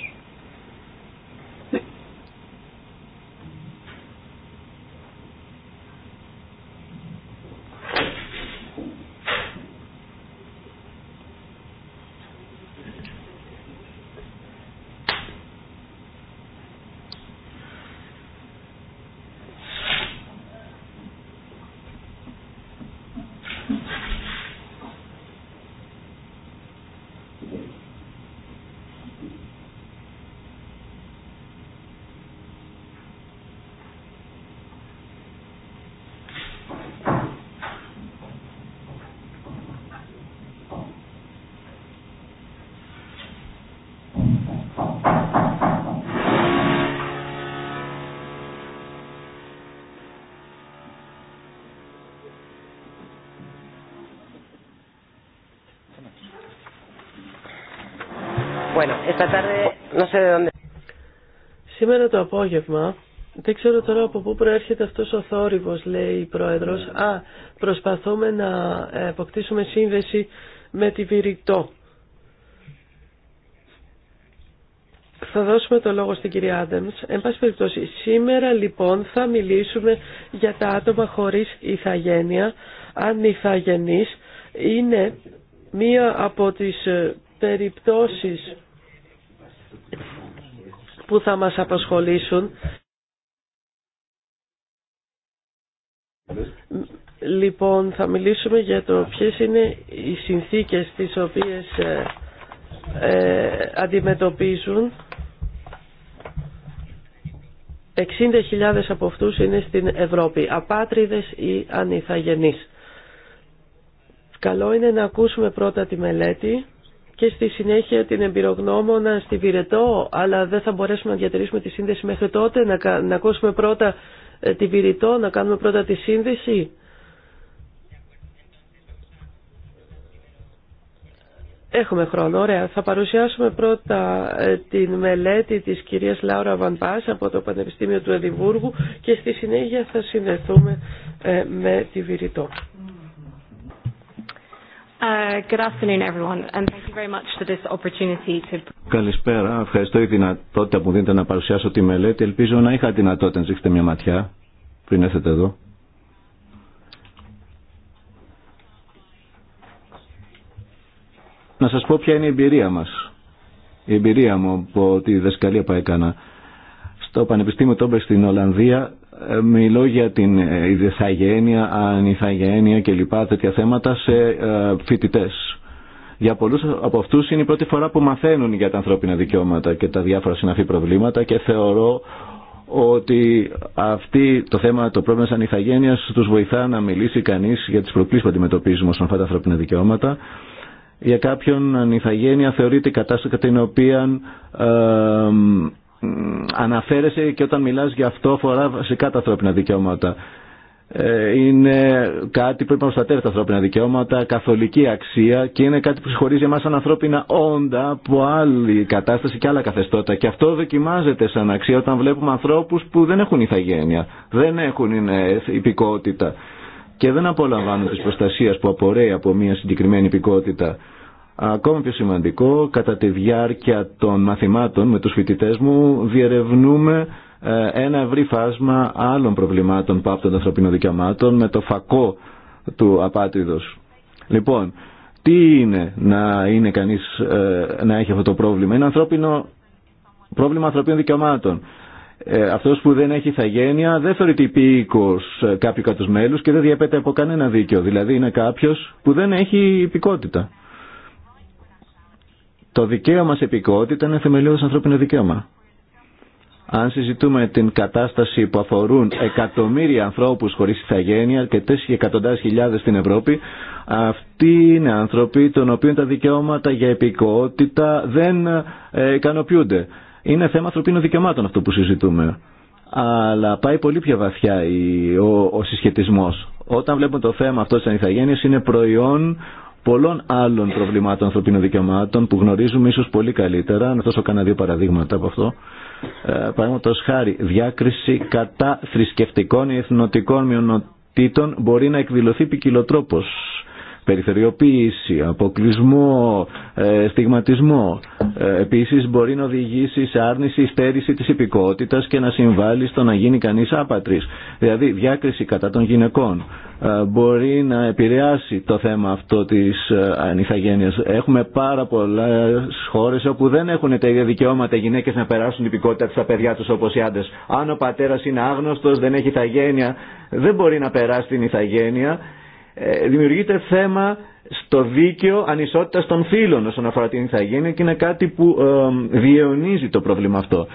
Σήμερα το απόγευμα, δεν ξέρω τώρα από πού προέρχεται αυτός ο θόρυβος, λέει η Πρόεδρος. Α, προσπαθούμε να αποκτήσουμε σύνδεση με τη Βηρητό. Θα δώσουμε το λόγο στην κυρία Άντεμς. Εν πάση περιπτώσει, σήμερα λοιπόν θα μιλήσουμε για τα άτομα χωρίς ηθαγένεια, αν ηθαγενείς. Είναι μία από τις ε, περιπτώσεις που θα μας απασχολήσουν. Λοιπόν, θα μιλήσουμε για το ποιες είναι οι συνθήκες τις οποίες ε, ε αντιμετωπίζουν 60.000 από αυτούς είναι στην Ευρώπη, απάτριδες ή ανιθαγενείς. Καλό είναι να ακούσουμε πρώτα τη μελέτη και στη συνέχεια την εμπειρογνώμονα στη Βηρετό, αλλά δεν θα μπορέσουμε να διατηρήσουμε τη σύνδεση μέχρι τότε, να, να ακούσουμε πρώτα ε, τη Βηρετό, να κάνουμε πρώτα τη σύνδεση. Έχουμε χρόνο, ωραία. Θα παρουσιάσουμε πρώτα ε, την μελέτη της κυρίας Λάουρα Βανπάς από το Πανεπιστήμιο του Εδιμβούργου και στη συνέχεια θα συνδεθούμε ε, με τη Βηρητό. Καλησπέρα, ευχαριστώ για τη δυνατότητα που δίνετε να παρουσιάσω τη μελέτη. Ελπίζω να είχα δυνατότητα να ζήξετε μια ματιά πριν έρθετε εδώ. Να σας πω ποια είναι η εμπειρία μας. Η εμπειρία μου από τη δεσκαλία που έκανα στο Πανεπιστήμιο Τόμπερ στην Ολλανδία ε, μιλώ για την ε, ιδεθαγένεια, και λοιπά τέτοια θέματα σε ε, φοιτητέ. Για πολλούς από αυτούς είναι η πρώτη φορά που μαθαίνουν για τα ανθρώπινα δικαιώματα και τα διάφορα συναφή προβλήματα και θεωρώ ότι αυτή το θέμα, το πρόβλημα της ανιθαγένειας τους βοηθά να μιλήσει κανείς για τις προκλήσεις που αντιμετωπίζουμε όσον αυτά τα ανθρώπινα δικαιώματα. Για κάποιον ανιθαγένεια θεωρείται η κατάσταση κατά την οποία αναφέρεσαι και όταν μιλάς για αυτό αφορά βασικά τα ανθρώπινα δικαιώματα. Ε, είναι κάτι που είπαμε τα ανθρώπινα δικαιώματα, καθολική αξία και είναι κάτι που συγχωρίζει εμάς σαν ανθρώπινα όντα από άλλη κατάσταση και άλλα καθεστώτα. Και αυτό δοκιμάζεται σαν αξία όταν βλέπουμε ανθρώπους που δεν έχουν ηθαγένεια, δεν έχουν υπηκότητα και δεν απολαμβάνουν τις προστασίες που απορρέει από μια συγκεκριμένη υπηκότητα. Ακόμα πιο σημαντικό, κατά τη διάρκεια των μαθημάτων με τους φοιτητές μου διερευνούμε ε, ένα ευρύ φάσμα άλλων προβλημάτων που άπτονται ανθρωπίνων δικαιωμάτων με το φακό του απάτηδος. Λοιπόν, τι είναι να είναι κανείς ε, να έχει αυτό το πρόβλημα. Είναι ανθρώπινο, πρόβλημα ανθρωπίνων δικαιωμάτων. Ε, αυτός που δεν έχει ηθαγένεια δεν θεωρείται υπήκος κάποιου κατ' μέλους και δεν διαπέται από κανένα δίκαιο. Δηλαδή είναι κάποιος που δεν έχει υπηκότητα. Το δικαίωμα σε επικότητα είναι θεμελιώδες ανθρώπινο δικαίωμα. Αν συζητούμε την κατάσταση που αφορούν εκατομμύρια ανθρώπους χωρίς ηθαγένεια, και και εκατοντάδες χιλιάδες στην Ευρώπη, αυτοί είναι άνθρωποι των οποίων τα δικαιώματα για επικότητα δεν ε, ικανοποιούνται. Είναι θέμα ανθρωπίνων δικαιωμάτων αυτό που συζητούμε. Αλλά πάει πολύ πιο βαθιά ο, ο συσχετισμός. Όταν βλέπουμε το θέμα αυτό της ανηθαγένειας είναι προϊόν πολλών άλλων προβλημάτων ανθρωπίνων δικαιωμάτων που γνωρίζουμε ίσως πολύ καλύτερα. Να δώσω κανένα δύο παραδείγματα από αυτό. Ε, Παραδείγματο χάρη, διάκριση κατά θρησκευτικών ή εθνοτικών μειονοτήτων μπορεί να εκδηλωθεί ποικιλοτρόπως περιθωριοποίηση, αποκλεισμό, ε, στιγματισμό. Ε, επίσης μπορεί να οδηγήσει σε άρνηση, η στέρηση της υπηκότητας και να συμβάλλει στο να γίνει κανείς άπατρης. Δηλαδή διάκριση κατά των γυναικών ε, μπορεί να επηρεάσει το θέμα αυτό της ανηθαγένειας. Έχουμε πάρα πολλές χώρε όπου δεν έχουν τα ίδια δικαιώματα οι γυναίκες να περάσουν υπηκότητα στα παιδιά τους όπως οι άντρες. Αν ο πατέρας είναι άγνωστος, δεν έχει ηθαγένεια, δεν μπορεί να περάσει την ηθαγένεια ε, δημιουργείται θέμα στο δίκαιο ανισότητα των φίλων, όσον αφορά την θα και είναι κάτι που ε, διαιωνίζει το πρόβλημα αυτό.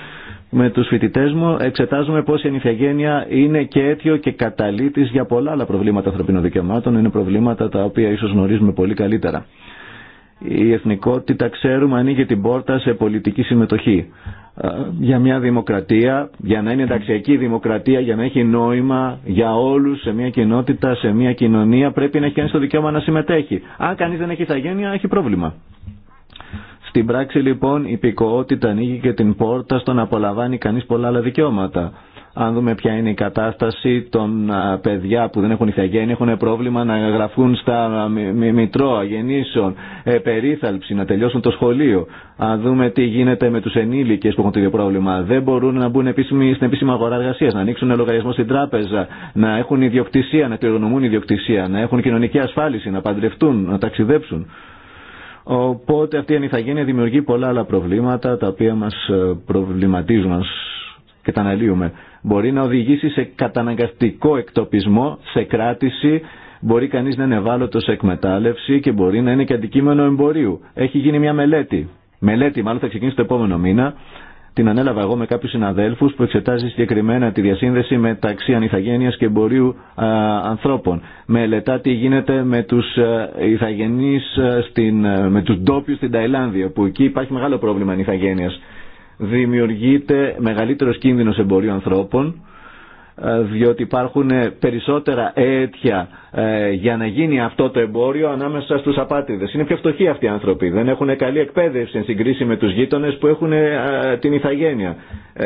Με τους φοιτητέ μου εξετάζουμε πώς η ανηθιαγένεια είναι και αίτιο και καταλήτης για πολλά άλλα προβλήματα ανθρωπίνων δικαιωμάτων. Είναι προβλήματα τα οποία ίσως γνωρίζουμε πολύ καλύτερα. Η εθνικότητα, ξέρουμε, ανοίγει την πόρτα σε πολιτική συμμετοχή. Ε, για μια δημοκρατία, για να είναι ενταξιακή δημοκρατία, για να έχει νόημα για όλους σε μια κοινότητα, σε μια κοινωνία, πρέπει να έχει κάνει το δικαίωμα να συμμετέχει. Αν κανείς δεν έχει ηθαγένεια, έχει πρόβλημα. Στην πράξη λοιπόν η υπηκοότητα ανοίγει και την πόρτα στο να απολαμβάνει κανείς πολλά άλλα δικαιώματα. Αν δούμε ποια είναι η κατάσταση των παιδιά που δεν έχουν ηθαγένεια, έχουν πρόβλημα να γραφούν στα μητρώα γεννήσεων, ε, περίθαλψη, να τελειώσουν το σχολείο. Αν δούμε τι γίνεται με του ενήλικε που έχουν το ίδιο πρόβλημα, δεν μπορούν να μπουν επίσημη, στην επίσημη αγορά εργασία, να ανοίξουν λογαριασμό στην τράπεζα, να έχουν ιδιοκτησία, να κληρονομούν ιδιοκτησία, να έχουν κοινωνική ασφάλιση, να παντρευτούν, να ταξιδέψουν. Οπότε αυτή η ανηθαγένεια δημιουργεί πολλά άλλα προβλήματα τα οποία μας ε, προβληματίζουν, μας και τα Μπορεί να οδηγήσει σε καταναγκαστικό εκτοπισμό, σε κράτηση, μπορεί κανείς να είναι ευάλωτος σε εκμετάλλευση και μπορεί να είναι και αντικείμενο εμπορίου. Έχει γίνει μια μελέτη. Μελέτη μάλλον θα ξεκινήσει το επόμενο μήνα. Την ανέλαβα εγώ με κάποιου συναδέλφου που εξετάζει συγκεκριμένα τη διασύνδεση μεταξύ ανιθαγένειας και εμπορίου ανθρώπων. Μελετά τι γίνεται με του ηθαγενείς, με του ντόπιου στην Ταϊλάνδια που εκεί υπάρχει μεγάλο πρόβλημα ανιθαγένειας δημιουργείται μεγαλύτερος κίνδυνος εμπορίου ανθρώπων ε, διότι υπάρχουν ε, περισσότερα αίτια ε, για να γίνει αυτό το εμπόριο ανάμεσα στους απάτηδες. Είναι πιο φτωχοί αυτοί οι άνθρωποι, δεν έχουν καλή εκπαίδευση εν συγκρίση με τους γείτονες που έχουν την ηθαγένεια.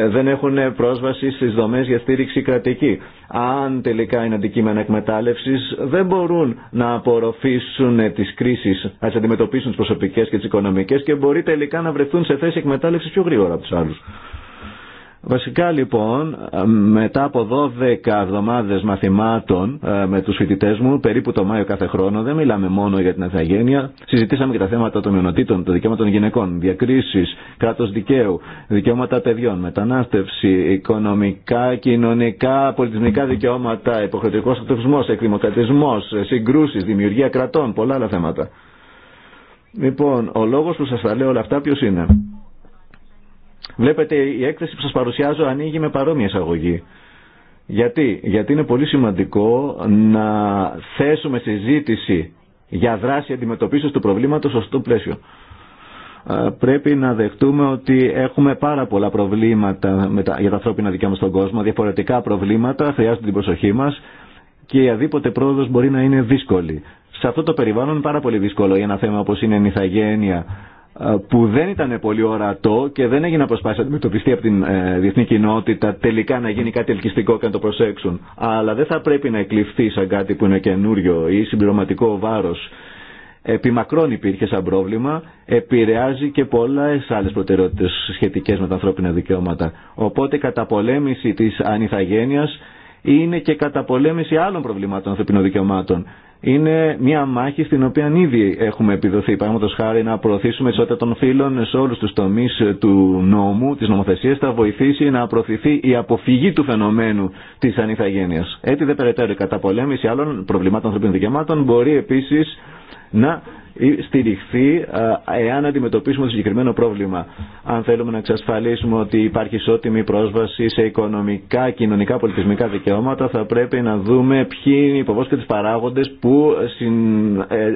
Δεν έχουν πρόσβαση στις δομές για στήριξη κρατική. Αν τελικά είναι αντικείμενα εκμετάλλευση, δεν μπορούν να απορροφήσουν τις κρίσεις, να τις αντιμετωπίσουν τις προσωπικές και τις οικονομικές και μπορεί τελικά να βρεθούν σε θέση εκμετάλλευση πιο γρήγορα από τους άλλους. Βασικά λοιπόν, μετά από 12 εβδομάδες μαθημάτων ε, με τους φοιτητέ μου, περίπου το Μάιο κάθε χρόνο, δεν μιλάμε μόνο για την Αθαγένεια, συζητήσαμε και τα θέματα των μειονοτήτων, των δικαιώματων των γυναικών, διακρίσεις, κράτος δικαίου, δικαιώματα παιδιών, μετανάστευση, οικονομικά, κοινωνικά, πολιτισμικά δικαιώματα, υποχρεωτικός αυτοκτονισμός, εκδημοκρατισμός, συγκρούσεις, δημιουργία κρατών, πολλά άλλα θέματα. Λοιπόν, ο λόγος που σας τα λέω όλα αυτά ποιο είναι Βλέπετε η έκθεση που σας παρουσιάζω ανοίγει με παρόμοια εισαγωγή. Γιατί, Γιατί είναι πολύ σημαντικό να θέσουμε συζήτηση για δράση αντιμετωπίσεως του προβλήματος στο σωστό πλαίσιο. Ε, πρέπει να δεχτούμε ότι έχουμε πάρα πολλά προβλήματα για τα ανθρώπινα δικαιώματα στον κόσμο, διαφορετικά προβλήματα, χρειάζονται την προσοχή μας και η αδίποτε πρόοδος μπορεί να είναι δύσκολη. Σε αυτό το περιβάλλον είναι πάρα πολύ δύσκολο για ένα θέμα όπως είναι η νηθαγένεια ε, που δεν ήταν πολύ ορατό και δεν έγινε προσπάθεια να αντιμετωπιστεί από την ε, διεθνή κοινότητα τελικά να γίνει κάτι ελκυστικό και να το προσέξουν. Αλλά δεν θα πρέπει να εκλειφθεί σαν κάτι που είναι καινούριο ή συμπληρωματικό Επί μακρόν υπήρχε σαν πρόβλημα, επηρεάζει και πολλέ άλλε προτεραιότητε σχετικέ με τα ανθρώπινα δικαιώματα. Οπότε η καταπολέμηση της ανιθαγένειας είναι και καταπολέμηση άλλων προβλημάτων ανθρωπινών δικαιωμάτων είναι μια μάχη στην οποία ήδη έχουμε επιδοθεί. Παραδείγματο χάρη να προωθήσουμε ισότητα των φύλων σε όλου του τομεί του νόμου, τη νομοθεσία, θα βοηθήσει να προωθηθεί η αποφυγή του φαινομένου τη ανηθαγένεια. Έτσι, δεν περαιτέρω η καταπολέμηση άλλων προβλημάτων ανθρωπίνων δικαιωμάτων μπορεί επίση να στηριχθεί εάν αντιμετωπίσουμε το συγκεκριμένο πρόβλημα. Αν θέλουμε να εξασφαλίσουμε ότι υπάρχει ισότιμη πρόσβαση σε οικονομικά, κοινωνικά, πολιτισμικά δικαιώματα, θα πρέπει να δούμε ποιοι είναι οι υποβόσκετες παράγοντες που ε,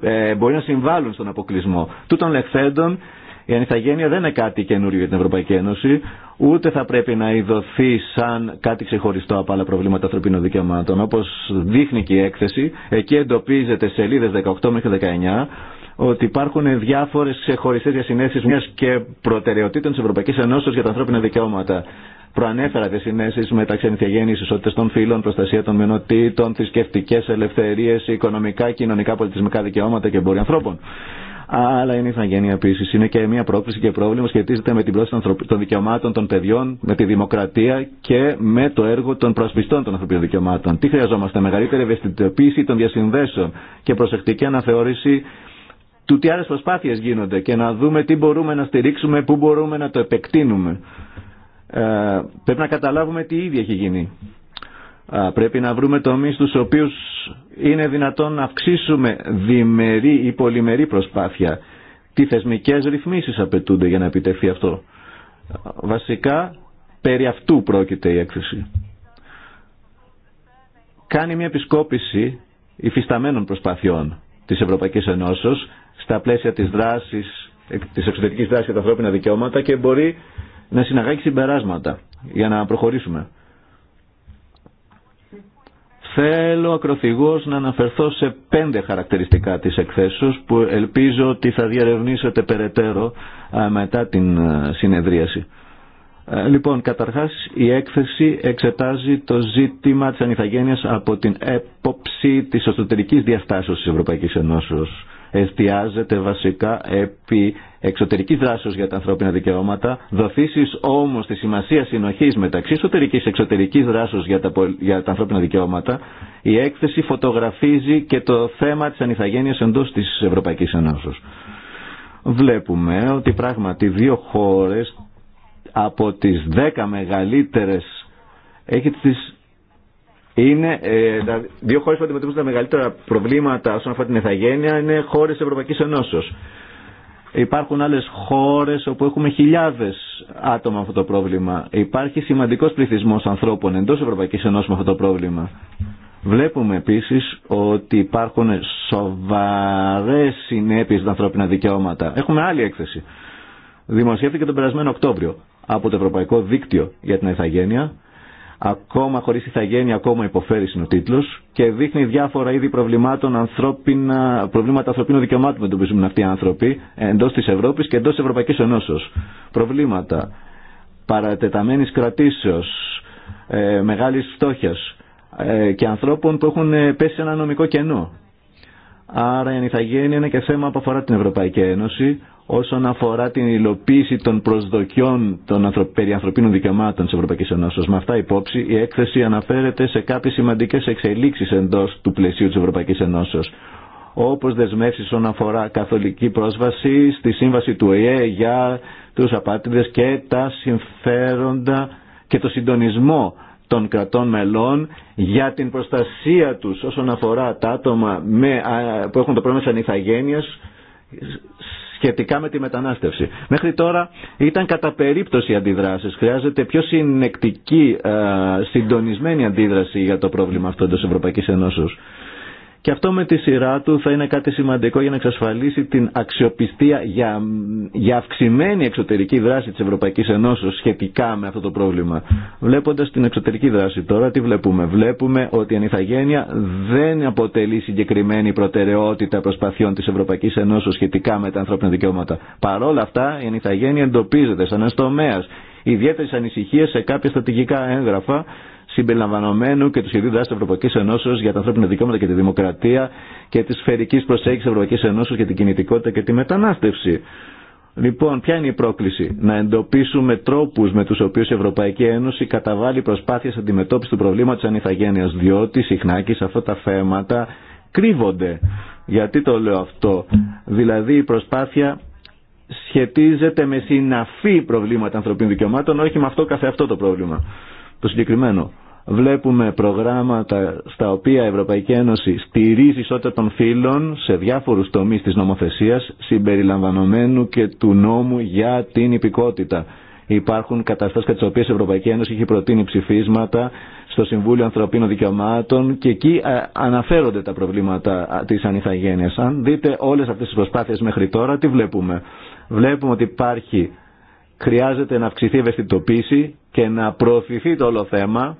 ε, μπορεί να συμβάλλουν στον αποκλεισμό. Τούτων λεχθέντων η ανηθαγένεια δεν είναι κάτι καινούριο για την Ευρωπαϊκή Ένωση, ούτε θα πρέπει να ειδωθεί σαν κάτι ξεχωριστό από άλλα προβλήματα ανθρωπίνων δικαιωμάτων. Όπω δείχνει και η έκθεση, εκεί εντοπίζεται σελίδε 18 μέχρι 19 ότι υπάρχουν διάφορε ξεχωριστέ διασυνέσει μια και προτεραιοτήτων τη Ευρωπαϊκή Ένωση για τα ανθρώπινα δικαιώματα. Προανέφερα τι συνέσει μεταξύ ανηθιαγέννη, ισότητε των φύλων, προστασία των μειονοτήτων, θρησκευτικέ ελευθερίε, οικονομικά, κοινωνικά, πολιτισμικά δικαιώματα και εμπόρια ανθρώπων αλλά είναι η ηθαγένεια επίση. Είναι και μια πρόκληση και πρόβλημα σχετίζεται με την πρόσφαση των δικαιωμάτων των παιδιών, με τη δημοκρατία και με το έργο των προσπιστών των ανθρωπίνων δικαιωμάτων. Τι χρειαζόμαστε, μεγαλύτερη ευαισθητοποίηση των διασυνδέσεων και προσεκτική αναθεώρηση του τι άλλε προσπάθειε γίνονται και να δούμε τι μπορούμε να στηρίξουμε, πού μπορούμε να το επεκτείνουμε. Ε, πρέπει να καταλάβουμε τι ήδη έχει γίνει. Πρέπει να βρούμε τομείς στους οποίους είναι δυνατόν να αυξήσουμε διμερή ή πολυμερή προσπάθεια. Τι θεσμικές ρυθμίσεις απαιτούνται για να επιτευχθεί αυτό. Βασικά, περί αυτού πρόκειται η έκθεση. Κάνει μια επισκόπηση υφισταμένων προσπαθειών της Ευρωπαϊκής Ενώσεως στα πλαίσια της δράσης, της εξωτερικής δράσης για τα ανθρώπινα δικαιώματα και μπορεί να συναγάγει συμπεράσματα για να προχωρήσουμε. Θέλω ακροθυγώς να αναφερθώ σε πέντε χαρακτηριστικά της εκθέσεως που ελπίζω ότι θα διαρευνήσετε περαιτέρω μετά την συνεδρίαση. Ε, λοιπόν, καταρχάς η έκθεση εξετάζει το ζήτημα της ανηθαγένειας από την έποψη της εσωτερικής διαστάσεως της Ευρωπαϊκής Ενώσεως εστιάζεται βασικά επί εξωτερικής δράσεως για τα ανθρώπινα δικαιώματα, δοθήσεις όμως τη σημασία συνοχής μεταξύ εσωτερικής και εξωτερικής δράσεως για τα, για τα ανθρώπινα δικαιώματα, η έκθεση φωτογραφίζει και το θέμα της ανιθαγένειας εντός της Ευρωπαϊκής Ενώσεως. Βλέπουμε ότι πράγματι δύο χώρες από τις δέκα μεγαλύτερες έχει τις είναι ε, τα δύο χώρε που αντιμετωπίζουν τα μεγαλύτερα προβλήματα όσον αφορά την ηθαγένεια είναι χώρε Ευρωπαϊκή Ενώσεω. Υπάρχουν άλλε χώρε όπου έχουμε χιλιάδε άτομα με αυτό το πρόβλημα. Υπάρχει σημαντικό πληθυσμό ανθρώπων εντό Ευρωπαϊκή Ενώσεω με αυτό το πρόβλημα. Βλέπουμε επίση ότι υπάρχουν σοβαρέ συνέπειε στα ανθρώπινα δικαιώματα. Έχουμε άλλη έκθεση. Δημοσιεύτηκε τον περασμένο Οκτώβριο από το Ευρωπαϊκό Δίκτυο για την Εθαγένεια. Ακόμα χωρίς ηθαγένεια, ακόμα υποφέρει είναι ο τίτλο και δείχνει διάφορα είδη προβλημάτων ανθρώπινα, προβλήματα ανθρωπίνων δικαιωμάτων που εντοπίζουν αυτοί οι άνθρωποι εντό τη Ευρώπη και εντό της Ευρωπαϊκής Ενώσεως. Προβλήματα παρατεταμένης κρατήσεω, ε, μεγάλης φτώχειας ε, και ανθρώπων που έχουν ε, πέσει σε ένα νομικό κενό. Άρα η ανηθαγένεια είναι και θέμα που αφορά την Ευρωπαϊκή Ένωση όσον αφορά την υλοποίηση των προσδοκιών των περί ανθρωπίνων δικαιωμάτων της Ευρωπαϊκής Ενώσεως. Με αυτά υπόψη η έκθεση αναφέρεται σε κάποιες σημαντικές εξελίξεις εντός του πλαισίου της Ευρωπαϊκής Ενώσεως όπως δεσμεύσεις όσον αφορά καθολική πρόσβαση στη σύμβαση του ΟΗΕ για τους απάτηδε και τα συμφέροντα και το συντονισμό των κρατών μελών για την προστασία τους όσον αφορά τα άτομα με, που έχουν το πρόβλημα της ανηθαγένειας σχετικά με τη μετανάστευση. Μέχρι τώρα ήταν κατά περίπτωση αντιδράσει. Χρειάζεται πιο συνεκτική, ε, συντονισμένη αντίδραση για το πρόβλημα αυτό της Ευρωπαϊκή Ενώσεως. Και αυτό με τη σειρά του θα είναι κάτι σημαντικό για να εξασφαλίσει την αξιοπιστία για, για αυξημένη εξωτερική δράση της Ευρωπαϊκής Ενώσεως σχετικά με αυτό το πρόβλημα. Βλέποντας την εξωτερική δράση τώρα, τι βλέπουμε. Βλέπουμε ότι η ανηθαγένεια δεν αποτελεί συγκεκριμένη προτεραιότητα προσπαθειών της Ευρωπαϊκής Ενώσεως σχετικά με τα ανθρώπινα δικαιώματα. Παρόλα αυτά, η ανηθαγένεια εντοπίζεται σαν ένα τομέα ιδιαίτερη ανησυχία σε κάποια στατηγικά έγγραφα συμπεριλαμβανομένου και του σχεδίου δράση τη Ευρωπαϊκή Ενώσεω για τα ανθρώπινα δικαιώματα και τη δημοκρατία και τη σφαιρική προσέγγιση Ευρωπαϊκή Ενώσεω για την κινητικότητα και τη μετανάστευση. Λοιπόν, ποια είναι η πρόκληση, να εντοπίσουμε τρόπου με του οποίου η Ευρωπαϊκή Ένωση καταβάλει προσπάθειε αντιμετώπιση του προβλήματο ανηθαγένεια, διότι συχνά και σε αυτά τα θέματα κρύβονται. Γιατί το λέω αυτό, δηλαδή η προσπάθεια σχετίζεται με συναφή προβλήματα ανθρωπίνων δικαιωμάτων, όχι με αυτό καθεαυτό το πρόβλημα, το συγκεκριμένο. Βλέπουμε προγράμματα στα οποία η Ευρωπαϊκή Ένωση στηρίζει ισότητα των φύλων σε διάφορους τομείς της νομοθεσίας συμπεριλαμβανομένου και του νόμου για την υπηκότητα. Υπάρχουν καταστάσεις κατά τις οποίες η Ευρωπαϊκή Ένωση έχει προτείνει ψηφίσματα στο Συμβούλιο Ανθρωπίνων Δικαιωμάτων και εκεί ε, αναφέρονται τα προβλήματα της ανιθαγένειας. Αν δείτε όλες αυτές τις προσπάθειες μέχρι τώρα, τι βλέπουμε. Βλέπουμε ότι υπάρχει, χρειάζεται να αυξηθεί η ευαισθητοποίηση και να προωθηθεί το όλο θέμα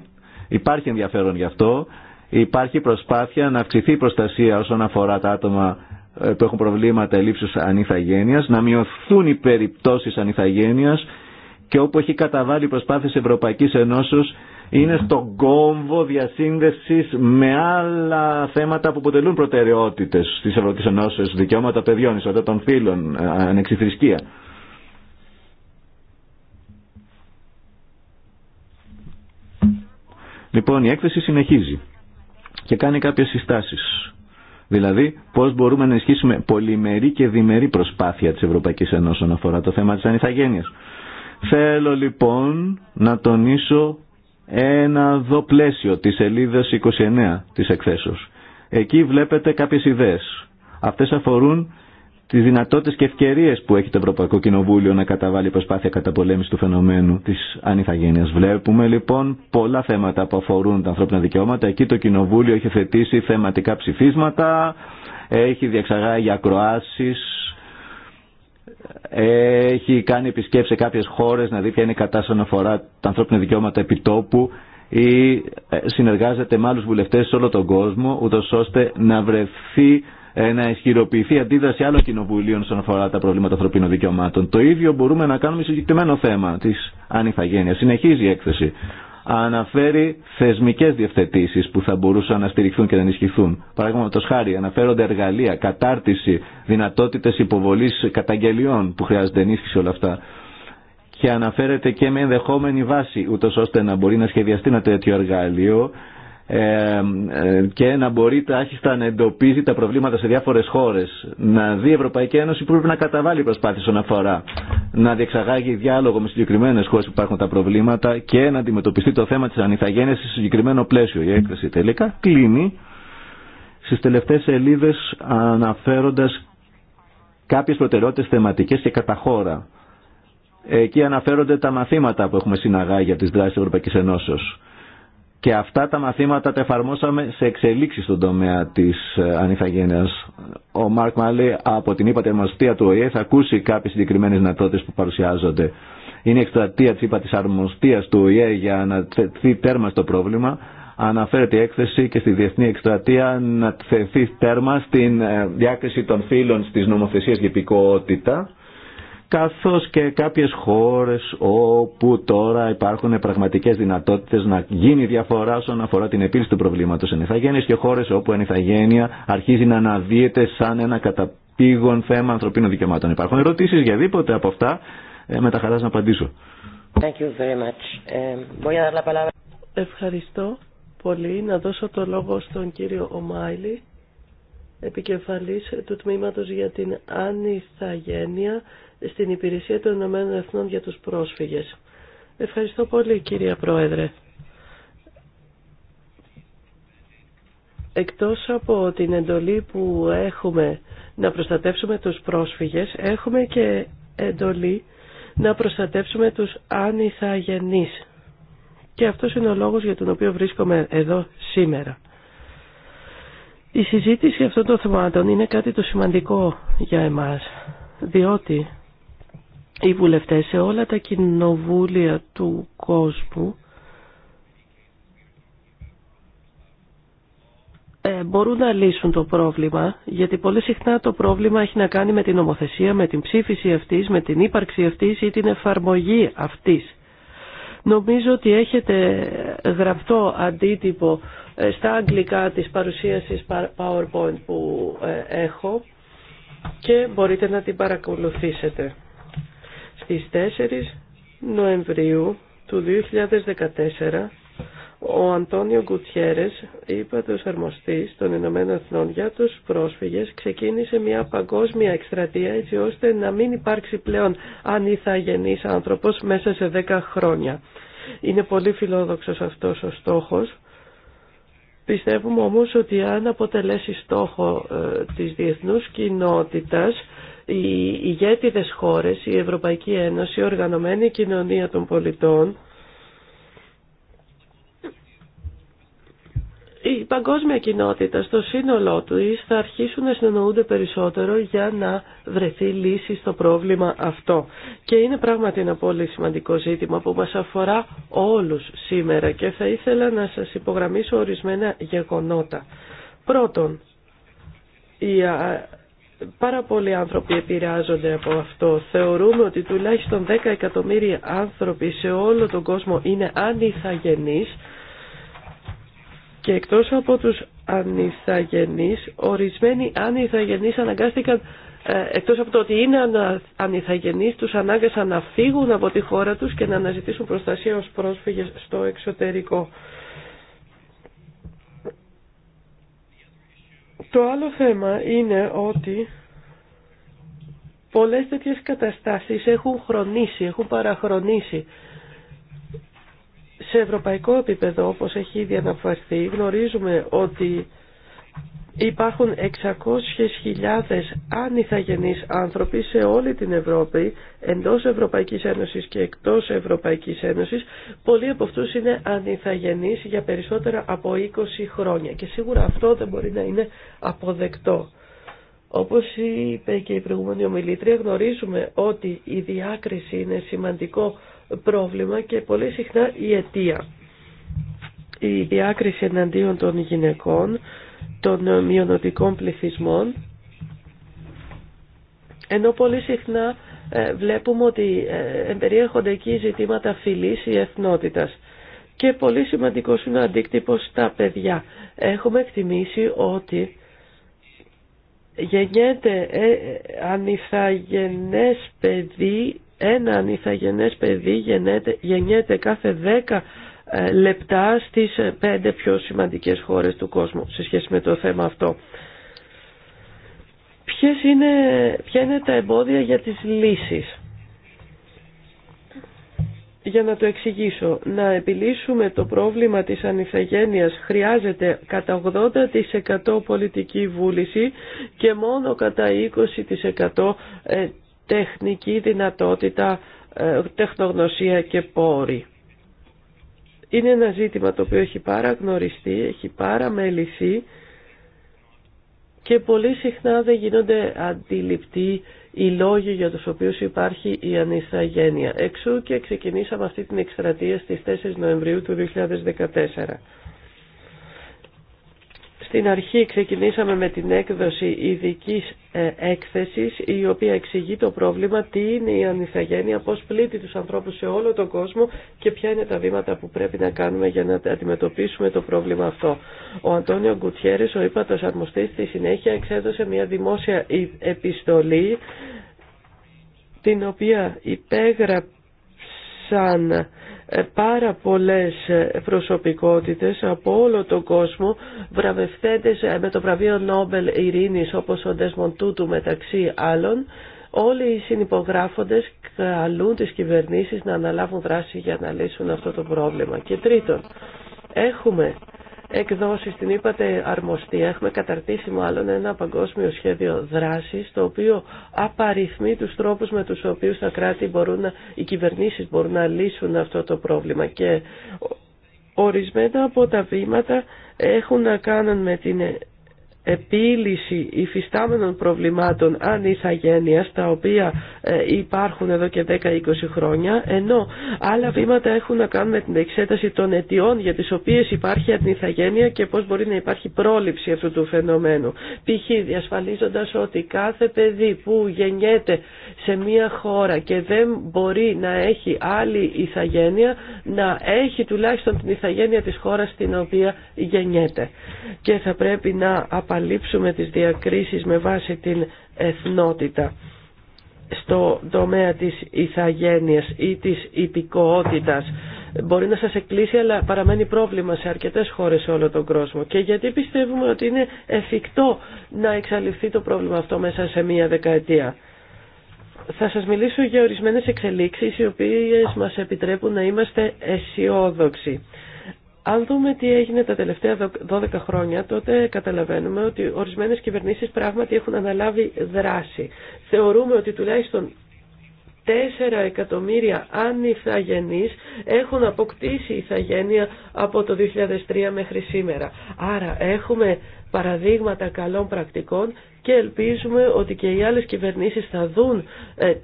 Υπάρχει ενδιαφέρον γι' αυτό. Υπάρχει προσπάθεια να αυξηθεί η προστασία όσον αφορά τα άτομα ε, που έχουν προβλήματα ελλείψης ανιθαγένειας, να μειωθούν οι περιπτώσεις ανιθαγένειας και όπου έχει καταβάλει προσπάθειες Ευρωπαϊκής Ενώσεως είναι στον κόμβο διασύνδεσης με άλλα θέματα που αποτελούν προτεραιότητες τη Ευρωπαϊκή Ενώσεω, δικαιώματα παιδιών, ισότητα των φίλων, ε, ανεξιθρησκεία. Λοιπόν, η έκθεση συνεχίζει και κάνει κάποιες συστάσεις. Δηλαδή, πώς μπορούμε να ισχύσουμε πολυμερή και διμερή προσπάθεια της Ευρωπαϊκής Ένωσης όσον αφορά το θέμα της ανιθαγένειας. Θέλω λοιπόν να τονίσω ένα δω πλαίσιο της σελίδας 29 της εκθέσεως. Εκεί βλέπετε κάποιες ιδέες. Αυτές αφορούν τι δυνατότητε και ευκαιρίε που έχει το Ευρωπαϊκό Κοινοβούλιο να καταβάλει προσπάθεια καταπολέμηση του φαινομένου τη ανηθαγένεια. Βλέπουμε λοιπόν πολλά θέματα που αφορούν τα ανθρώπινα δικαιώματα. Εκεί το Κοινοβούλιο έχει θετήσει θεματικά ψηφίσματα, έχει για ακροάσει, έχει κάνει επισκέψει σε κάποιες χώρε να δει ποια είναι η κατάσταση αφορά τα ανθρώπινα δικαιώματα επιτόπου ή ε, συνεργάζεται με άλλου βουλευτές σε όλο τον κόσμο, ούτω ώστε να βρεθεί ε, να ισχυροποιηθεί αντίδραση άλλων κοινοβουλίων στον αφορά τα προβλήματα ανθρωπίνων δικαιωμάτων. Το ίδιο μπορούμε να κάνουμε σε συγκεκριμένο θέμα τη ανηθαγένεια. Συνεχίζει η έκθεση. Αναφέρει θεσμικέ διευθετήσει που θα μπορούσαν να στηριχθούν και να ενισχυθούν. Παραδείγματο χάρη, αναφέρονται εργαλεία, κατάρτιση, δυνατότητε υποβολή καταγγελιών που χρειάζεται ενίσχυση όλα αυτά. Και αναφέρεται και με ενδεχόμενη βάση, ούτω ώστε να μπορεί να σχεδιαστεί ένα τέτοιο εργαλείο ε, και να μπορεί τάχιστα να εντοπίζει τα προβλήματα σε διάφορες χώρες. Να δει η Ευρωπαϊκή Ένωση που πρέπει να καταβάλει προσπάθειες όσον αφορά να διεξαγάγει διάλογο με συγκεκριμένες χώρες που υπάρχουν τα προβλήματα και να αντιμετωπιστεί το θέμα της ανηθαγένειας σε συγκεκριμένο πλαίσιο. Η έκθεση τελικά κλείνει στις τελευταίες σελίδες αναφέροντας κάποιες προτεραιότητες θεματικές και κατά χώρα. Εκεί αναφέρονται τα μαθήματα που έχουμε συναγάγει για τις δράσεις της Ευρωπαϊκής Ενώσεως και αυτά τα μαθήματα τα εφαρμόσαμε σε εξελίξει στον τομέα της ε, ανηθαγένεια. Ο Μάρκ Μάλι από την ΥΠΑ Τερμοστία του ΟΗΕ θα ακούσει κάποιε συγκεκριμένε δυνατότητε που παρουσιάζονται. Είναι η εκστρατεία τη ΥΠΑ της του ΟΗΕ για να θεθεί τέρμα στο πρόβλημα. Αναφέρεται η έκθεση και στη διεθνή εκστρατεία να θεθεί τέρμα στην ε, διάκριση των φύλων στι νομοθεσίε για καθώς και κάποιες χώρες όπου τώρα υπάρχουν πραγματικές δυνατότητες να γίνει διαφορά όσον αφορά την επίλυση του προβλήματος ενηθαγένειας και χώρες όπου η ενηθαγένεια αρχίζει να αναδύεται σαν ένα καταπήγον θέμα ανθρωπίνων δικαιωμάτων. Υπάρχουν ερωτήσεις για δίποτε από αυτά, ε, με τα χαράς να απαντήσω. Ε, Ευχαριστώ πολύ. Να δώσω το λόγο στον κύριο Ομάιλη, επικεφαλής του Τμήματος για την Ανηθαγένεια στην Υπηρεσία των Ηνωμένων Εθνών για τους Πρόσφυγες. Ευχαριστώ πολύ κυρία Πρόεδρε. Εκτός από την εντολή που έχουμε να προστατεύσουμε τους πρόσφυγες, έχουμε και εντολή να προστατεύσουμε τους ανιθαγενείς. Και αυτός είναι ο λόγος για τον οποίο βρίσκομαι εδώ σήμερα. Η συζήτηση αυτών των θεμάτων είναι κάτι το σημαντικό για εμάς, διότι οι βουλευτές σε όλα τα κοινοβούλια του κόσμου ε, μπορούν να λύσουν το πρόβλημα, γιατί πολύ συχνά το πρόβλημα έχει να κάνει με την νομοθεσία, με την ψήφιση αυτής, με την ύπαρξη αυτής ή την εφαρμογή αυτής. Νομίζω ότι έχετε γραπτό αντίτυπο ε, στα αγγλικά της παρουσίασης PowerPoint που ε, έχω και μπορείτε να την παρακολουθήσετε. Στις 4 Νοεμβρίου του 2014 ο Αντώνιο είπε τους αρμοστής των Ηνωμένων Εθνών για τους πρόσφυγες, ξεκίνησε μια παγκόσμια εκστρατεία έτσι ώστε να μην υπάρξει πλέον ανιθαγενής άνθρωπος μέσα σε 10 χρόνια. Είναι πολύ φιλόδοξος αυτός ο στόχος. Πιστεύουμε όμως ότι αν αποτελέσει στόχο ε, της διεθνούς κοινότητας οι ηγέτιδες χώρες, η Ευρωπαϊκή Ένωση, η Οργανωμένη Κοινωνία των Πολιτών, η παγκόσμια κοινότητα στο σύνολό του θα αρχίσουν να συνεννοούνται περισσότερο για να βρεθεί λύση στο πρόβλημα αυτό. Και είναι πράγματι ένα πολύ σημαντικό ζήτημα που μας αφορά όλους σήμερα και θα ήθελα να σας υπογραμμίσω ορισμένα γεγονότα. Πρώτον, η Πάρα πολλοί άνθρωποι επηρεάζονται από αυτό. Θεωρούμε ότι τουλάχιστον 10 εκατομμύρια άνθρωποι σε όλο τον κόσμο είναι ανιθαγενείς και εκτός από τους ανιθαγενείς, ορισμένοι ανιθαγενείς αναγκάστηκαν ε, εκτός από το ότι είναι ανιθαγενείς, τους ανάγκασαν να φύγουν από τη χώρα τους και να αναζητήσουν προστασία ως πρόσφυγες στο εξωτερικό. Το άλλο θέμα είναι ότι πολλές τέτοιες καταστάσεις έχουν χρονίσει, έχουν παραχρονίσει. Σε ευρωπαϊκό επίπεδο, όπως έχει ήδη αναφερθεί, γνωρίζουμε ότι Υπάρχουν 600.000 ανιθαγενείς άνθρωποι σε όλη την Ευρώπη, εντός Ευρωπαϊκής Ένωσης και εκτός Ευρωπαϊκής Ένωσης. Πολλοί από αυτούς είναι ανιθαγενείς για περισσότερα από 20 χρόνια και σίγουρα αυτό δεν μπορεί να είναι αποδεκτό. Όπως είπε και η προηγούμενη ομιλήτρια, γνωρίζουμε ότι η διάκριση είναι σημαντικό πρόβλημα και πολύ συχνά η αιτία. Η διάκριση εναντίον των γυναικών των ε, μειονοτικών πληθυσμών ενώ πολύ συχνά ε, βλέπουμε ότι ε, εμπεριέχονται εκεί ζητήματα φυλής ή εθνότητας. Και πολύ σημαντικό είναι ο στα παιδιά. Έχουμε εκτιμήσει ότι γεννιέται ανιθαγενές παιδί, ένα ανιθαγενές παιδί γεννιέται, κάθε δέκα ε, λεπτά στις ε, πέντε πιο σημαντικές χώρες του κόσμου σε σχέση με το θέμα αυτό. Ποιες είναι, ποια είναι τα εμπόδια για τις λύσεις. Για να το εξηγήσω, να επιλύσουμε το πρόβλημα της ανηθαγένειας χρειάζεται κατά 80% πολιτική βούληση και μόνο κατά 20% ε, τεχνική δυνατότητα, τεχνογνωσία και πόροι. Είναι ένα ζήτημα το οποίο έχει παραγνωριστεί, έχει παραμεληθεί και πολύ συχνά δεν γίνονται αντιληπτοί οι λόγοι για τους οποίους υπάρχει η ανισαγένεια. Εξού και ξεκινήσαμε αυτή την εκστρατεία στις 4 Νοεμβρίου του 2014. Στην αρχή ξεκινήσαμε με την έκδοση ειδική ε, έκθεσης η οποία εξηγεί το πρόβλημα τι είναι η ανηθαγένεια, πώς πλήττει τους ανθρώπους σε όλο τον κόσμο και ποια είναι τα βήματα που πρέπει να κάνουμε για να αντιμετωπίσουμε το πρόβλημα αυτό. Ο Αντώνιο Γκουτιέρης, ο ύπατος αρμοστής, στη συνέχεια εξέδωσε μια δημόσια επιστολή την οποία υπέγραψαν ε, πάρα πολλές ε, προσωπικότητες από όλο τον κόσμο βραβευθέντες ε, με το βραβείο Νόμπελ Ειρήνης όπως ο Ντέσμον Τούτου μεταξύ άλλων όλοι οι συνυπογράφοντες καλούν τις κυβερνήσεις να αναλάβουν δράση για να λύσουν αυτό το πρόβλημα. Και τρίτον, έχουμε εκδόσεις την είπατε αρμοστία. Έχουμε καταρτήσει μάλλον ένα παγκόσμιο σχέδιο δράσης το οποίο απαριθμεί τους τρόπους με τους οποίους τα κράτη μπορούν να, οι κυβερνήσεις μπορούν να λύσουν αυτό το πρόβλημα και ορισμένα από τα βήματα έχουν να κάνουν με την επίλυση υφιστάμενων προβλημάτων ανηθαγένειας τα οποία ε, υπάρχουν εδώ και 10-20 χρόνια ενώ άλλα βήματα έχουν να κάνουν με την εξέταση των αιτιών για τις οποίες υπάρχει ανηθαγένεια και πώς μπορεί να υπάρχει πρόληψη αυτού του φαινομένου π.χ. διασφαλίζοντας ότι κάθε παιδί που γεννιέται σε μια χώρα και δεν μπορεί να έχει άλλη ηθαγένεια να έχει τουλάχιστον την ηθαγένεια της χώρας στην οποία γεννιέται και θα πρέπει να απαλείψουμε τις διακρίσεις με βάση την εθνότητα στο τομέα της ηθαγένειας ή της υπηκοότητας μπορεί να σας εκκλείσει αλλά παραμένει πρόβλημα σε αρκετές χώρες σε όλο τον κόσμο και γιατί πιστεύουμε ότι είναι εφικτό να εξαλειφθεί το πρόβλημα αυτό μέσα σε μία δεκαετία. Θα σας μιλήσω για ορισμένες εξελίξεις οι οποίες μας επιτρέπουν να είμαστε αισιόδοξοι. Αν δούμε τι έγινε τα τελευταία 12 χρόνια, τότε καταλαβαίνουμε ότι ορισμένες κυβερνήσεις πράγματι έχουν αναλάβει δράση. Θεωρούμε ότι τουλάχιστον Τέσσερα εκατομμύρια ανιθαγενείς έχουν αποκτήσει ηθαγένεια από το 2003 μέχρι σήμερα. Άρα έχουμε παραδείγματα καλών πρακτικών και ελπίζουμε ότι και οι άλλες κυβερνήσεις θα δουν ε,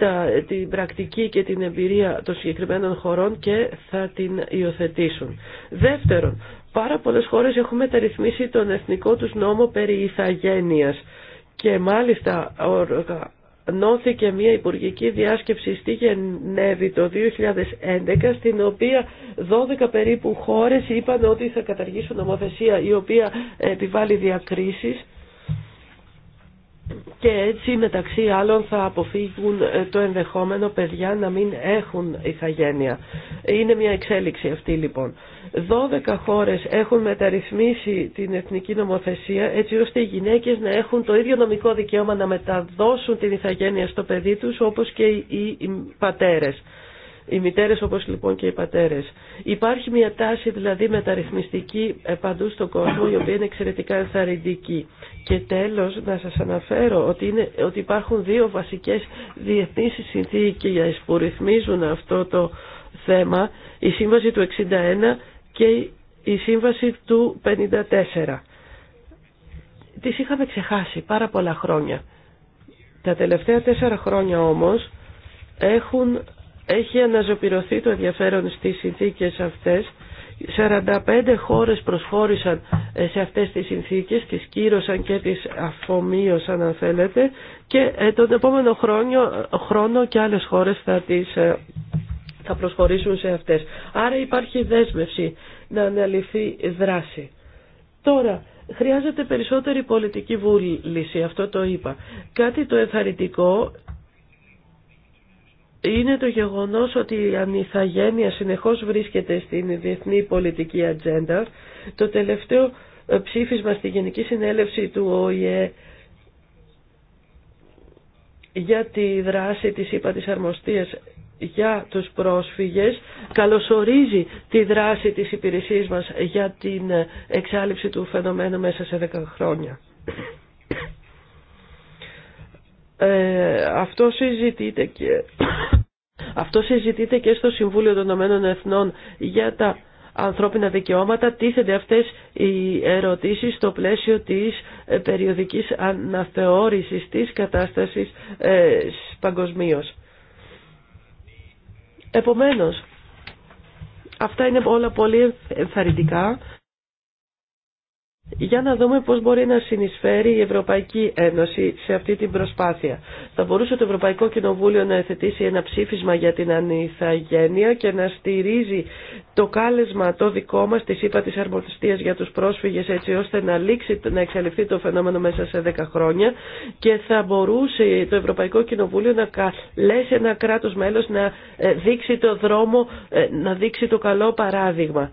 την πρακτική και την εμπειρία των συγκεκριμένων χωρών και θα την υιοθετήσουν. Δεύτερον, πάρα πολλές χώρες έχουν μεταρρυθμίσει τον εθνικό τους νόμο περί ηθαγένειας και μάλιστα νόθηκε μια υπουργική διάσκεψη στη Γενέβη το 2011 στην οποία 12 περίπου χώρες είπαν ότι θα καταργήσουν νομοθεσία η οποία επιβάλλει διακρίσεις και έτσι μεταξύ άλλων θα αποφύγουν ε, το ενδεχόμενο παιδιά να μην έχουν ηθαγένεια. Είναι μια εξέλιξη αυτή λοιπόν. 12 χώρες έχουν μεταρρυθμίσει την εθνική νομοθεσία έτσι ώστε οι γυναίκες να έχουν το ίδιο νομικό δικαίωμα να μεταδώσουν την ηθαγένεια στο παιδί τους όπως και οι πατέρες οι μητέρες όπως λοιπόν και οι πατέρες. Υπάρχει μια τάση δηλαδή μεταρρυθμιστική ε, παντού στον κόσμο η οποία είναι εξαιρετικά ενθαρρυντική. Και τέλος να σας αναφέρω ότι, είναι, ότι υπάρχουν δύο βασικές διεθνείς συνθήκες που ρυθμίζουν αυτό το θέμα, η σύμβαση του 61 και η σύμβαση του 54. Τις είχαμε ξεχάσει πάρα πολλά χρόνια. Τα τελευταία τέσσερα χρόνια όμως έχουν έχει αναζωπηρωθεί το ενδιαφέρον στις συνθήκες αυτές. 45 χώρες προσχώρησαν ε, σε αυτές τις συνθήκες, τις κύρωσαν και τις αφομοίωσαν αν θέλετε και ε, τον επόμενο χρόνο, χρόνο και άλλες χώρες θα, τις, ε, θα προσχωρήσουν σε αυτές. Άρα υπάρχει δέσμευση να αναλυθεί δράση. Τώρα, χρειάζεται περισσότερη πολιτική βούληση, αυτό το είπα. Κάτι το εθαρρυντικό είναι το γεγονός ότι η ανιθαγένεια συνεχώς βρίσκεται στην διεθνή πολιτική ατζέντα. Το τελευταίο ε, ψήφισμα στη Γενική Συνέλευση του ΟΗΕ για τη δράση της ΥΠΑ της Αρμοστίας για τους πρόσφυγες καλωσορίζει τη δράση της υπηρεσίας μας για την εξάλληψη του φαινομένου μέσα σε 10 χρόνια. Ε, αυτό συζητείται και... Αυτό συζητείται και στο Συμβούλιο των Ηνωμένων Εθνών για τα ανθρώπινα δικαιώματα. Τίθενται αυτές οι ερωτήσεις στο πλαίσιο της ε, περιοδικής αναθεώρησης της κατάστασης ε, παγκοσμίω. Επομένως, αυτά είναι όλα πολύ ενθαρρυντικά για να δούμε πώς μπορεί να συνεισφέρει η Ευρωπαϊκή Ένωση σε αυτή την προσπάθεια. Θα μπορούσε το Ευρωπαϊκό Κοινοβούλιο να εθετήσει ένα ψήφισμα για την ανιθαγένεια και να στηρίζει το κάλεσμα το δικό μας της ΥΠΑ της Αρμοστίας για τους πρόσφυγες έτσι ώστε να λήξει, να εξαλειφθεί το φαινόμενο μέσα σε 10 χρόνια και θα μπορούσε το Ευρωπαϊκό Κοινοβούλιο να καλέσει ένα κράτος μέλος να ε, δείξει το δρόμο, ε, να δείξει το καλό παράδειγμα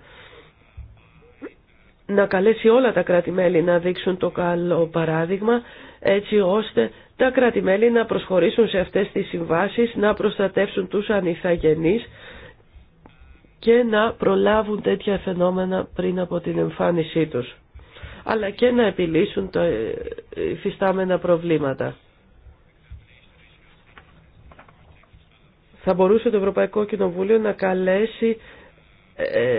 να καλέσει όλα τα κράτη-μέλη να δείξουν το καλό παράδειγμα έτσι ώστε τα κράτη-μέλη να προσχωρήσουν σε αυτές τις συμβάσεις, να προστατεύσουν τους ανηθαγενείς και να προλάβουν τέτοια φαινόμενα πριν από την εμφάνισή τους, αλλά και να επιλύσουν τα υφιστάμενα προβλήματα. Θα μπορούσε το Ευρωπαϊκό Κοινοβούλιο να καλέσει, ε,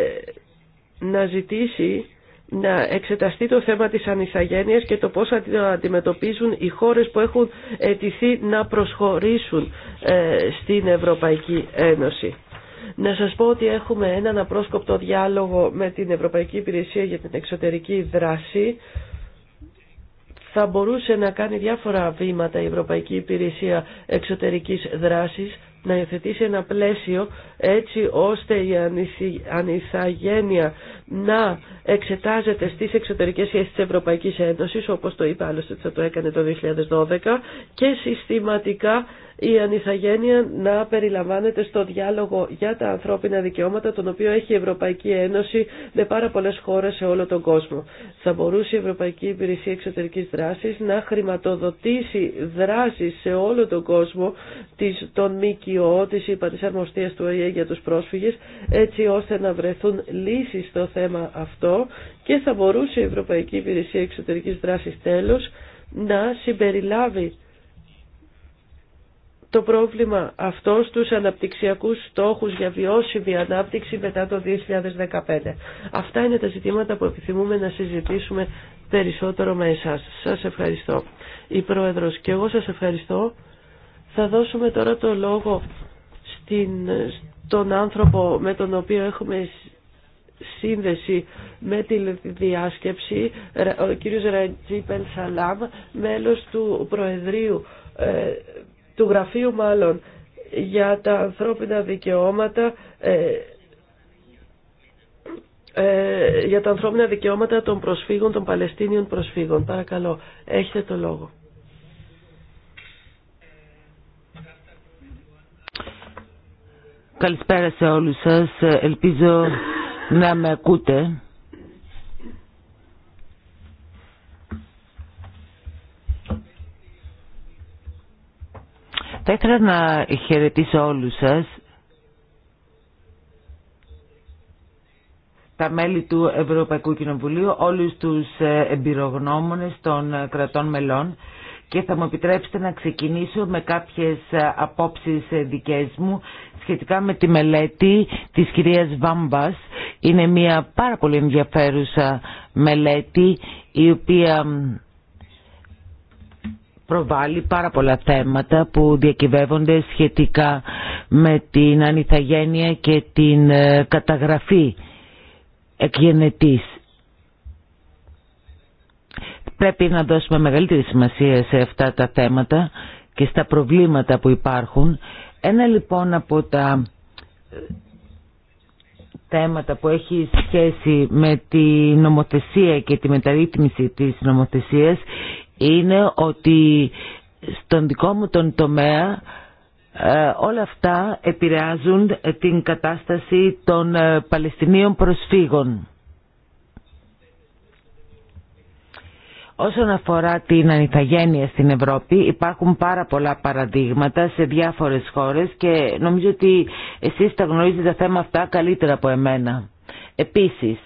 να ζητήσει να εξεταστεί το θέμα της ανισαγένειας και το πώς αντιμετωπίζουν οι χώρες που έχουν αιτηθεί να προσχωρήσουν ε, στην Ευρωπαϊκή Ένωση. Να σας πω ότι έχουμε έναν απρόσκοπτο διάλογο με την Ευρωπαϊκή Υπηρεσία για την Εξωτερική Δράση. Θα μπορούσε να κάνει διάφορα βήματα η Ευρωπαϊκή Υπηρεσία Εξωτερικής Δράσης να υιοθετήσει ένα πλαίσιο έτσι ώστε η ανηθαγένεια να εξετάζεται στις εξωτερικές σχέσεις της Ευρωπαϊκής Ένωσης, όπως το είπε άλλωστε θα το έκανε το 2012, και συστηματικά η ανιθαγένεια να περιλαμβάνεται στο διάλογο για τα ανθρώπινα δικαιώματα, τον οποίο έχει η Ευρωπαϊκή Ένωση με πάρα πολλές χώρες σε όλο τον κόσμο. Θα μπορούσε η Ευρωπαϊκή Υπηρεσία Εξωτερικής Δράσης να χρηματοδοτήσει δράσεις σε όλο τον κόσμο της, των ΜΚΟ, της υπατής του ΟΗΕ για τους πρόσφυγες, έτσι ώστε να βρεθούν λύσεις στο θέμα αυτό και θα μπορούσε η Ευρωπαϊκή Υπηρεσία Εξωτερικής Δράσης τέλος να συμπεριλάβει το πρόβλημα αυτό στους αναπτυξιακούς στόχους για βιώσιμη ανάπτυξη μετά το 2015. Αυτά είναι τα ζητήματα που επιθυμούμε να συζητήσουμε περισσότερο με εσάς. Σας ευχαριστώ. Η Πρόεδρος και εγώ σας ευχαριστώ. Θα δώσουμε τώρα το λόγο στον άνθρωπο με τον οποίο έχουμε σύνδεση με τη διάσκεψη ο κύριος Ραντζή Πενσαλάμ, μέλος του προεδρίου ε, του Γραφείου μάλλον, για τα ανθρώπινα δικαιώματα ε, ε, για τα ανθρώπινα δικαιώματα των προσφύγων, των Παλαιστίνιων προσφύγων. Παρακαλώ, έχετε το λόγο. Καλησπέρα σε όλους σας. Ελπίζω να με ακούτε. Θα ήθελα να χαιρετήσω όλους σας, τα μέλη του Ευρωπαϊκού Κοινοβουλίου, όλους τους ε, εμπειρογνώμονες των ε, κρατών μελών και θα μου επιτρέψετε να ξεκινήσω με κάποιες ε, απόψεις ε, δικές μου σχετικά με τη μελέτη της κυρίας Βάμπας. Είναι μια πάρα πολύ ενδιαφέρουσα μελέτη η οποία προβάλλει πάρα πολλά θέματα που διακυβεύονται σχετικά με την ανιθαγένεια και την ε, καταγραφή εκγενετής. Πρέπει να δώσουμε μεγαλύτερη σημασία σε αυτά τα θέματα και στα προβλήματα που υπάρχουν. Ένα λοιπόν από τα ε, θέματα που έχει σχέση με τη νομοθεσία και τη μεταρρύθμιση της νομοθεσίας είναι ότι στον δικό μου τον τομέα ε, όλα αυτά επηρεάζουν την κατάσταση των ε, Παλαιστινίων προσφύγων. Όσον αφορά την ανηθαγένεια στην Ευρώπη υπάρχουν πάρα πολλά παραδείγματα σε διάφορες χώρες και νομίζω ότι εσείς τα γνωρίζετε τα θέματα αυτά καλύτερα από εμένα. Επίσης,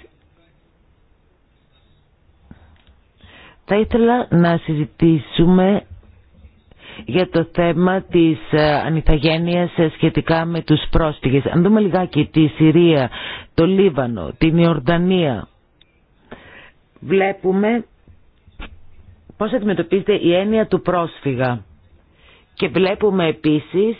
θα ήθελα να συζητήσουμε για το θέμα της ε, ανηθαγένειας ε, σχετικά με τους πρόσφυγες. Αν δούμε λιγάκι τη Συρία, το Λίβανο, την Ιορδανία, βλέπουμε πώς αντιμετωπίζεται η έννοια του πρόσφυγα. Και βλέπουμε επίσης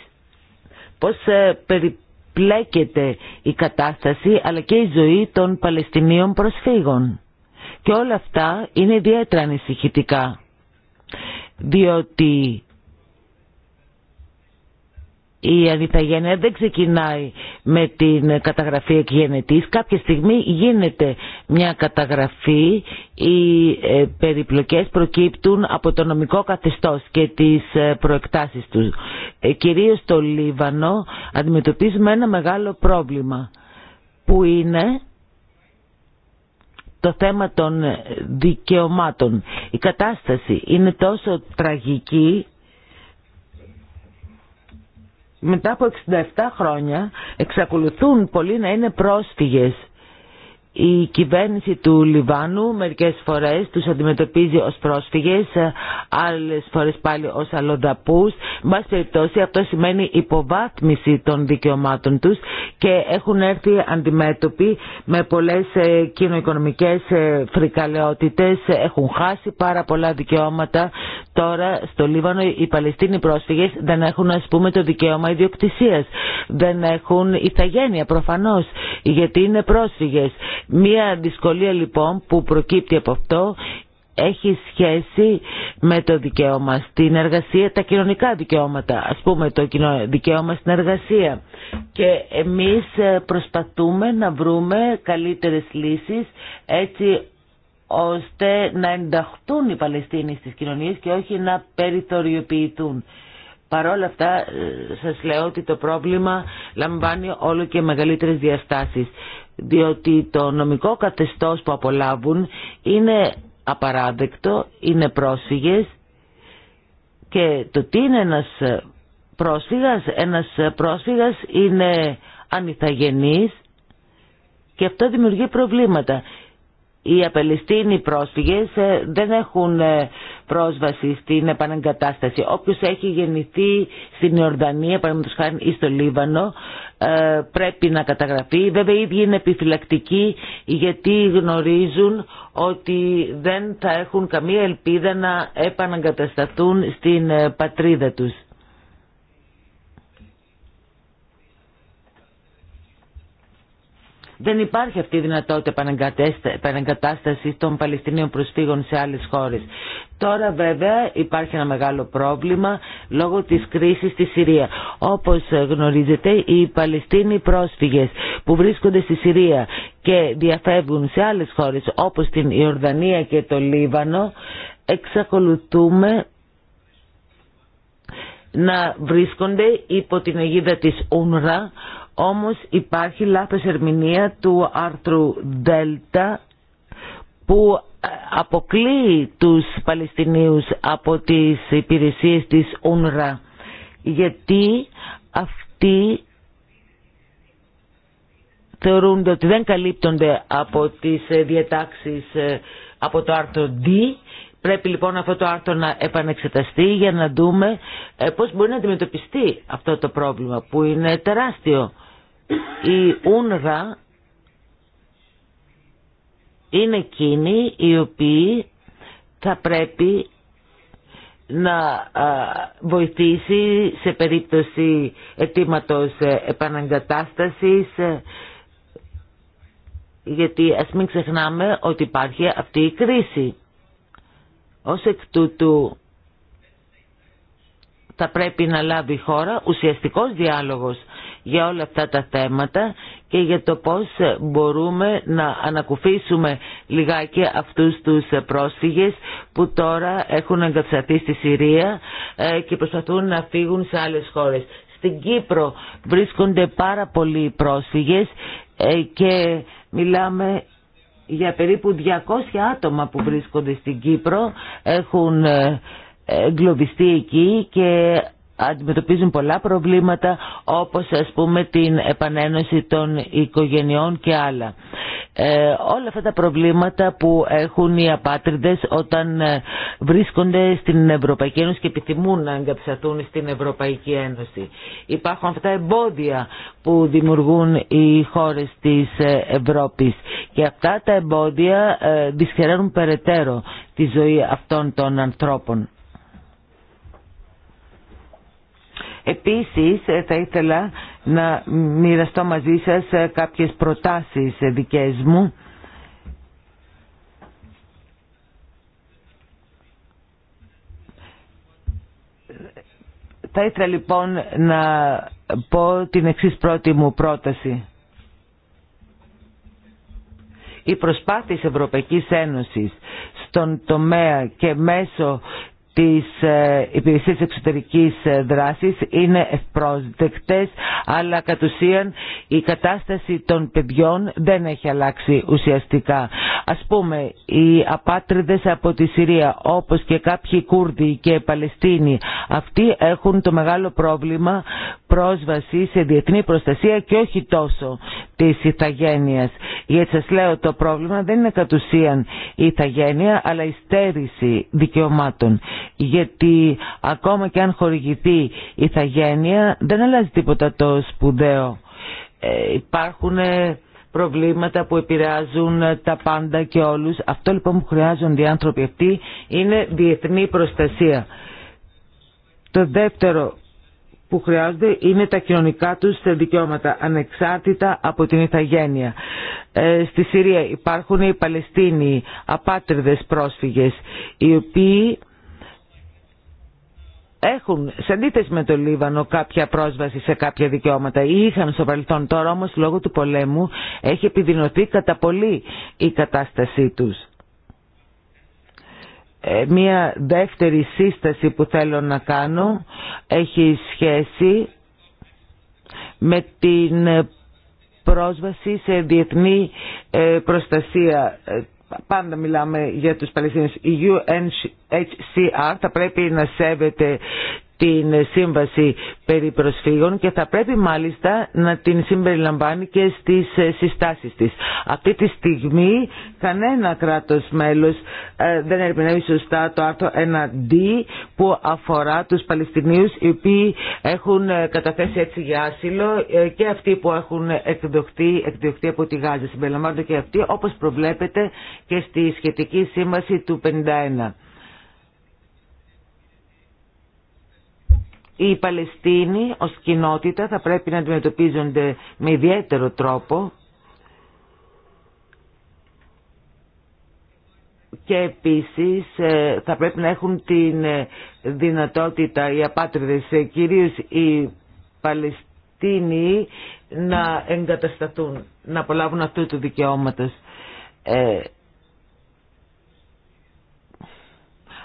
πώς ε, περιπλέκεται η κατάσταση αλλά και η ζωή των Παλαιστινίων προσφύγων. Και όλα αυτά είναι ιδιαίτερα ανησυχητικά. Διότι η ανιθαγένεια δεν ξεκινάει με την καταγραφή εκγενετής. Κάποια στιγμή γίνεται μια καταγραφή, οι ε, περιπλοκές προκύπτουν από το νομικό καθεστώς και τις ε, προεκτάσεις τους. Ε, κυρίως στο Λίβανο αντιμετωπίζουμε ένα μεγάλο πρόβλημα που είναι το θέμα των δικαιωμάτων. Η κατάσταση είναι τόσο τραγική μετά από 67 χρόνια εξακολουθούν πολλοί να είναι πρόσφυγες η κυβέρνηση του Λιβάνου μερικές φορές τους αντιμετωπίζει ως πρόσφυγες, ε, άλλες φορές πάλι ως αλλοδαπούς. Μας περιπτώσει αυτό σημαίνει υποβάθμιση των δικαιωμάτων τους και έχουν έρθει αντιμέτωποι με πολλές ε, κοινοοικονομικές ε, φρικαλαιότητες, έχουν χάσει πάρα πολλά δικαιώματα. Τώρα στο Λίβανο οι Παλαιστίνοι πρόσφυγες δεν έχουν ας πούμε το δικαίωμα ιδιοκτησίας, δεν έχουν ηθαγένεια προφανώς γιατί είναι πρόσφυγες Μία δυσκολία λοιπόν που προκύπτει από αυτό έχει σχέση με το δικαίωμα στην εργασία, τα κοινωνικά δικαιώματα, ας πούμε το δικαίωμα στην εργασία. Και εμείς ε, προσπαθούμε να βρούμε καλύτερες λύσεις έτσι ώστε να ενταχθούν οι Παλαιστίνοι στις κοινωνίες και όχι να περιθωριοποιηθούν. Παρόλα όλα αυτά ε, σας λέω ότι το πρόβλημα λαμβάνει όλο και μεγαλύτερες διαστάσεις διότι το νομικό καθεστώς που απολάβουν είναι απαράδεκτο, είναι πρόσφυγες και το τι είναι ένας πρόσφυγας, ένας πρόσφυγας είναι ανιθαγενής και αυτό δημιουργεί προβλήματα. Οι απελιστήνοι πρόσφυγες ε, δεν έχουν ε, πρόσβαση στην επανεγκατάσταση. Όποιος έχει γεννηθεί στην Ιορδανία, παραδείγματος χάρη ή στο Λίβανο, ε, πρέπει να καταγραφεί. Βέβαια οι ίδιοι είναι επιφυλακτικοί γιατί γνωρίζουν ότι δεν θα έχουν καμία ελπίδα να επαναγκατασταθούν στην ε, πατρίδα τους. Δεν υπάρχει αυτή η δυνατότητα επανεγκατάσταση των Παλαιστινίων προσφύγων σε άλλες χώρες. Τώρα βέβαια υπάρχει ένα μεγάλο πρόβλημα λόγω της κρίσης στη Συρία. Όπως γνωρίζετε οι Παλαιστίνοι πρόσφυγες που βρίσκονται στη Συρία και διαφεύγουν σε άλλες χώρες όπως την Ιορδανία και το Λίβανο εξακολουθούμε να βρίσκονται υπό την αιγίδα της Ούνρα, όμως υπάρχει λάθος ερμηνεία του άρθρου Δέλτα που ε, αποκλείει τους Παλαιστινίους από τις υπηρεσίες της Ούνρα γιατί αυτοί θεωρούνται ότι δεν καλύπτονται από τις ε, διατάξεις ε, από το άρθρο D Πρέπει λοιπόν αυτό το άρθρο να επανεξεταστεί για να δούμε ε, πώς μπορεί να αντιμετωπιστεί αυτό το πρόβλημα που είναι τεράστιο. Η Ούνρα είναι εκείνοι οι οποίοι θα πρέπει να βοηθήσει σε περίπτωση αιτήματος ε, επαναγκατάστασης ε, γιατί ας μην ξεχνάμε ότι υπάρχει αυτή η κρίση ως εκ τούτου θα πρέπει να λάβει η χώρα ουσιαστικός διάλογος για όλα αυτά τα θέματα και για το πώς μπορούμε να ανακουφίσουμε λιγάκι αυτούς τους πρόσφυγες που τώρα έχουν εγκαψαθεί στη Συρία ε, και προσπαθούν να φύγουν σε άλλες χώρες. Στην Κύπρο βρίσκονται πάρα πολλοί πρόσφυγες ε, και μιλάμε για περίπου 200 άτομα που βρίσκονται στην Κύπρο έχουν ε, εγκλωβιστεί εκεί και αντιμετωπίζουν πολλά προβλήματα όπως ας πούμε την επανένωση των οικογενειών και άλλα. Ε, όλα αυτά τα προβλήματα που έχουν οι απάτριδες όταν ε, βρίσκονται στην Ευρωπαϊκή Ένωση και επιθυμούν να εγκαψαθούν στην Ευρωπαϊκή Ένωση. Υπάρχουν αυτά τα εμπόδια που δημιουργούν οι χώρες της ε, Ευρώπης και αυτά τα εμπόδια ε, δυσχεραίνουν περαιτέρω τη ζωή αυτών των ανθρώπων. Επίσης ε, θα ήθελα να μοιραστώ μαζί σας ε, κάποιες προτάσεις ε, δικές μου. Θα ήθελα λοιπόν να πω την εξής πρώτη μου πρόταση. Οι της Ευρωπαϊκής Ένωσης στον τομέα και μέσω της ε, υπηρεσίας εξωτερικής ε, δράσης είναι ευπρόσδεκτες αλλά κατ' ουσίαν η κατάσταση των παιδιών δεν έχει αλλάξει ουσιαστικά. Ας πούμε, οι απάτριδες από τη Συρία, όπως και κάποιοι Κούρδοι και Παλαιστίνοι, αυτοί έχουν το μεγάλο πρόβλημα πρόσβαση σε διεθνή προστασία και όχι τόσο της ηθαγένειας. Γιατί σας λέω, το πρόβλημα δεν είναι κατ' ουσίαν η ηθαγένεια, αλλά η στέρηση δικαιωμάτων. Γιατί ακόμα και αν χορηγηθεί η ηθαγένεια, δεν αλλάζει τίποτα το σπουδαίο. Ε, υπάρχουν ε, προβλήματα που επηρεάζουν τα πάντα και όλους. Αυτό λοιπόν που χρειάζονται οι άνθρωποι αυτοί είναι διεθνή προστασία. Το δεύτερο που χρειάζονται είναι τα κοινωνικά τους δικαιώματα, ανεξάρτητα από την ηθαγένεια. Ε, στη Συρία υπάρχουν οι Παλαιστίνοι, απάτριδες πρόσφυγες, οι οποίοι έχουν σε με το Λίβανο κάποια πρόσβαση σε κάποια δικαιώματα ή είχαν στο παρελθόν τώρα όμως λόγω του πολέμου έχει επιδεινωθεί κατά πολύ η κατάστασή τους. Ε, μία δεύτερη σύσταση που θέλω να κάνω έχει σχέση με την πρόσβαση σε διεθνή ε, προστασία ε, πάντα μιλάμε για τους Παλαιστίνιους. Η UNHCR θα πρέπει να σέβεται την σύμβαση περί προσφύγων και θα πρέπει μάλιστα να την συμπεριλαμβάνει και στις ε, συστάσεις της. Αυτή τη στιγμή κανένα κράτος μέλος ε, δεν ερμηνεύει σωστά το άρθρο 1D που αφορά τους Παλαιστινίους οι οποίοι έχουν ε, καταθέσει έτσι για άσυλο και αυτοί που έχουν εκδοχθεί, εκδοχθεί από τη Γάζα. Συμπεριλαμβάνονται και αυτοί όπως προβλέπεται και στη σχετική σύμβαση του 51. Οι Παλαιστίνοι ως κοινότητα θα πρέπει να αντιμετωπίζονται με ιδιαίτερο τρόπο και επίσης ε, θα πρέπει να έχουν την ε, δυνατότητα οι απάτριδες, ε, κυρίως οι Παλαιστίνοι, να εγκατασταθούν, να απολαύουν αυτού του δικαιώματος.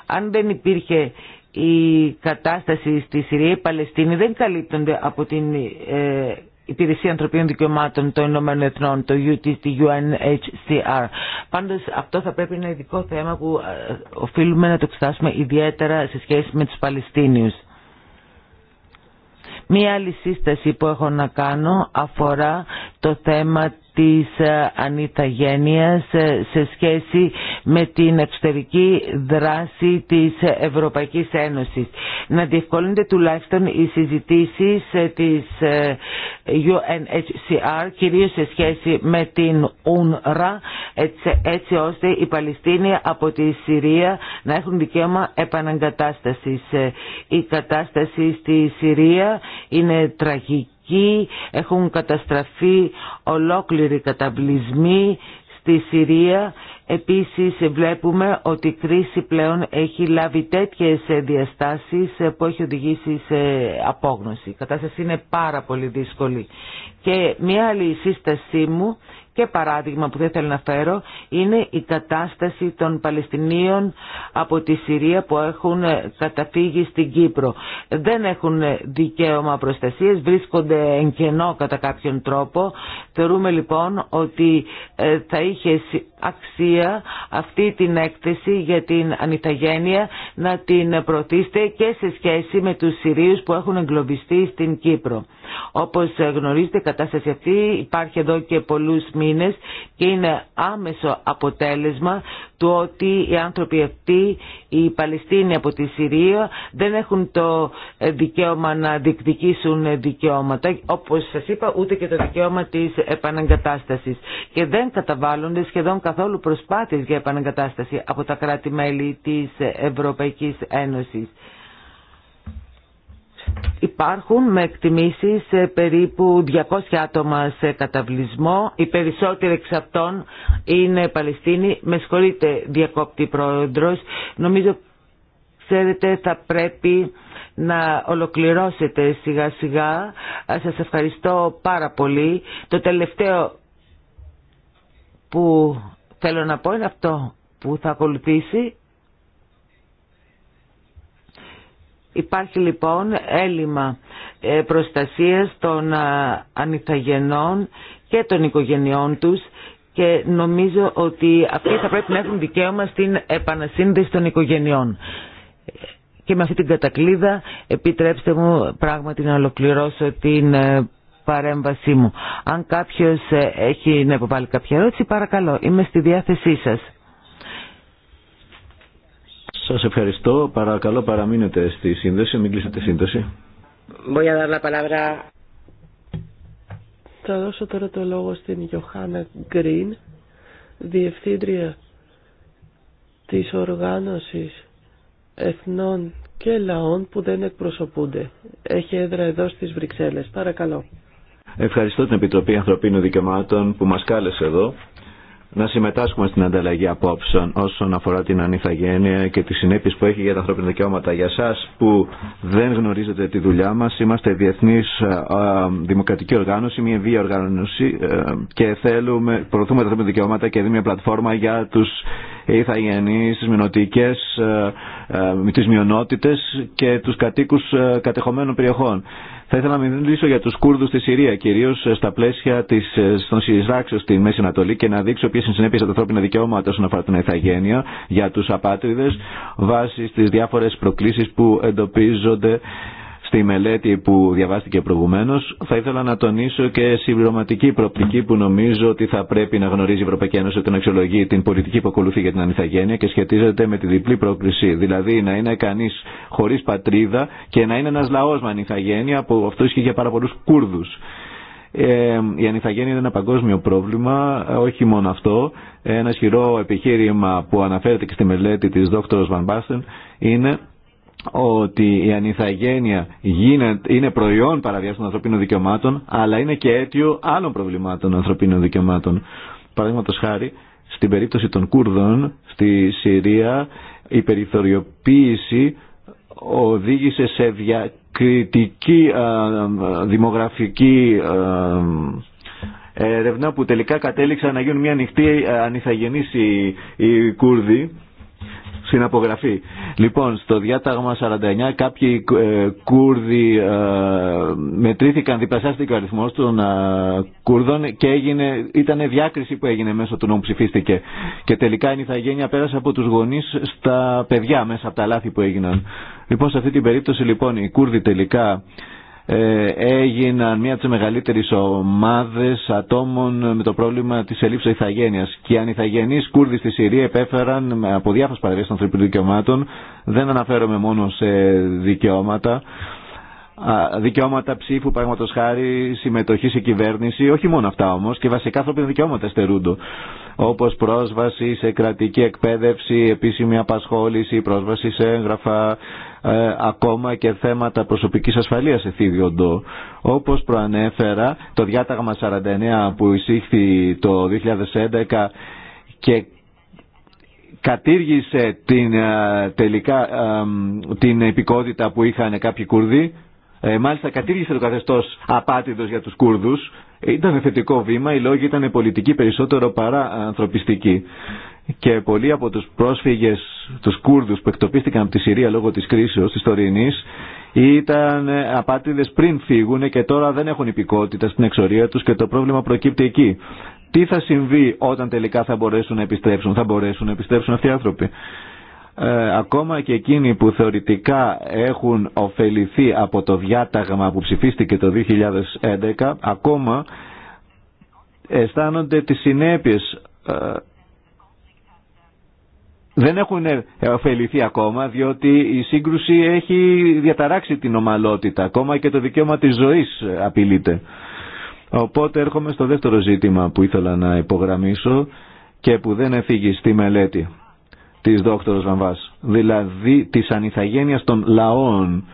αν δεν υπήρχε η κατάσταση στη Συρία, η Παλαιστίνη δεν καλύπτονται από την ε, Υπηρεσία Ανθρωπίνων Δικαιωμάτων των Ηνωμένων Εθνών, το UNHCR. Πάντως αυτό θα πρέπει να είναι ειδικό θέμα που ε, οφείλουμε να το εξετάσουμε ιδιαίτερα σε σχέση με τους Παλαιστίνιους. Μία άλλη σύσταση που έχω να κάνω αφορά το θέμα της ε, ανιθαγένειας ε, σε σχέση με την εξωτερική δράση της Ευρωπαϊκής Ένωσης. Να διευκολύνται τουλάχιστον οι συζητήσεις ε, της UNHCR κυρίως σε σχέση με την UNRWA έτσι, έτσι ώστε οι Παλαιστίνοι από τη Συρία να έχουν δικαίωμα επαναγκατάστασης. Η κατάσταση στη Συρία είναι τραγική εκεί έχουν καταστραφεί ολόκληροι καταβλισμοί στη Συρία. Επίσης βλέπουμε ότι η κρίση πλέον έχει λάβει τέτοιες διαστάσεις που έχει οδηγήσει σε απόγνωση. Η κατάσταση είναι πάρα πολύ δύσκολη. Και μια άλλη σύστασή μου και παράδειγμα που δεν θέλω να φέρω είναι η κατάσταση των Παλαιστινίων από τη Συρία που έχουν ε, καταφύγει στην Κύπρο. Δεν έχουν ε, δικαίωμα προστασίας, βρίσκονται εν κενό κατά κάποιον τρόπο. Θεωρούμε λοιπόν ότι ε, θα είχε αξία αυτή την έκθεση για την ανιθαγένεια να την προωθήσετε και σε σχέση με τους Συρίους που έχουν εγκλωβιστεί στην Κύπρο. Όπως γνωρίζετε η κατάσταση αυτή υπάρχει εδώ και πολλούς μήνες και είναι άμεσο αποτέλεσμα του ότι οι άνθρωποι αυτοί, οι Παλαιστίνοι από τη Συρία δεν έχουν το δικαίωμα να διεκδικήσουν δικαιώματα όπως σας είπα ούτε και το δικαίωμα της επαναγκατάστασης και δεν καταβάλλονται σχεδόν καθόλου προσπάθειες για επαναγκατάσταση από τα κράτη-μέλη της Ευρωπαϊκής Ένωσης. Υπάρχουν με εκτιμήσεις περίπου 200 άτομα σε καταβλισμό. Οι περισσότεροι εξ αυτών είναι Παλαιστίνοι. Με συγχωρείτε διακόπτη πρόεδρος. Νομίζω ξέρετε θα πρέπει να ολοκληρώσετε σιγά σιγά. Σας ευχαριστώ πάρα πολύ. Το τελευταίο που θέλω να πω είναι αυτό που θα ακολουθήσει. Υπάρχει λοιπόν έλλειμμα ε, προστασίας των ε, ανιθαγενών και των οικογενειών τους και νομίζω ότι αυτοί θα πρέπει να έχουν δικαίωμα στην επανασύνδεση των οικογενειών. Και με αυτή την κατακλίδα επιτρέψτε μου πράγματι να ολοκληρώσω την ε, παρέμβασή μου. Αν κάποιος έχει να υποβάλει κάποια ερώτηση, παρακαλώ, είμαι στη διάθεσή σας. Σας ευχαριστώ. Παρακαλώ παραμείνετε στη σύνδεση, μην κλείσετε σύνδεση. Θα δώσω τώρα το λόγο στην Ιωάννα Γκριν, Διευθύντρια της Οργάνωσης Εθνών και Λαών που δεν εκπροσωπούνται. Έχει έδρα εδώ στις Βρυξέλλες. Παρακαλώ. Ευχαριστώ την Επιτροπή Ανθρωπίνων Δικαιωμάτων που μας κάλεσε εδώ να συμμετάσχουμε στην ανταλλαγή απόψεων όσον αφορά την ανηθαγένεια και τις συνέπειες που έχει για τα ανθρώπινα δικαιώματα. Για σας που δεν γνωρίζετε τη δουλειά μας, είμαστε διεθνής δημοκρατική οργάνωση, μια βία οργάνωση ε, και θέλουμε, προωθούμε τα ανθρώπινα δικαιώματα και δίνουμε μια πλατφόρμα για τους ηθαγενείς, τις μειονοτικές, ε, ε, μειονότητες και τους κατοίκους κατεχομένων περιοχών. Θα ήθελα να μιλήσω για του Κούρδου στη Συρία, κυρίω στα πλαίσια της, των σειράξεων στη Μέση Ανατολή και να δείξω ποιε είναι συνέπειε τα ανθρώπινα δικαιώματα όσον αφορά την ηθαγένεια για του απάτριδε βάσει στι διάφορε προκλήσει που εντοπίζονται στη μελέτη που διαβάστηκε προηγουμένως. Θα ήθελα να τονίσω και συμπληρωματική προοπτική που νομίζω ότι θα πρέπει να γνωρίζει η Ευρωπαϊκή Ένωση όταν αξιολογεί την πολιτική που ακολουθεί για την ανηθαγένεια και σχετίζεται με τη διπλή πρόκληση. Δηλαδή να είναι κανείς χωρίς πατρίδα και να είναι ένας λαός με ανηθαγένεια που αυτό ισχύει για πάρα πολλούς Κούρδους. Ε, η ανηθαγένεια είναι ένα παγκόσμιο πρόβλημα, όχι μόνο αυτό. Ένα ισχυρό επιχείρημα που αναφέρεται και στη μελέτη τη Δόκτωρος Βαν είναι ότι η ανιθαγένεια γίνεται, είναι προϊόν παραβιάσεων των ανθρωπίνων δικαιωμάτων, αλλά είναι και αίτιο άλλων προβλημάτων ανθρωπίνων δικαιωμάτων. Παραδείγματο χάρη, στην περίπτωση των Κούρδων στη Συρία, η περιθωριοποίηση οδήγησε σε διακριτική δημογραφική έρευνα που τελικά κατέληξαν να γίνουν μια ανοιχτή ε, ανιθαγενής οι Κούρδοι στην απογραφή. Λοιπόν, στο διάταγμα 49 κάποιοι ε, Κούρδοι ε, μετρήθηκαν, διπλασιάστηκε ο αριθμός των ε, Κούρδων και έγινε, ήταν διάκριση που έγινε μέσω του νόμου ψηφίστηκε. Και τελικά η ηθαγένεια πέρασε από τους γονείς στα παιδιά μέσα από τα λάθη που έγιναν. Λοιπόν, σε αυτή την περίπτωση λοιπόν οι Κούρδοι τελικά ε, έγιναν μία από τις μεγαλύτερες ομάδες ατόμων με το πρόβλημα της ελλείψης ηθαγένειας και αν ηθαγενείς Κούρδοι στη Συρία επέφεραν από διάφορες παραδείγματα των ανθρωπίνων δικαιωμάτων δεν αναφέρομαι μόνο σε δικαιώματα δικαιώματα ψήφου, παραδείγματο χάρη, συμμετοχή σε κυβέρνηση, όχι μόνο αυτά όμω, και βασικά ανθρώπινα δικαιώματα στερούνται. Όπω πρόσβαση σε κρατική εκπαίδευση, επίσημη απασχόληση, πρόσβαση σε έγγραφα, ε, ακόμα και θέματα προσωπικής ασφαλείας εθίδιοντο. Όπως προανέφερα, το διάταγμα 49 που εισήχθη το 2011 και κατήργησε την, ε, τελικά ε, την επικότητα που είχαν κάποιοι Κούρδοι. μάλιστα κατήργησε το καθεστώς απάτητος για τους Κούρδους. Ήταν θετικό βήμα, οι λόγοι ήταν πολιτικοί περισσότερο παρά ανθρωπιστικοί και πολλοί από τους πρόσφυγες, τους Κούρδους που εκτοπίστηκαν από τη Συρία λόγω της κρίσεως της τωρινής ήταν απάτηδες πριν φύγουν και τώρα δεν έχουν υπηκότητα στην εξορία τους και το πρόβλημα προκύπτει εκεί. Τι θα συμβεί όταν τελικά θα μπορέσουν να επιστρέψουν, θα μπορέσουν να επιστρέψουν αυτοί οι άνθρωποι. Ε, ακόμα και εκείνοι που θεωρητικά έχουν ωφεληθεί από το διάταγμα που ψηφίστηκε το 2011, ακόμα αισθάνονται τις συνέπειες ε, δεν έχουν ωφεληθεί ακόμα διότι η σύγκρουση έχει διαταράξει την ομαλότητα. Ακόμα και το δικαίωμα της ζωής απειλείται. Οπότε έρχομαι στο δεύτερο ζήτημα που ήθελα να υπογραμμίσω και που δεν έφυγε στη μελέτη της δόκτωρος Βαμβάς. Δηλαδή της ανιθαγένειας των λαών.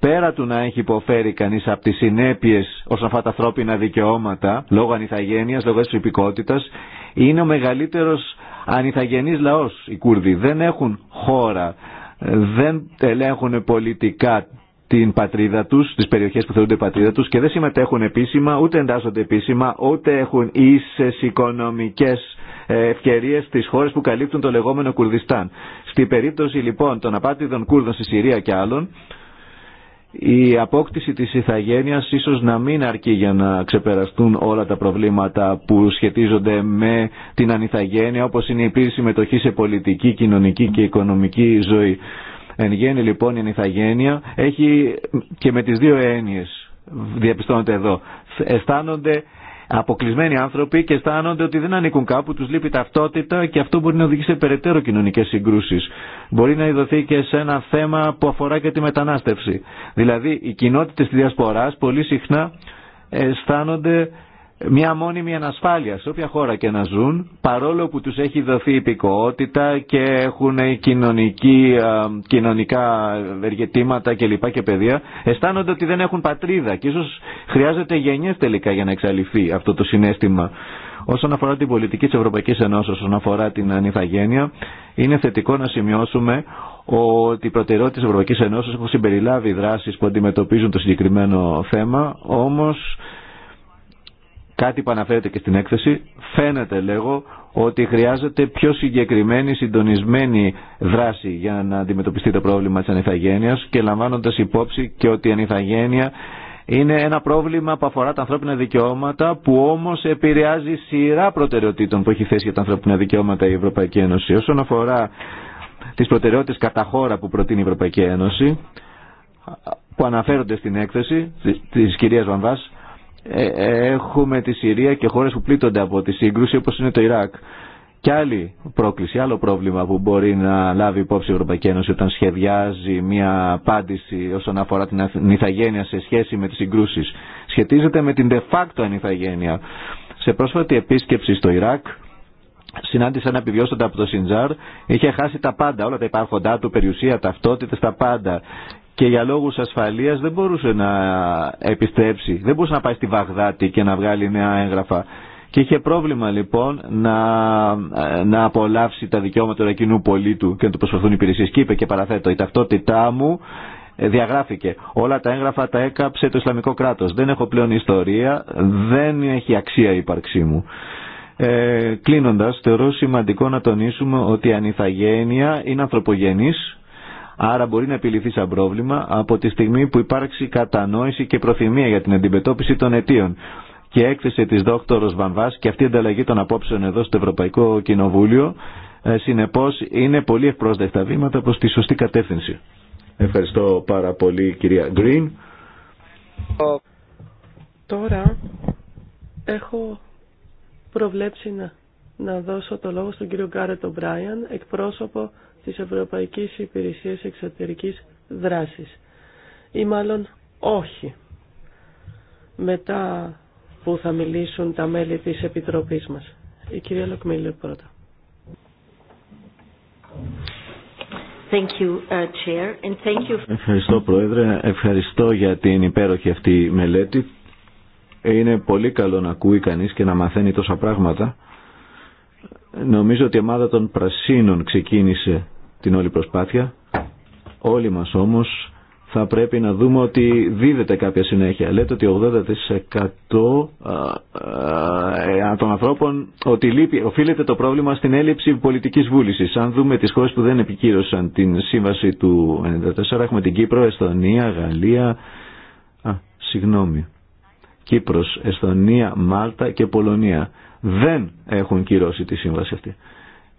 Πέρα του να έχει υποφέρει κανείς από τις συνέπειες όσον αφορά τα ανθρώπινα δικαιώματα, λόγω ανιθαγένειας, λόγω της είναι ο μεγαλύτερος αν ανιθαγενής λαός οι Κούρδοι. Δεν έχουν χώρα, δεν ελέγχουν πολιτικά την πατρίδα τους, τις περιοχές που θεωρούνται πατρίδα τους και δεν συμμετέχουν επίσημα, ούτε εντάσσονται επίσημα, ούτε έχουν ίσες οικονομικές ευκαιρίες στις χώρες που καλύπτουν το λεγόμενο Κουρδιστάν. Στην περίπτωση λοιπόν των απάτηδων Κούρδων στη Συρία και άλλων, η απόκτηση της ηθαγένειας ίσως να μην αρκεί για να ξεπεραστούν όλα τα προβλήματα που σχετίζονται με την ανηθαγένεια όπως είναι η πλήρη συμμετοχή σε πολιτική, κοινωνική και οικονομική ζωή. Εν γέννη λοιπόν η ανηθαγένεια έχει και με τις δύο έννοιες διαπιστώνεται εδώ. Αισθάνονται αποκλεισμένοι άνθρωποι και αισθάνονται ότι δεν ανήκουν κάπου, του λείπει ταυτότητα και αυτό μπορεί να οδηγήσει σε περαιτέρω κοινωνικέ συγκρούσει. Μπορεί να ειδωθεί και σε ένα θέμα που αφορά και τη μετανάστευση. Δηλαδή, οι κοινότητε τη διασπορά πολύ συχνά αισθάνονται μια μόνιμη ανασφάλεια σε όποια χώρα και να ζουν, παρόλο που τους έχει δοθεί υπηκοότητα και έχουν κοινωνική, κοινωνικά εργετήματα και λοιπά και παιδεία, αισθάνονται ότι δεν έχουν πατρίδα και ίσως χρειάζεται γενιές τελικά για να εξαλειφθεί αυτό το συνέστημα. Όσον αφορά την πολιτική της Ευρωπαϊκής Ενώσεως, όσον αφορά την ανηθαγένεια είναι θετικό να σημειώσουμε ότι οι προτεραιότητε τη Ευρωπαϊκή Ενώσης έχουν συμπεριλάβει δράσει που αντιμετωπίζουν το συγκεκριμένο θέμα, όμω κάτι που αναφέρεται και στην έκθεση, φαίνεται λέγω ότι χρειάζεται πιο συγκεκριμένη συντονισμένη δράση για να αντιμετωπιστεί το πρόβλημα της ανηθαγένειας και λαμβάνοντας υπόψη και ότι η ανηθαγένεια είναι ένα πρόβλημα που αφορά τα ανθρώπινα δικαιώματα που όμως επηρεάζει σειρά προτεραιοτήτων που έχει θέσει για τα ανθρώπινα δικαιώματα η Ευρωπαϊκή Ένωση. Όσον αφορά τις προτεραιότητες κατά χώρα που προτείνει η Ευρωπαϊκή Ένωση, που αναφέρονται στην έκθεση της κυρίας Βαμβάς, ε, έχουμε τη Συρία και χώρες που πλήττονται από τη σύγκρουση όπως είναι το Ιράκ. Και άλλη πρόκληση, άλλο πρόβλημα που μπορεί να λάβει υπόψη η Ευρωπαϊκή Ένωση όταν σχεδιάζει μια απάντηση όσον αφορά την ανιθαγένεια σε σχέση με τις συγκρούσεις. Σχετίζεται με την de facto ανιθαγένεια. Σε πρόσφατη επίσκεψη στο Ιράκ, συνάντησα ένα επιβιώσοντα από το Σιντζάρ, είχε χάσει τα πάντα, όλα τα υπάρχοντά του, περιουσία, ταυτότητες, τα πάντα και για λόγου ασφαλεία δεν μπορούσε να επιστρέψει, δεν μπορούσε να πάει στη Βαγδάτη και να βγάλει νέα έγγραφα. Και είχε πρόβλημα λοιπόν να, ε, να απολαύσει τα δικαιώματα του εκείνου πολίτου και να του προσφερθούν υπηρεσίε. Και είπε και παραθέτω, η ταυτότητά μου ε, διαγράφηκε. Όλα τα έγγραφα τα έκαψε το Ισλαμικό κράτος. Δεν έχω πλέον ιστορία, δεν έχει αξία η ύπαρξή μου. Ε, Κλείνοντα, θεωρώ σημαντικό να τονίσουμε ότι η ανηθαγένεια είναι ανθρωπογενής Άρα μπορεί να επιληθεί σαν πρόβλημα από τη στιγμή που υπάρξει κατανόηση και προθυμία για την αντιμετώπιση των αιτίων. Και έκθεση της δόκτωρος Βαμβάς και αυτή η ανταλλαγή των απόψεων εδώ στο Ευρωπαϊκό Κοινοβούλιο ε, συνεπώς είναι πολύ ευπρόσδεκτα βήματα προς τη σωστή κατεύθυνση. Ευχαριστώ πάρα πολύ κυρία Γκριν. Τώρα έχω προβλέψει να, να δώσω το λόγο στον κύριο Γκάρετ Ομπράιαν, εκπρόσωπο της Ευρωπαϊκής Υπηρεσίας Εξωτερικής Δράσης. Ή μάλλον όχι. Μετά που θα μιλήσουν τα μέλη της Επιτροπής μας. Η κυρία Λοκμήλη πρώτα. Thank you, uh, Chair, and thank Ευχαριστώ Πρόεδρε, ευχαριστώ για την υπέροχη αυτή μελέτη. Είναι πολύ καλό να ακούει κανείς και να μαθαίνει τόσα πράγματα. Νομίζω ότι η ομάδα των Πρασίνων ξεκίνησε την όλη προσπάθεια. Όλοι μας όμως θα πρέπει να δούμε ότι δίδεται κάποια συνέχεια. Λέτε ότι 80% των ανθρώπων ότι λείπει, οφείλεται το πρόβλημα στην έλλειψη πολιτικής βούλησης. Αν δούμε τις χώρες που δεν επικύρωσαν την σύμβαση του 1994, έχουμε την Κύπρο, Εσθονία, Γαλλία, α, συγγνώμη, Κύπρος, Εσθονία, Μάλτα και Πολωνία. Δεν έχουν κυρώσει τη σύμβαση αυτή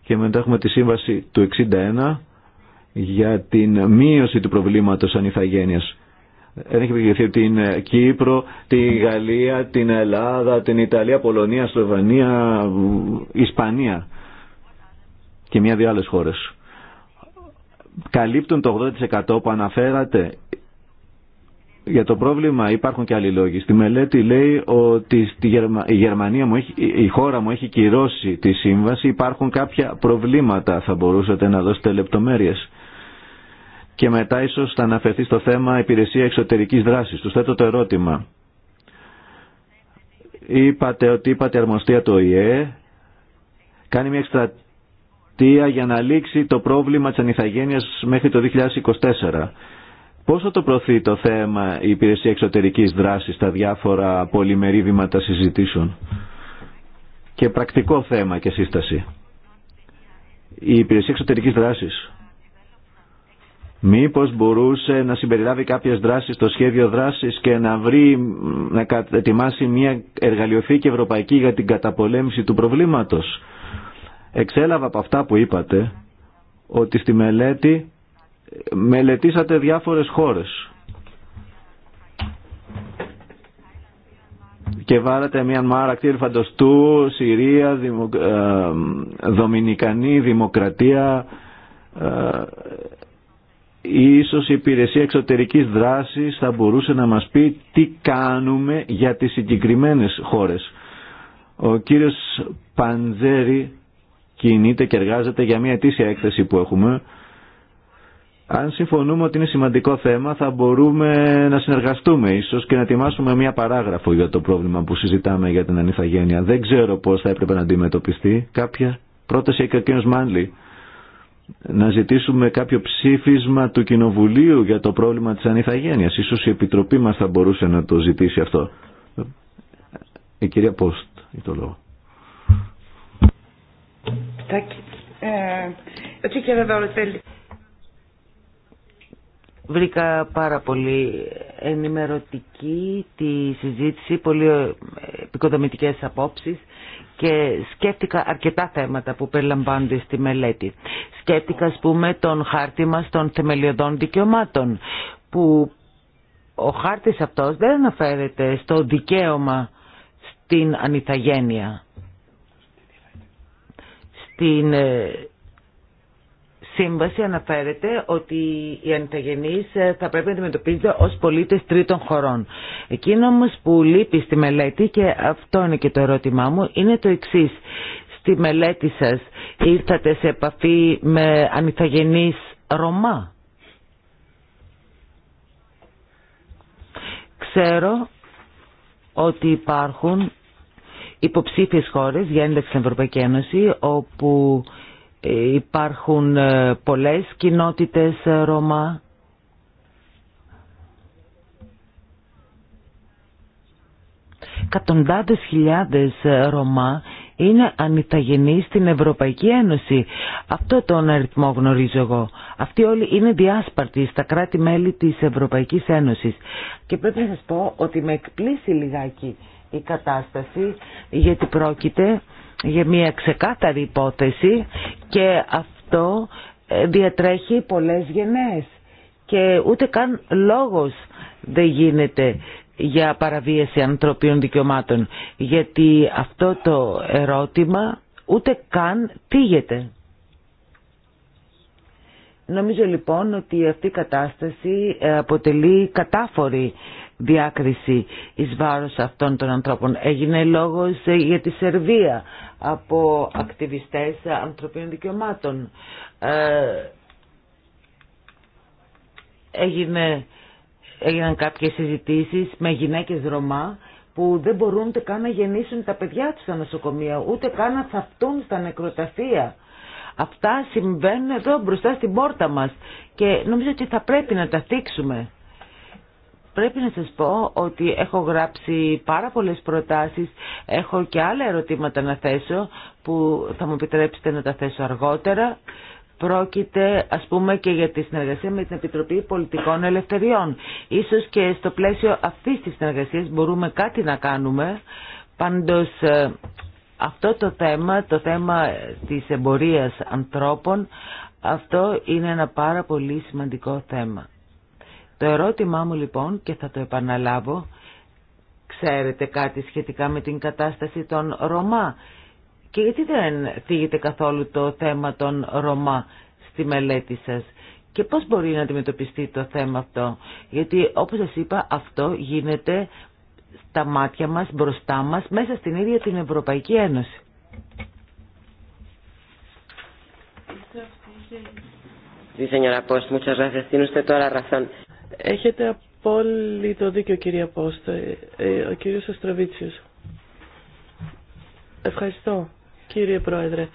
και μετά έχουμε τη σύμβαση του 61 για την μείωση του προβλήματος ανιθαγένειας. Δεν έχει επιβληθεί την Κύπρο, τη Γαλλία, την Ελλάδα, την Ιταλία, Πολωνία, Σλοβανία, Ισπανία και μια-δυο άλλες χώρες. Καλύπτουν το 80% που αναφέρατε για το πρόβλημα υπάρχουν και άλλοι λόγοι. Στη μελέτη λέει ότι στη η Γερμανία μου έχει... η χώρα μου έχει κυρώσει τη σύμβαση. Υπάρχουν κάποια προβλήματα. Θα μπορούσατε να δώσετε λεπτομέρειες. Και μετά ίσως θα αναφερθεί στο θέμα υπηρεσία εξωτερικής δράσης. Του θέτω το ερώτημα. Είπατε ότι είπατε αρμοστία το ΙΕ. Κάνει μια εκστρατεία για να λήξει το πρόβλημα τη ανηθαγένεια μέχρι το 2024. Πόσο το προωθεί το θέμα η υπηρεσία εξωτερικής δράσης στα διάφορα πολυμερή βήματα συζητήσεων και πρακτικό θέμα και σύσταση. Η υπηρεσία εξωτερικής δράσης μήπως μπορούσε να συμπεριλάβει κάποιες δράσεις στο σχέδιο δράσης και να βρει, να ετοιμάσει μια εργαλειοθήκη ευρωπαϊκή για την καταπολέμηση του προβλήματος. Εξέλαβα από αυτά που είπατε ότι στη μελέτη μελετήσατε διάφορες χώρες και βάλατε μια μάρα κτήρ φαντοστού, Συρία, δημο, ε, Δομινικανή, Δημοκρατία, ε, ίσως η υπηρεσία εξωτερικής δράσης θα μπορούσε να μας πει τι κάνουμε για τις συγκεκριμένες χώρες. Ο κύριος Παντζέρη κινείται και εργάζεται για μια ετήσια έκθεση που έχουμε αν συμφωνούμε ότι είναι σημαντικό θέμα θα μπορούμε να συνεργαστούμε ίσως και να ετοιμάσουμε μια παράγραφο για το πρόβλημα που συζητάμε για την ανηθαγένεια. Δεν ξέρω πώς θα έπρεπε να αντιμετωπιστεί κάποια πρόταση έχει ο κ. Μάνλη να ζητήσουμε κάποιο ψήφισμα του Κοινοβουλίου για το πρόβλημα της ανηθαγένειας. Ίσως η Επιτροπή μας θα μπορούσε να το ζητήσει αυτό. Η κυρία Πόστ, ή το λόγο. Βρήκα πάρα πολύ ενημερωτική τη συζήτηση, πολύ ε, επικοδομητικές απόψεις και σκέφτηκα αρκετά θέματα που περιλαμβάνονται στη μελέτη. Σκέφτηκα, ας πούμε, τον χάρτη μας των θεμελιωδών δικαιωμάτων, που ο χάρτης αυτός δεν αναφέρεται στο δικαίωμα στην ανιθαγένεια, στην ε, σύμβαση αναφέρεται ότι οι ανηθαγενείς ε, θα πρέπει να αντιμετωπίζονται ως πολίτες τρίτων χωρών. Εκείνο όμως που λείπει στη μελέτη και αυτό είναι και το ερώτημά μου είναι το εξής. Στη μελέτη σας ήρθατε σε επαφή με ανηθαγενείς Ρωμά. Ξέρω ότι υπάρχουν υποψήφιες χώρες για ένταξη στην Ευρωπαϊκή Ένωση όπου Υπάρχουν ε, πολλές κοινότητες ε, Ρωμά. Κατοντάδες χιλιάδες ε, Ρωμά είναι ανιταγενείς στην Ευρωπαϊκή Ένωση. Αυτό τον αριθμό γνωρίζω εγώ. Αυτοί όλοι είναι διάσπαρτοι στα κράτη-μέλη της Ευρωπαϊκής Ένωσης. Και πρέπει να σας πω ότι με εκπλήσει λιγάκι η κατάσταση γιατί πρόκειται για μια ξεκάθαρη υπόθεση και αυτό ε, διατρέχει πολλές γενναίες και ούτε καν λόγος δεν γίνεται για παραβίαση ανθρωπίνων δικαιωμάτων γιατί αυτό το ερώτημα ούτε καν τίγεται. Νομίζω λοιπόν ότι αυτή η κατάσταση ε, αποτελεί κατάφορη διάκριση εις βάρος αυτών των ανθρώπων. Έγινε λόγος ε, για τη Σερβία από ακτιβιστές ανθρωπίνων δικαιωμάτων. Ε, έγινε, έγιναν κάποιες συζητήσεις με γυναίκες Ρωμά που δεν μπορούν ούτε καν να γεννήσουν τα παιδιά τους στα νοσοκομεία, ούτε καν να θαυτούν στα νεκροταφεία. Αυτά συμβαίνουν εδώ μπροστά στην πόρτα μας και νομίζω ότι θα πρέπει να τα θίξουμε. Πρέπει να σας πω ότι έχω γράψει πάρα πολλές προτάσεις, έχω και άλλα ερωτήματα να θέσω που θα μου επιτρέψετε να τα θέσω αργότερα. Πρόκειται ας πούμε και για τη συνεργασία με την Επιτροπή Πολιτικών Ελευθεριών. Ίσως και στο πλαίσιο αυτής της συνεργασίας μπορούμε κάτι να κάνουμε. Πάντως ε, αυτό το θέμα, το θέμα της εμπορίας ανθρώπων, αυτό είναι ένα πάρα πολύ σημαντικό θέμα. Το ερώτημά μου λοιπόν, και θα το επαναλάβω, ξέρετε κάτι σχετικά με την κατάσταση των Ρωμά και γιατί δεν θίγεται καθόλου το θέμα των Ρωμά στη μελέτη σας και πώς μπορεί να αντιμετωπιστεί το θέμα αυτό. Γιατί όπως σας είπα αυτό γίνεται στα μάτια μας, μπροστά μας, μέσα στην ίδια την Ευρωπαϊκή Ένωση. Sí, señora Post, muchas gracias. Έχετε απόλυτο δίκιο κυρία Πόστε, ε, ο κύριος Αστραβίτσιος. Ευχαριστώ κύριε Πρόεδρε.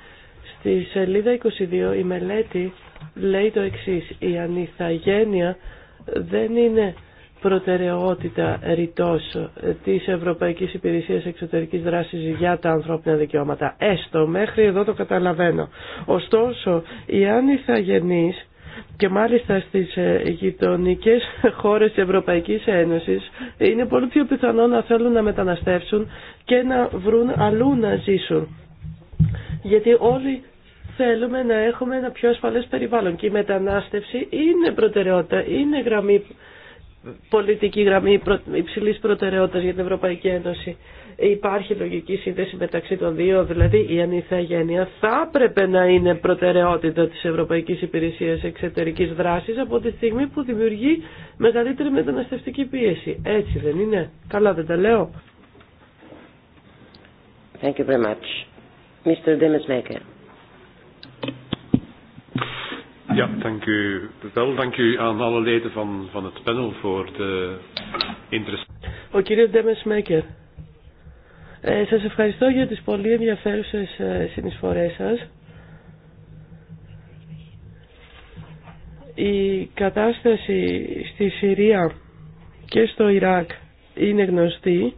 Στη σελίδα 22 η μελέτη λέει το εξής. Η ανιθαγένεια δεν είναι προτεραιότητα ρητός της Ευρωπαϊκής Υπηρεσίας Εξωτερικής Δράσης για τα ανθρώπινα δικαιώματα. Έστω, μέχρι εδώ το καταλαβαίνω. Ωστόσο, η άνηθαγενείς και μάλιστα στις ε, γειτονικέ χώρες της Ευρωπαϊκής Ένωσης είναι πολύ πιο πιθανό να θέλουν να μεταναστεύσουν και να βρουν αλλού να ζήσουν. Γιατί όλοι θέλουμε να έχουμε ένα πιο ασφαλές περιβάλλον και η μετανάστευση είναι προτεραιότητα, είναι γραμμή πολιτική γραμμή υψηλής προτεραιότητας για την Ευρωπαϊκή Ένωση. Υπάρχει λογική σύνδεση μεταξύ των δύο, δηλαδή η ανηθαγένεια θα έπρεπε να είναι προτεραιότητα της Ευρωπαϊκής Υπηρεσίας Εξωτερικής Δράσης από τη στιγμή που δημιουργεί μεγαλύτερη μεταναστευτική πίεση. Έτσι δεν είναι. Καλά δεν τα λέω. Thank you very much. Mr. Ja, dank u wel. Dank u aan alle leden van, van het panel voor de interessante... Ο κύριο Ντέμεν Σμέκερ. Ε, σας ευχαριστώ για τις πολύ ενδιαφέρουσε συνεισφορέ συνεισφορές Η κατάσταση στη Συρία και στο Ιράκ είναι γνωστή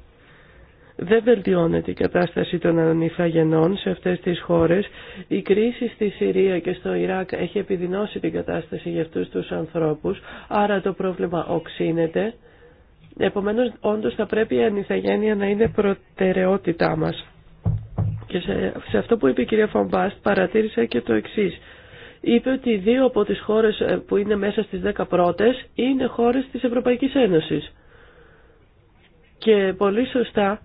δεν βελτιώνεται η κατάσταση των ανιθαγενών σε αυτές τις χώρες. Η κρίση στη Συρία και στο Ιράκ έχει επιδεινώσει την κατάσταση για αυτούς τους ανθρώπους, άρα το πρόβλημα οξύνεται. Επομένως, όντως θα πρέπει η ανηθαγένεια να είναι προτεραιότητά μας. Και σε, σε αυτό που είπε η κυρία Φαμπάστ παρατήρησα και το εξής. Είπε ότι δύο από τις χώρες ε, που είναι μέσα στις δέκα πρώτες είναι χώρες της Ευρωπαϊκής Ένωσης. Και πολύ σωστά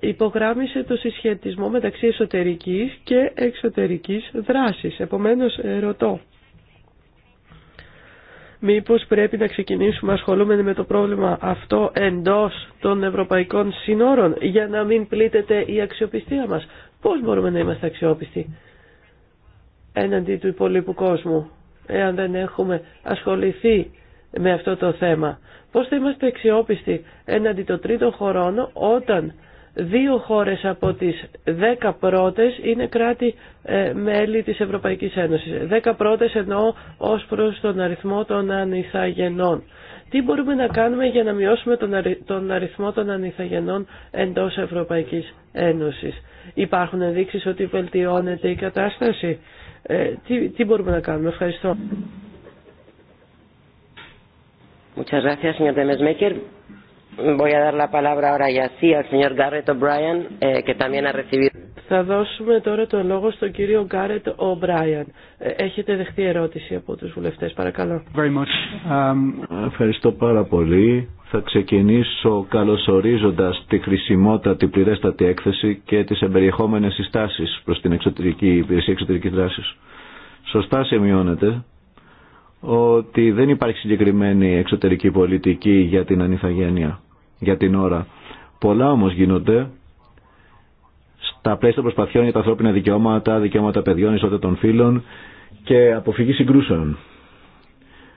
υπογράμμισε το συσχετισμό μεταξύ εσωτερικής και εξωτερικής δράσης. Επομένως, ρωτώ, μήπως πρέπει να ξεκινήσουμε ασχολούμενοι με το πρόβλημα αυτό εντός των ευρωπαϊκών συνόρων για να μην πλήτεται η αξιοπιστία μας. Πώς μπορούμε να είμαστε αξιόπιστοι έναντι του υπολείπου κόσμου εάν δεν έχουμε ασχοληθεί με αυτό το θέμα. Πώς θα είμαστε αξιόπιστοι έναντι των τρίτων χωρών όταν Δύο χώρες από τις δέκα πρώτες είναι κράτη ε, μέλη της Ευρωπαϊκής Ένωσης. Δέκα πρώτες εννοώ ως προς τον αριθμό των ανηθαγενών. Τι μπορούμε να κάνουμε για να μειώσουμε τον αριθμό των ανηθαγενών εντός Ευρωπαϊκής Ένωσης. Υπάρχουν ενδείξεις ότι βελτιώνεται η κατάσταση. Ε, τι, μπορούμε να κάνουμε. Ευχαριστώ. Muchas gracias, señor Voy a dar la palabra ahora ya sí al señor Garrett O'Brien, eh, que también ha recibido. Θα δώσουμε τώρα το λόγο στον κύριο Γκάρετ Ομπράιαν. Έχετε δεχτεί ερώτηση από τους βουλευτές, παρακαλώ. Very much. Um... Ευχαριστώ πάρα πολύ. Θα ξεκινήσω καλωσορίζοντας τη χρησιμότατη πληρέστατη έκθεση και τις εμπεριεχόμενες συστάσεις προς την εξωτερική υπηρεσία εξωτερικής δράσης. Σωστά σημειώνεται ότι δεν υπάρχει συγκεκριμένη εξωτερική πολιτική για την ανηθαγένεια για την ώρα. Πολλά όμως γίνονται στα πλαίσια προσπαθειών για τα ανθρώπινα δικαιώματα, δικαιώματα παιδιών, ισότητα των φύλων και αποφυγή συγκρούσεων.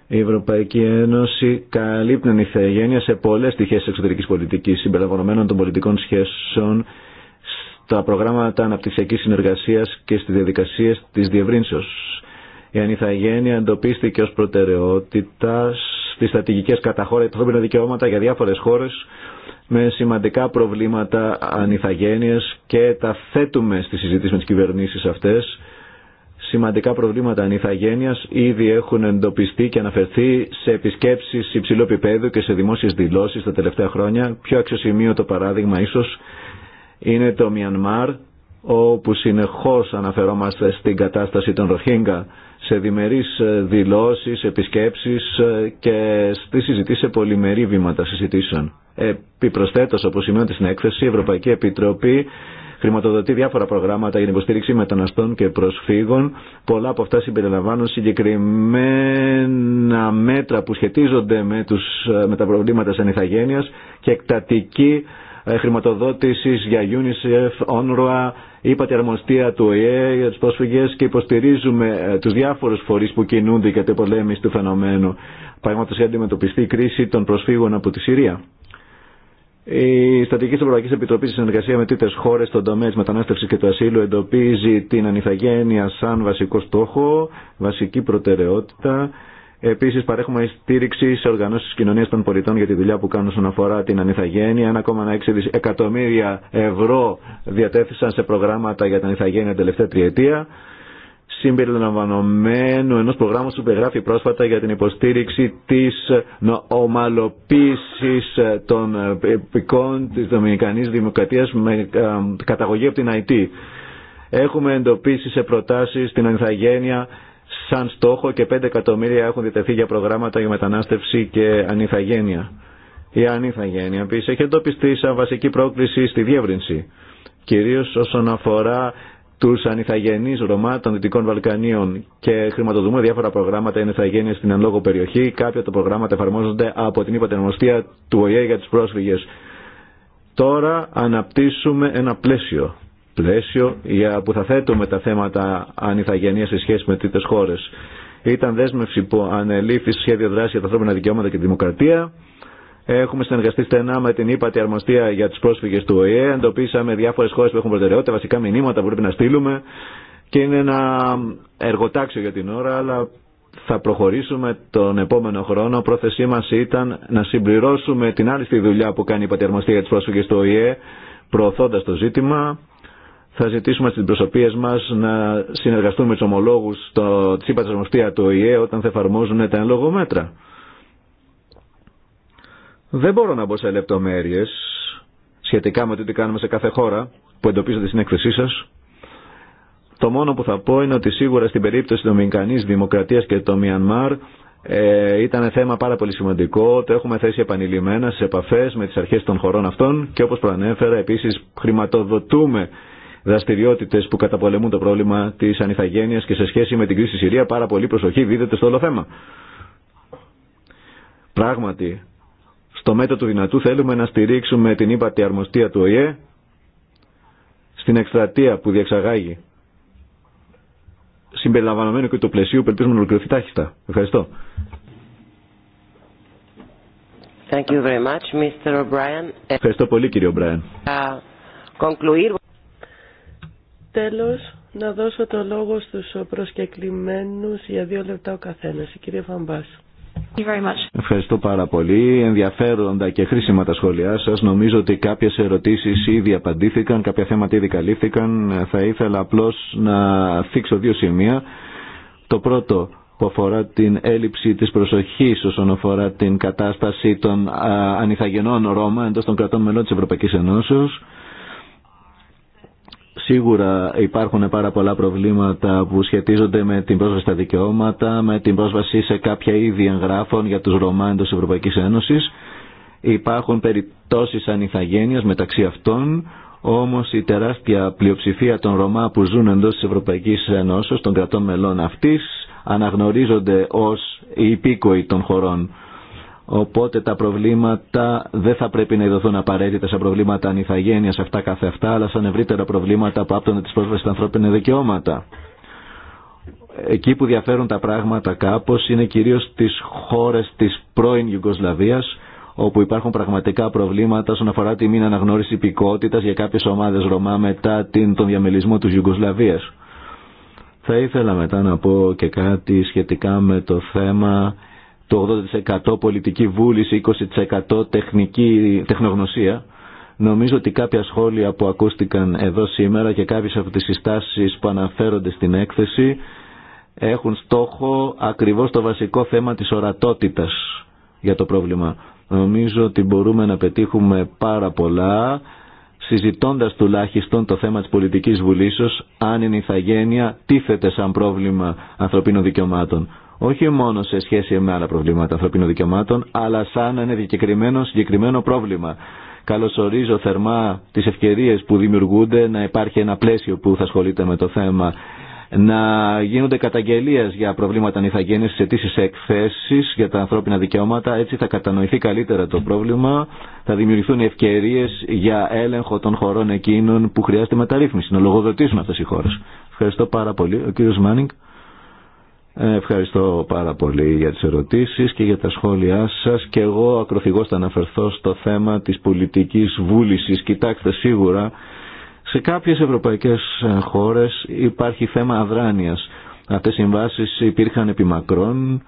Η Ευρωπαϊκή Ένωση καλύπτει την ηθαγένεια σε πολλές στοιχείες της εξωτερικής πολιτικής, συμπεριλαμβανομένων των πολιτικών σχέσεων, στα προγράμματα αναπτυξιακής συνεργασίας και στις διαδικασίες της διευρύνσεως. Η ανηθαγένεια εντοπίστηκε ως προτεραιότητα τις στρατηγικές καταχώρε και τα ανθρώπινα δικαιώματα για διάφορε χώρε με σημαντικά προβλήματα ανηθαγένεια και τα θέτουμε στη συζήτηση με τι κυβερνήσει αυτέ Σημαντικά προβλήματα ανιθαγένειας ήδη έχουν εντοπιστεί και αναφερθεί σε επισκέψει υψηλού επίπεδου και σε δημόσιε δηλώσει τα τελευταία χρόνια. Πιο το παράδειγμα ίσω είναι το Μιανμάρ όπου συνεχώς αναφερόμαστε στην κατάσταση των Ροχίνγκα σε διμερείς ε, δηλώσεις, επισκέψεις ε, και στη συζητήση σε πολυμερή βήματα συζητήσεων. Επιπροσθέτως, όπως σημαίνεται στην έκθεση, η Ευρωπαϊκή Επιτροπή χρηματοδοτεί διάφορα προγράμματα για την υποστήριξη μεταναστών και προσφύγων. Πολλά από αυτά συμπεριλαμβάνουν συγκεκριμένα μέτρα που σχετίζονται με, τους, ε, με τα προβλήματα σαν και εκτατική χρηματοδότησης για UNICEF, ONRWA, τη αρμοστία του ΟΗΕ για τους πρόσφυγες και υποστηρίζουμε ε, τους διάφορους φορείς που κινούνται για το πολέμηση του φαινομένου. πράγματος για αντιμετωπιστεί κρίση των προσφύγων από τη Συρία. Η Στατική Ευρωπαϊκή Επιτροπή στη συνεργασία με τρίτε χώρε στον τομέα τη μετανάστευση και του ασύλου εντοπίζει την ανηθαγένεια σαν βασικό στόχο, βασική προτεραιότητα Επίση, παρέχουμε στήριξη σε οργανώσεις κοινωνία των πολιτών για τη δουλειά που κάνουν όσον αφορά την ανιθαγένεια. 1,6 εκατομμύρια ευρώ διατέθησαν σε προγράμματα για την ανιθαγένεια τελευταία τριετία συμπεριλαμβανομένου ενό προγράμματο που περιγράφει πρόσφατα για την υποστήριξη τη ομαλοποίηση των επικών τη Δομινικανή Δημοκρατία με ε, καταγωγή από την ΑΕΤ. Έχουμε εντοπίσει σε προτάσει την ανιθαγένεια σαν στόχο και 5 εκατομμύρια έχουν διτεθεί για προγράμματα για μετανάστευση και ανιθαγένεια. Η ανιθαγένεια επίση έχει εντοπιστεί σαν βασική πρόκληση στη διεύρυνση, κυρίω όσον αφορά του ανιθαγενεί Ρωμά των Δυτικών Βαλκανίων και χρηματοδοτούμε διάφορα προγράμματα ανιθαγένεια στην εν περιοχή. Κάποια τα προγράμματα εφαρμόζονται από την Υποτερμοστία του ΟΗΕ για τι πρόσφυγε. Τώρα αναπτύσσουμε ένα πλαίσιο πλαίσιο για που θα θέτουμε τα θέματα ανηθαγενεία σε σχέση με τρίτε χώρε. Ήταν δέσμευση που ανελήφθη στο σχέδιο δράση για τα ανθρώπινα δικαιώματα και τη δημοκρατία. Έχουμε συνεργαστεί στενά με την ύπατη αρμοστία για τι πρόσφυγε του ΟΗΕ. Εντοπίσαμε διάφορε χώρε που έχουν προτεραιότητα, βασικά μηνύματα που πρέπει να στείλουμε. Και είναι ένα εργοτάξιο για την ώρα, αλλά θα προχωρήσουμε τον επόμενο χρόνο. Πρόθεσή μα ήταν να συμπληρώσουμε την στη δουλειά που κάνει η πατερμοστία για τι πρόσφυγε του ΟΗΕ, προωθώντα το ζήτημα θα ζητήσουμε στις προσωπίες μας να συνεργαστούμε με τους ομολόγους στο τσίπα της του ΟΗΕ όταν θα εφαρμόζουν τα εν μέτρα. Δεν μπορώ να μπω σε λεπτομέρειες σχετικά με το τι κάνουμε σε κάθε χώρα που εντοπίζεται στην έκθεσή σας. Το μόνο που θα πω είναι ότι σίγουρα στην περίπτωση των Μιγκανής Δημοκρατίας και το Μιανμάρ ε, ήταν θέμα πάρα πολύ σημαντικό. Το έχουμε θέσει επανειλημμένα σε επαφές με τις αρχές των χωρών αυτών και όπως προανέφερα επίσης χρηματοδοτούμε δραστηριότητε που καταπολεμούν το πρόβλημα τη ανηθαγένεια και σε σχέση με την κρίση στη Συρία, πάρα πολύ προσοχή δίδεται στο όλο θέμα. Πράγματι, στο μέτρο του δυνατού θέλουμε να στηρίξουμε την ύπατη αρμοστία του ΟΗΕ στην εκστρατεία που διεξαγάγει συμπεριλαμβανομένου και του πλαισίου που ελπίζουμε να ολοκληρωθεί τάχιστα. Ευχαριστώ. Thank you very much, Mr. Ευχαριστώ πολύ κύριε Ομπράιν. Τέλος, να δώσω το λόγο στους προσκεκλημένους για δύο λεπτά ο καθένας. Η κυρία Φαμπάς. Ευχαριστώ πάρα πολύ. Ενδιαφέροντα και χρήσιμα τα σχόλιά σας. Νομίζω ότι κάποιες ερωτήσεις ήδη απαντήθηκαν, κάποια θέματα ήδη καλύφθηκαν. Θα ήθελα απλώς να θίξω δύο σημεία. Το πρώτο που αφορά την έλλειψη της προσοχής όσον αφορά την κατάσταση των ανιθαγενών Ρώμα εντός των κρατών μελών της Ευρωπαϊκής Ενώσεως Σίγουρα υπάρχουν πάρα πολλά προβλήματα που σχετίζονται με την πρόσβαση στα δικαιώματα, με την πρόσβαση σε κάποια είδη εγγράφων για τους Ρωμά εντός Ευρωπαϊκής Ένωσης. Υπάρχουν περιπτώσεις ανιθαγένειας μεταξύ αυτών, όμως η τεράστια πλειοψηφία των Ρωμά που ζουν εντός της Ευρωπαϊκής Ένωσης, των κρατών μελών αυτής, αναγνωρίζονται ως υπήκοοι των χωρών Οπότε τα προβλήματα δεν θα πρέπει να ειδωθούν απαραίτητα σαν προβλήματα ανηθαγένεια, αυτά καθε αυτά, αλλά σαν ευρύτερα προβλήματα που άπτονται τη πρόσβαση στα ανθρώπινα δικαιώματα. Εκεί που διαφέρουν τα πράγματα κάπω είναι κυρίω στι χώρε τη πρώην Ιουγκοσλαβία, όπου υπάρχουν πραγματικά προβλήματα όσον αφορά τη μην αναγνώριση υπηκότητα για κάποιε ομάδε Ρωμά μετά την, τον διαμελισμό τη Ιουγκοσλαβία. Θα ήθελα μετά να πω και κάτι σχετικά με το θέμα το 80% πολιτική βούληση, 20% τεχνική, τεχνογνωσία. Νομίζω ότι κάποια σχόλια που ακούστηκαν εδώ σήμερα και κάποιες από τις συστάσεις που αναφέρονται στην έκθεση έχουν στόχο ακριβώς το βασικό θέμα της ορατότητας για το πρόβλημα. Νομίζω ότι μπορούμε να πετύχουμε πάρα πολλά συζητώντας τουλάχιστον το θέμα της πολιτικής βουλήσεως αν η ηθαγένεια τίθεται σαν πρόβλημα ανθρωπίνων δικαιωμάτων όχι μόνο σε σχέση με άλλα προβλήματα ανθρωπίνων δικαιωμάτων, αλλά σαν ένα συγκεκριμένο, συγκεκριμένο πρόβλημα. Καλωσορίζω θερμά τις ευκαιρίες που δημιουργούνται να υπάρχει ένα πλαίσιο που θα ασχολείται με το θέμα να γίνονται καταγγελίες για προβλήματα ανηθαγένειας στις αιτήσεις εκθέσεις για τα ανθρώπινα δικαιώματα. Έτσι θα κατανοηθεί καλύτερα το πρόβλημα, θα δημιουργηθούν ευκαιρίες για έλεγχο των χωρών εκείνων που χρειάζεται μεταρρύθμιση, να λογοδοτήσουν αυτέ οι χώρε. Ευχαριστώ πάρα πολύ. Ο κύριος Μάνιγκ. Ευχαριστώ πάρα πολύ για τις ερωτήσεις και για τα σχόλιά σας και εγώ ακροθυγώς θα αναφερθώ στο θέμα της πολιτικής βούλησης. Κοιτάξτε σίγουρα σε κάποιες ευρωπαϊκές χώρες υπάρχει θέμα αδράνειας. Αυτές οι συμβάσεις υπήρχαν επιμακρών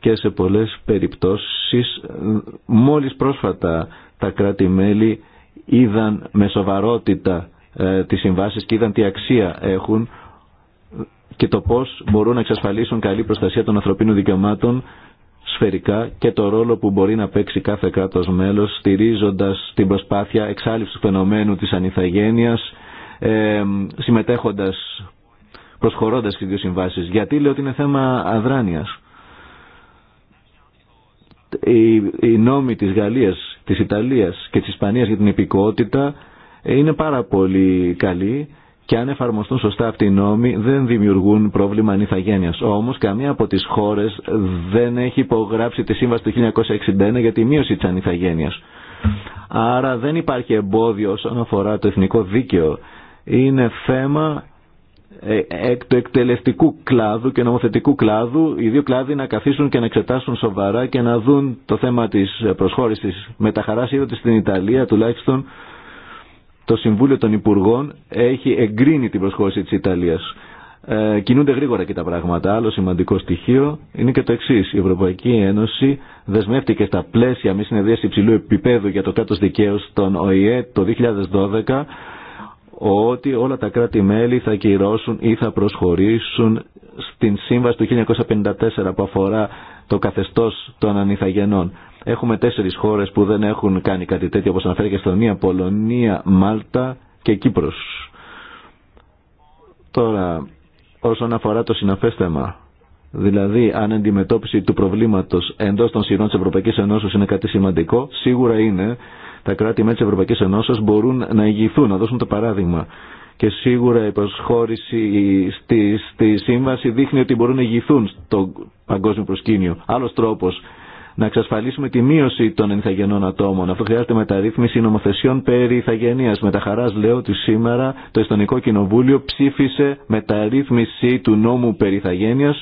και σε πολλές περιπτώσεις μόλις πρόσφατα τα κράτη-μέλη είδαν με σοβαρότητα ε, τις συμβάσεις και είδαν τι αξία έχουν και το πώς μπορούν να εξασφαλίσουν καλή προστασία των ανθρωπίνων δικαιωμάτων σφαιρικά και το ρόλο που μπορεί να παίξει κάθε κράτος μέλος στηρίζοντας την προσπάθεια εξάλληψης του φαινομένου της ανιθαγένειας ε, συμμετέχοντας, προσχωρώντας στις δύο συμβάσεις. Γιατί λέω ότι είναι θέμα αδράνειας. Οι, οι νόμοι της Γαλλίας, της Ιταλίας και της Ισπανίας για την υπηκότητα είναι πάρα πολύ καλοί και αν εφαρμοστούν σωστά αυτοί οι νόμοι δεν δημιουργούν πρόβλημα ανηθαγένειας. Όμως καμία από τις χώρες δεν έχει υπογράψει τη σύμβαση του 1961 για τη μείωση της ανηθαγένειας. Άρα δεν υπάρχει εμπόδιο όσον αφορά το εθνικό δίκαιο. Είναι θέμα ε, εκ του εκτελεστικού κλάδου και νομοθετικού κλάδου, οι δύο κλάδοι να καθίσουν και να εξετάσουν σοβαρά και να δουν το θέμα της προσχώρησης. Με τα χαρά στην Ιταλία τουλάχιστον το Συμβούλιο των Υπουργών έχει εγκρίνει την προσχώρηση της Ιταλίας. Ε, κινούνται γρήγορα και τα πράγματα. Άλλο σημαντικό στοιχείο είναι και το εξή. Η Ευρωπαϊκή Ένωση δεσμεύτηκε στα πλαίσια μη συνεδρία υψηλού επίπεδου για το κράτο δικαίου στον ΟΗΕ το 2012 ότι όλα τα κράτη-μέλη θα κυρώσουν ή θα προσχωρήσουν στην σύμβαση του 1954 που αφορά το καθεστώ των ανηθαγενών. Έχουμε τέσσερις χώρες που δεν έχουν κάνει κάτι τέτοιο όπως αναφέρει και Εστονία, Πολωνία, Μάλτα και Κύπρος. Τώρα, όσον αφορά το συναφές θέμα, δηλαδή αν αντιμετώπιση του προβλήματος εντός των σειρών της Ευρωπαϊκής Ενώσεως είναι κάτι σημαντικό, σίγουρα είναι τα κράτη-μέλη της Ευρωπαϊκής Ενώσεως μπορούν να ηγηθούν, να δώσουν το παράδειγμα. Και σίγουρα η προσχώρηση στη, στη σύμβαση δείχνει ότι μπορούν να ηγηθούν στο παγκόσμιο προσκήνιο. Άλλο τρόπος να εξασφαλίσουμε τη μείωση των ενθαγενών ατόμων. Αυτό χρειάζεται μεταρρύθμιση νομοθεσιών περί ηθαγενεία. Με τα χαρά λέω ότι σήμερα το Εστονικό Κοινοβούλιο ψήφισε μεταρρύθμιση του νόμου περί ηθαγένεια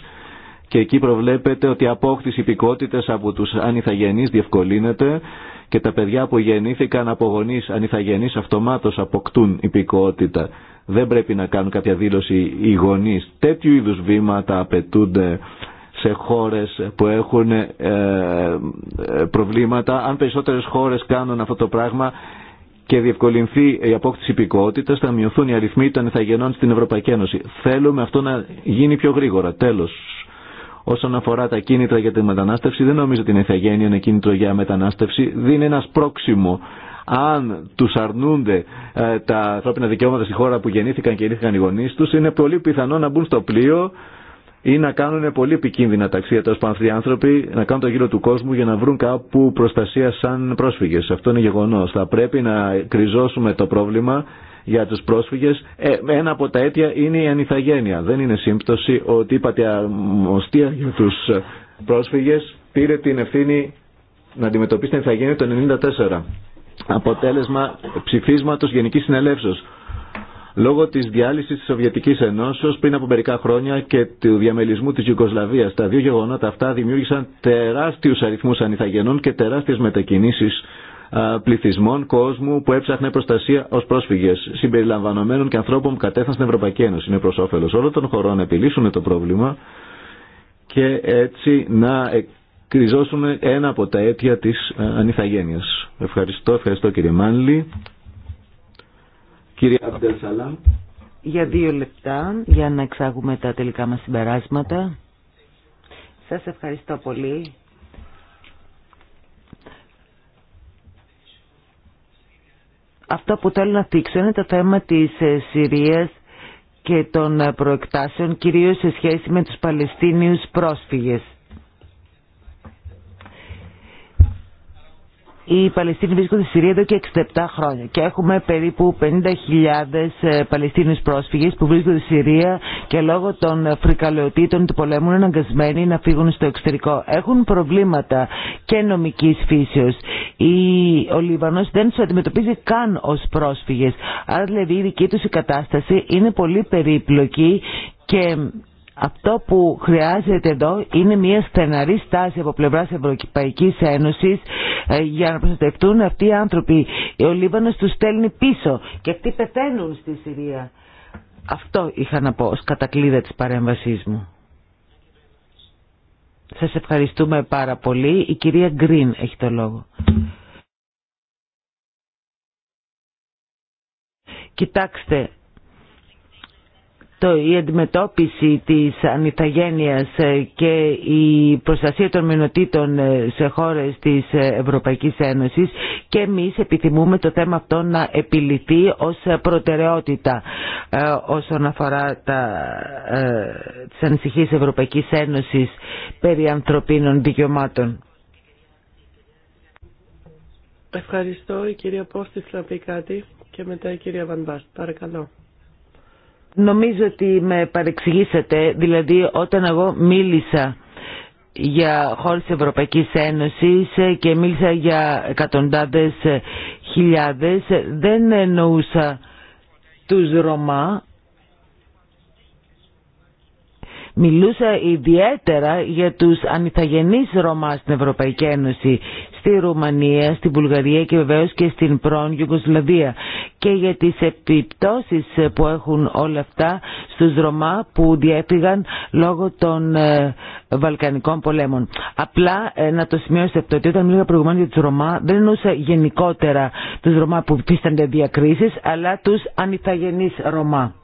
και εκεί προβλέπεται ότι η απόκτηση υπηκότητα από του ανηθαγενεί διευκολύνεται και τα παιδιά που γεννήθηκαν από γονεί, ανηθαγενεί αυτομάτω αποκτούν υπηκότητα. Δεν πρέπει να κάνουν κάποια δήλωση οι γονεί Τέτοιου είδου βήματα απαιτούνται σε χώρες που έχουν ε, ε, προβλήματα. Αν περισσότερες χώρες κάνουν αυτό το πράγμα και διευκολυνθεί η απόκτηση υπηκότητας, θα μειωθούν οι αριθμοί των ηθαγενών στην Ευρωπαϊκή Ένωση. Θέλουμε αυτό να γίνει πιο γρήγορα. Τέλος. Όσον αφορά τα κίνητρα για τη μετανάστευση, δεν νομίζω ότι είναι ηθαγένεια είναι κίνητρο για μετανάστευση. Δίνει ένα πρόξιμο αν τους αρνούνται ε, τα ανθρώπινα δικαιώματα στη χώρα που γεννήθηκαν και γεννήθηκαν οι γονεί του, είναι πολύ πιθανό να μπουν στο πλοίο ή να κάνουν πολύ επικίνδυνα ταξίδια τα πάντων άνθρωποι, να κάνουν το γύρο του κόσμου για να βρουν κάπου προστασία σαν πρόσφυγε. Αυτό είναι γεγονό. Θα πρέπει να κρυζώσουμε το πρόβλημα για του πρόσφυγε. Ε, ένα από τα αίτια είναι η ανιθαγένεια. Δεν είναι σύμπτωση ότι η πατιαμοστία για του πρόσφυγε πήρε την ευθύνη να αντιμετωπίσει την ανιθαγένεια το 1994. Αποτέλεσμα ψηφίσματο Γενική Συνελεύσεω λόγω τη διάλυση τη Σοβιετική Ενώσεω, πριν από μερικά χρόνια και του διαμελισμού τη Ιουγκοσλαβία. Τα δύο γεγονότα αυτά δημιούργησαν τεράστιου αριθμού ανιθαγενών και τεράστιε μετακινήσει πληθυσμών κόσμου που έψαχνε προστασία ω πρόσφυγε, συμπεριλαμβανομένων και ανθρώπων που κατέφθασαν στην Ευρωπαϊκή Ένωση. Είναι προ όφελο όλων των χωρών να επιλύσουν το πρόβλημα και έτσι να εκκριζώσουν ένα από τα αίτια της ανηθαγένειας. Ευχαριστώ, ευχαριστώ κύριε Μάνλη κύριε Αμπτελσαλάμ. Για δύο λεπτά, για να εξάγουμε τα τελικά μας συμπεράσματα. Σας ευχαριστώ πολύ. Αυτό που θέλω να θίξω είναι το θέμα της ε, Συρίας και των ε, προεκτάσεων, κυρίως σε σχέση με τους Παλαιστίνιους πρόσφυγες. Οι Παλαιστίνοι βρίσκονται στη Συρία εδώ και 67 χρόνια και έχουμε περίπου 50.000 ε, Παλαιστίνιους πρόσφυγες που βρίσκονται στη Συρία και λόγω των φρικαλαιοτήτων του πολέμου είναι αναγκασμένοι να φύγουν στο εξωτερικό. Έχουν προβλήματα και νομικής φύσεως. Ο Λιβανός δεν τους αντιμετωπίζει καν ως πρόσφυγες. Άρα δηλαδή η δική τους κατάσταση είναι πολύ περίπλοκη και αυτό που χρειάζεται εδώ είναι μια στεναρή στάση από πλευρά Ευρωπαϊκή Ένωση ε, για να προστατευτούν αυτοί οι άνθρωποι. Ο Λίβανο του στέλνει πίσω και αυτοί πεθαίνουν στη Συρία. Αυτό είχα να πω ως κατακλείδα της παρέμβασής μου. Σας ευχαριστούμε πάρα πολύ. Η κυρία Γκριν έχει το λόγο. Κοιτάξτε, το, η αντιμετώπιση της ανιθαγένειας ε, και η προστασία των μειονοτήτων ε, σε χώρες της ε, Ευρωπαϊκής Ένωσης και εμείς επιθυμούμε το θέμα αυτό να επιληθεί ως προτεραιότητα όσον αφορά τα, ε, τις ανησυχίες Ευρωπαϊκής Ένωσης περί ανθρωπίνων δικαιωμάτων. Ευχαριστώ. Η κυρία Πόστη θα πει κάτι και μετά η κυρία Βανβάστ. Παρακαλώ. Νομίζω ότι με παρεξηγήσατε, δηλαδή όταν εγώ μίλησα για χώρες της Ευρωπαϊκής Ένωσης και μίλησα για εκατοντάδες χιλιάδες, δεν εννοούσα τους Ρωμά. Μιλούσα ιδιαίτερα για τους ανιθαγενείς Ρωμά στην Ευρωπαϊκή Ένωση στη Ρουμανία, στη Βουλγαρία και βεβαίως και στην πρώην Ιουγκοσλαβία και για τις επιπτώσεις που έχουν όλα αυτά στους Ρωμά που διέφυγαν λόγω των ε, Βαλκανικών πολέμων. Απλά ε, να το σημειώσετε αυτό ότι όταν μίλησα προηγουμένως για τους Ρωμά δεν εννοούσα γενικότερα τους Ρωμά που πίστανται διακρίσεις αλλά τους ανιθαγενείς Ρωμά.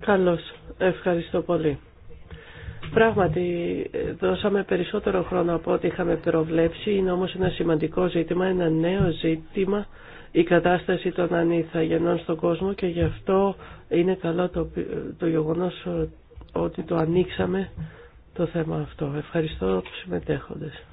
Καλώς. Ευχαριστώ πολύ. Πράγματι, δώσαμε περισσότερο χρόνο από ό,τι είχαμε προβλέψει. Είναι όμως ένα σημαντικό ζήτημα, ένα νέο ζήτημα η κατάσταση των ανήθαγενών στον κόσμο και γι' αυτό είναι καλό το, το γεγονός ότι το ανοίξαμε το θέμα αυτό. Ευχαριστώ τους συμμετέχοντες.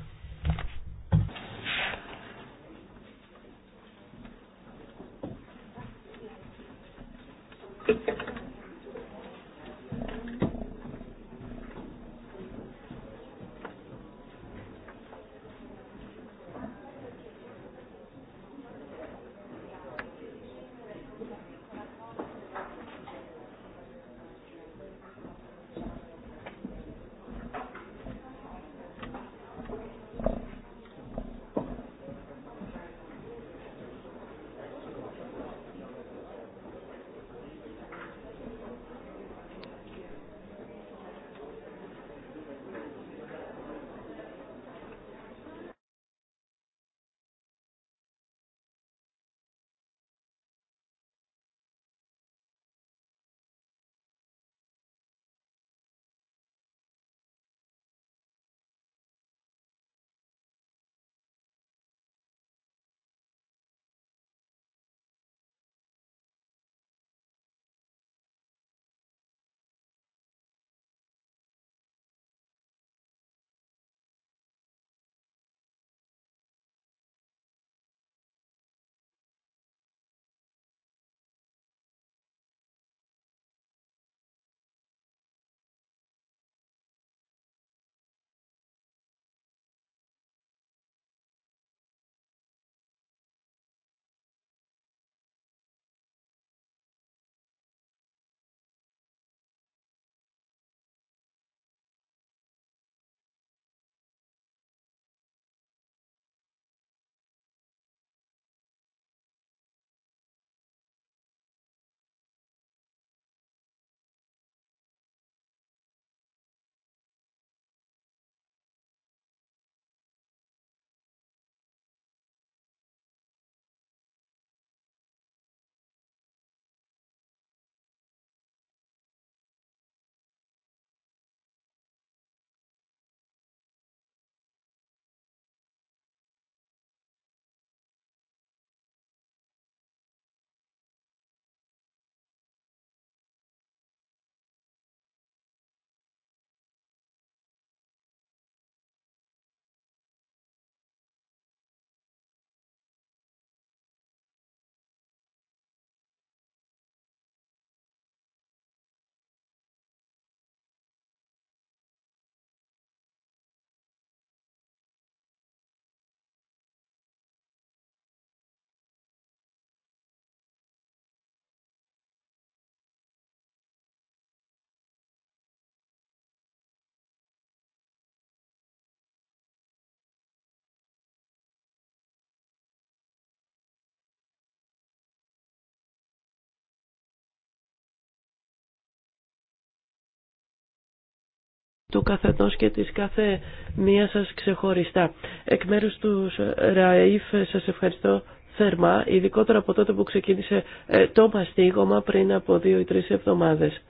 του καθενός και της κάθε μία σας ξεχωριστά. Εκ μέρους του ε, ΡΑΕΙΦ σας ευχαριστώ θερμά, ειδικότερα από τότε που ξεκίνησε ε, το μαστίγωμα πριν από δύο ή τρεις εβδομάδες.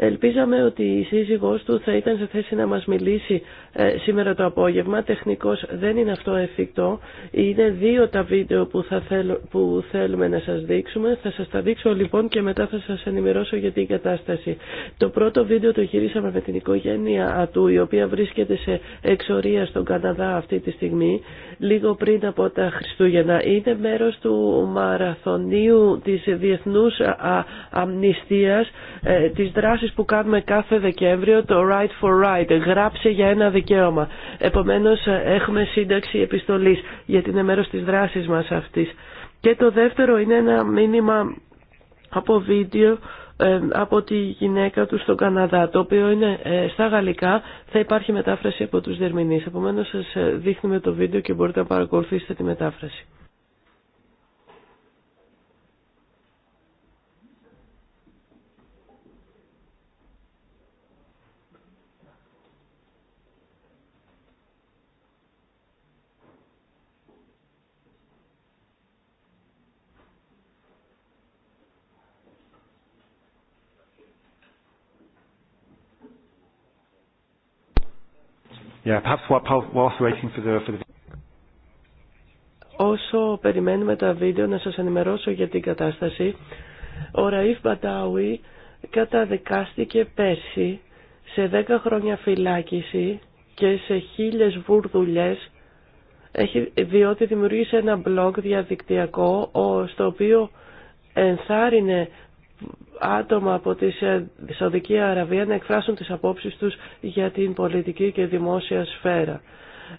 Ελπίζαμε ότι η σύζυγός του θα ήταν σε θέση να μας μιλήσει ε, σήμερα το απόγευμα. Τεχνικώς δεν είναι αυτό εφικτό. Είναι δύο τα βίντεο που, θα θέλ, που θέλουμε να σας δείξουμε. Θα σας τα δείξω λοιπόν και μετά θα σας ενημερώσω για την κατάσταση. Το πρώτο βίντεο το γυρίσαμε με την οικογένεια Ατού, η οποία βρίσκεται σε εξορία στον Καναδά αυτή τη στιγμή, λίγο πριν από τα Χριστούγεννα. Είναι μέρος του μαραθωνίου της Διεθνούς Αμνηστίας, ε, της δράσης που κάνουμε κάθε Δεκέμβριο το right for right, γράψε για ένα δικαίωμα. Επομένως έχουμε σύνταξη επιστολής γιατί είναι μέρος της δράσης μας αυτής. Και το δεύτερο είναι ένα μήνυμα από βίντεο ε, από τη γυναίκα του στον Καναδά, το οποίο είναι ε, στα γαλλικά, θα υπάρχει μετάφραση από τους δερμηνείς. Επομένως σας ε, δείχνουμε το βίντεο και μπορείτε να παρακολουθήσετε τη μετάφραση. for Όσο περιμένουμε τα βίντεο να σας ενημερώσω για την κατάσταση, ο Ραΐφ Μπατάουι καταδικάστηκε πέρσι σε 10 χρόνια φυλάκιση και σε χίλιες βουρδουλιές έχει, διότι δημιούργησε ένα blog διαδικτυακό στο οποίο ενθάρρυνε άτομα από τη Σαουδική Αραβία να εκφράσουν τις απόψεις τους για την πολιτική και δημόσια σφαίρα.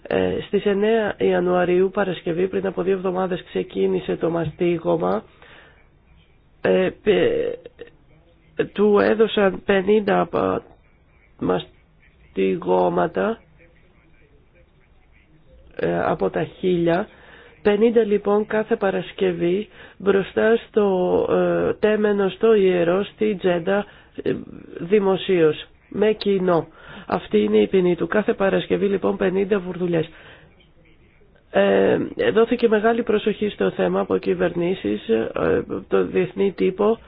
Ε, στις 9 Ιανουαρίου Παρασκευή πριν από δύο εβδομάδες ξεκίνησε το μαστίγωμα ε, του έδωσαν 50 μαστιγώματα ε, από τα χίλια 50 λοιπόν κάθε Παρασκευή μπροστά στο ε, τέμενο στο ιερό στη Τζέντα ε, με κοινό. Αυτή είναι η ποινή του. Κάθε Παρασκευή λοιπόν 50 βουρδουλιές. Ε, δόθηκε μεγάλη προσοχή στο θέμα από κυβερνήσεις, ε, το διεθνή τύπο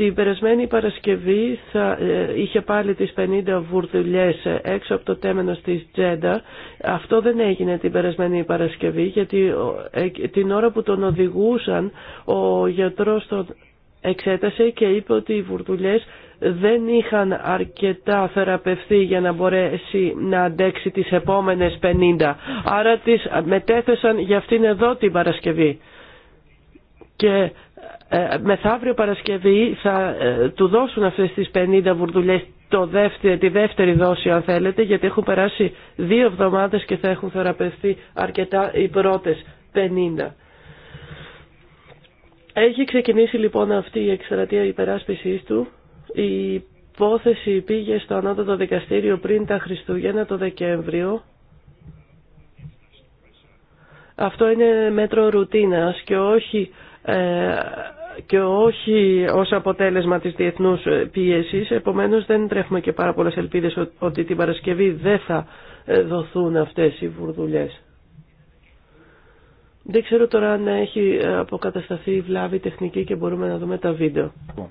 την περασμένη Παρασκευή θα, ε, είχε πάλι τις 50 βουρδουλιές έξω από το τέμενο της Τζέντα. Αυτό δεν έγινε την περασμένη Παρασκευή γιατί ε, την ώρα που τον οδηγούσαν ο γιατρός τον εξέτασε και είπε ότι οι βουρδουλιές δεν είχαν αρκετά θεραπευθεί για να μπορέσει να αντέξει τις επόμενες 50. Άρα τις μετέθεσαν για αυτήν εδώ την Παρασκευή και ε, μεθαύριο Παρασκευή θα ε, του δώσουν αυτές τις 50 βουρδουλές το δεύτερη, τη δεύτερη δόση αν θέλετε γιατί έχουν περάσει δύο εβδομάδες και θα έχουν θεραπευθεί αρκετά οι πρώτες 50. Έχει ξεκινήσει λοιπόν αυτή η εκστρατεία υπεράσπισης του. Η υπόθεση πήγε στο ανώτατο δικαστήριο πριν τα Χριστούγεννα το Δεκέμβριο. Αυτό είναι μέτρο ρουτίνας και όχι ε, και όχι ως αποτέλεσμα της διεθνούς πίεσης. Επομένως δεν τρέχουμε και πάρα πολλές ελπίδες ότι την Παρασκευή δεν θα ε, δοθούν αυτές οι βουρδουλές. Δεν ξέρω τώρα αν έχει ε, αποκατασταθεί η βλάβη τεχνική και μπορούμε να δούμε τα βίντεο. Λοιπόν,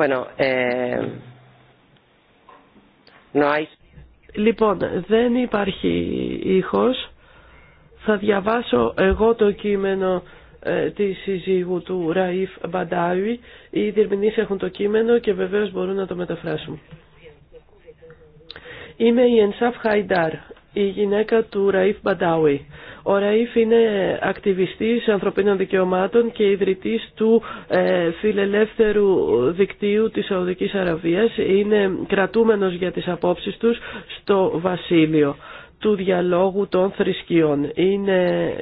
Eh, λοιπόν, δεν υπάρχει ήχος. Θα διαβάσω εγώ το κείμενο ε, της συζύγου του Ραΐφ Μπαντάουι. Οι διερμηνείς έχουν το κείμενο και βεβαίως μπορούν να το μεταφράσουν. Είμαι η Ενσάφ Χαϊντάρ, η γυναίκα του Ραΐφ Μπαντάουι. Ο Ραΐφ είναι ακτιβιστής ανθρωπίνων δικαιωμάτων και ιδρυτής του ε, φιλελεύθερου δικτύου της Σαουδικής Αραβίας. Είναι κρατούμενος για τις απόψεις τους στο βασίλειο του διαλόγου των θρησκειών. Είναι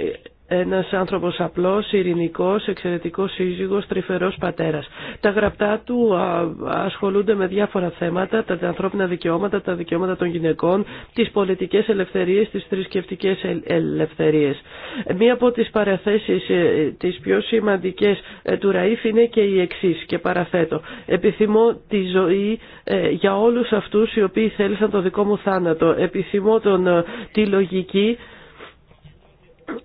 ένας άνθρωπος απλός, ειρηνικός, εξαιρετικός σύζυγος, τρυφερός πατέρας. Τα γραπτά του ασχολούνται με διάφορα θέματα, τα ανθρώπινα δικαιώματα, τα δικαιώματα των γυναικών, τις πολιτικές ελευθερίες, τις θρησκευτικέ ελευθερίες. Μία από τις παραθέσεις, ε, τις πιο σημαντικές ε, του Ραΐφ είναι και η εξή και παραθέτω. Επιθυμώ τη ζωή ε, για όλους αυτούς οι οποίοι θέλησαν το δικό μου θάνατο. Επιθυμώ τον, τη λογική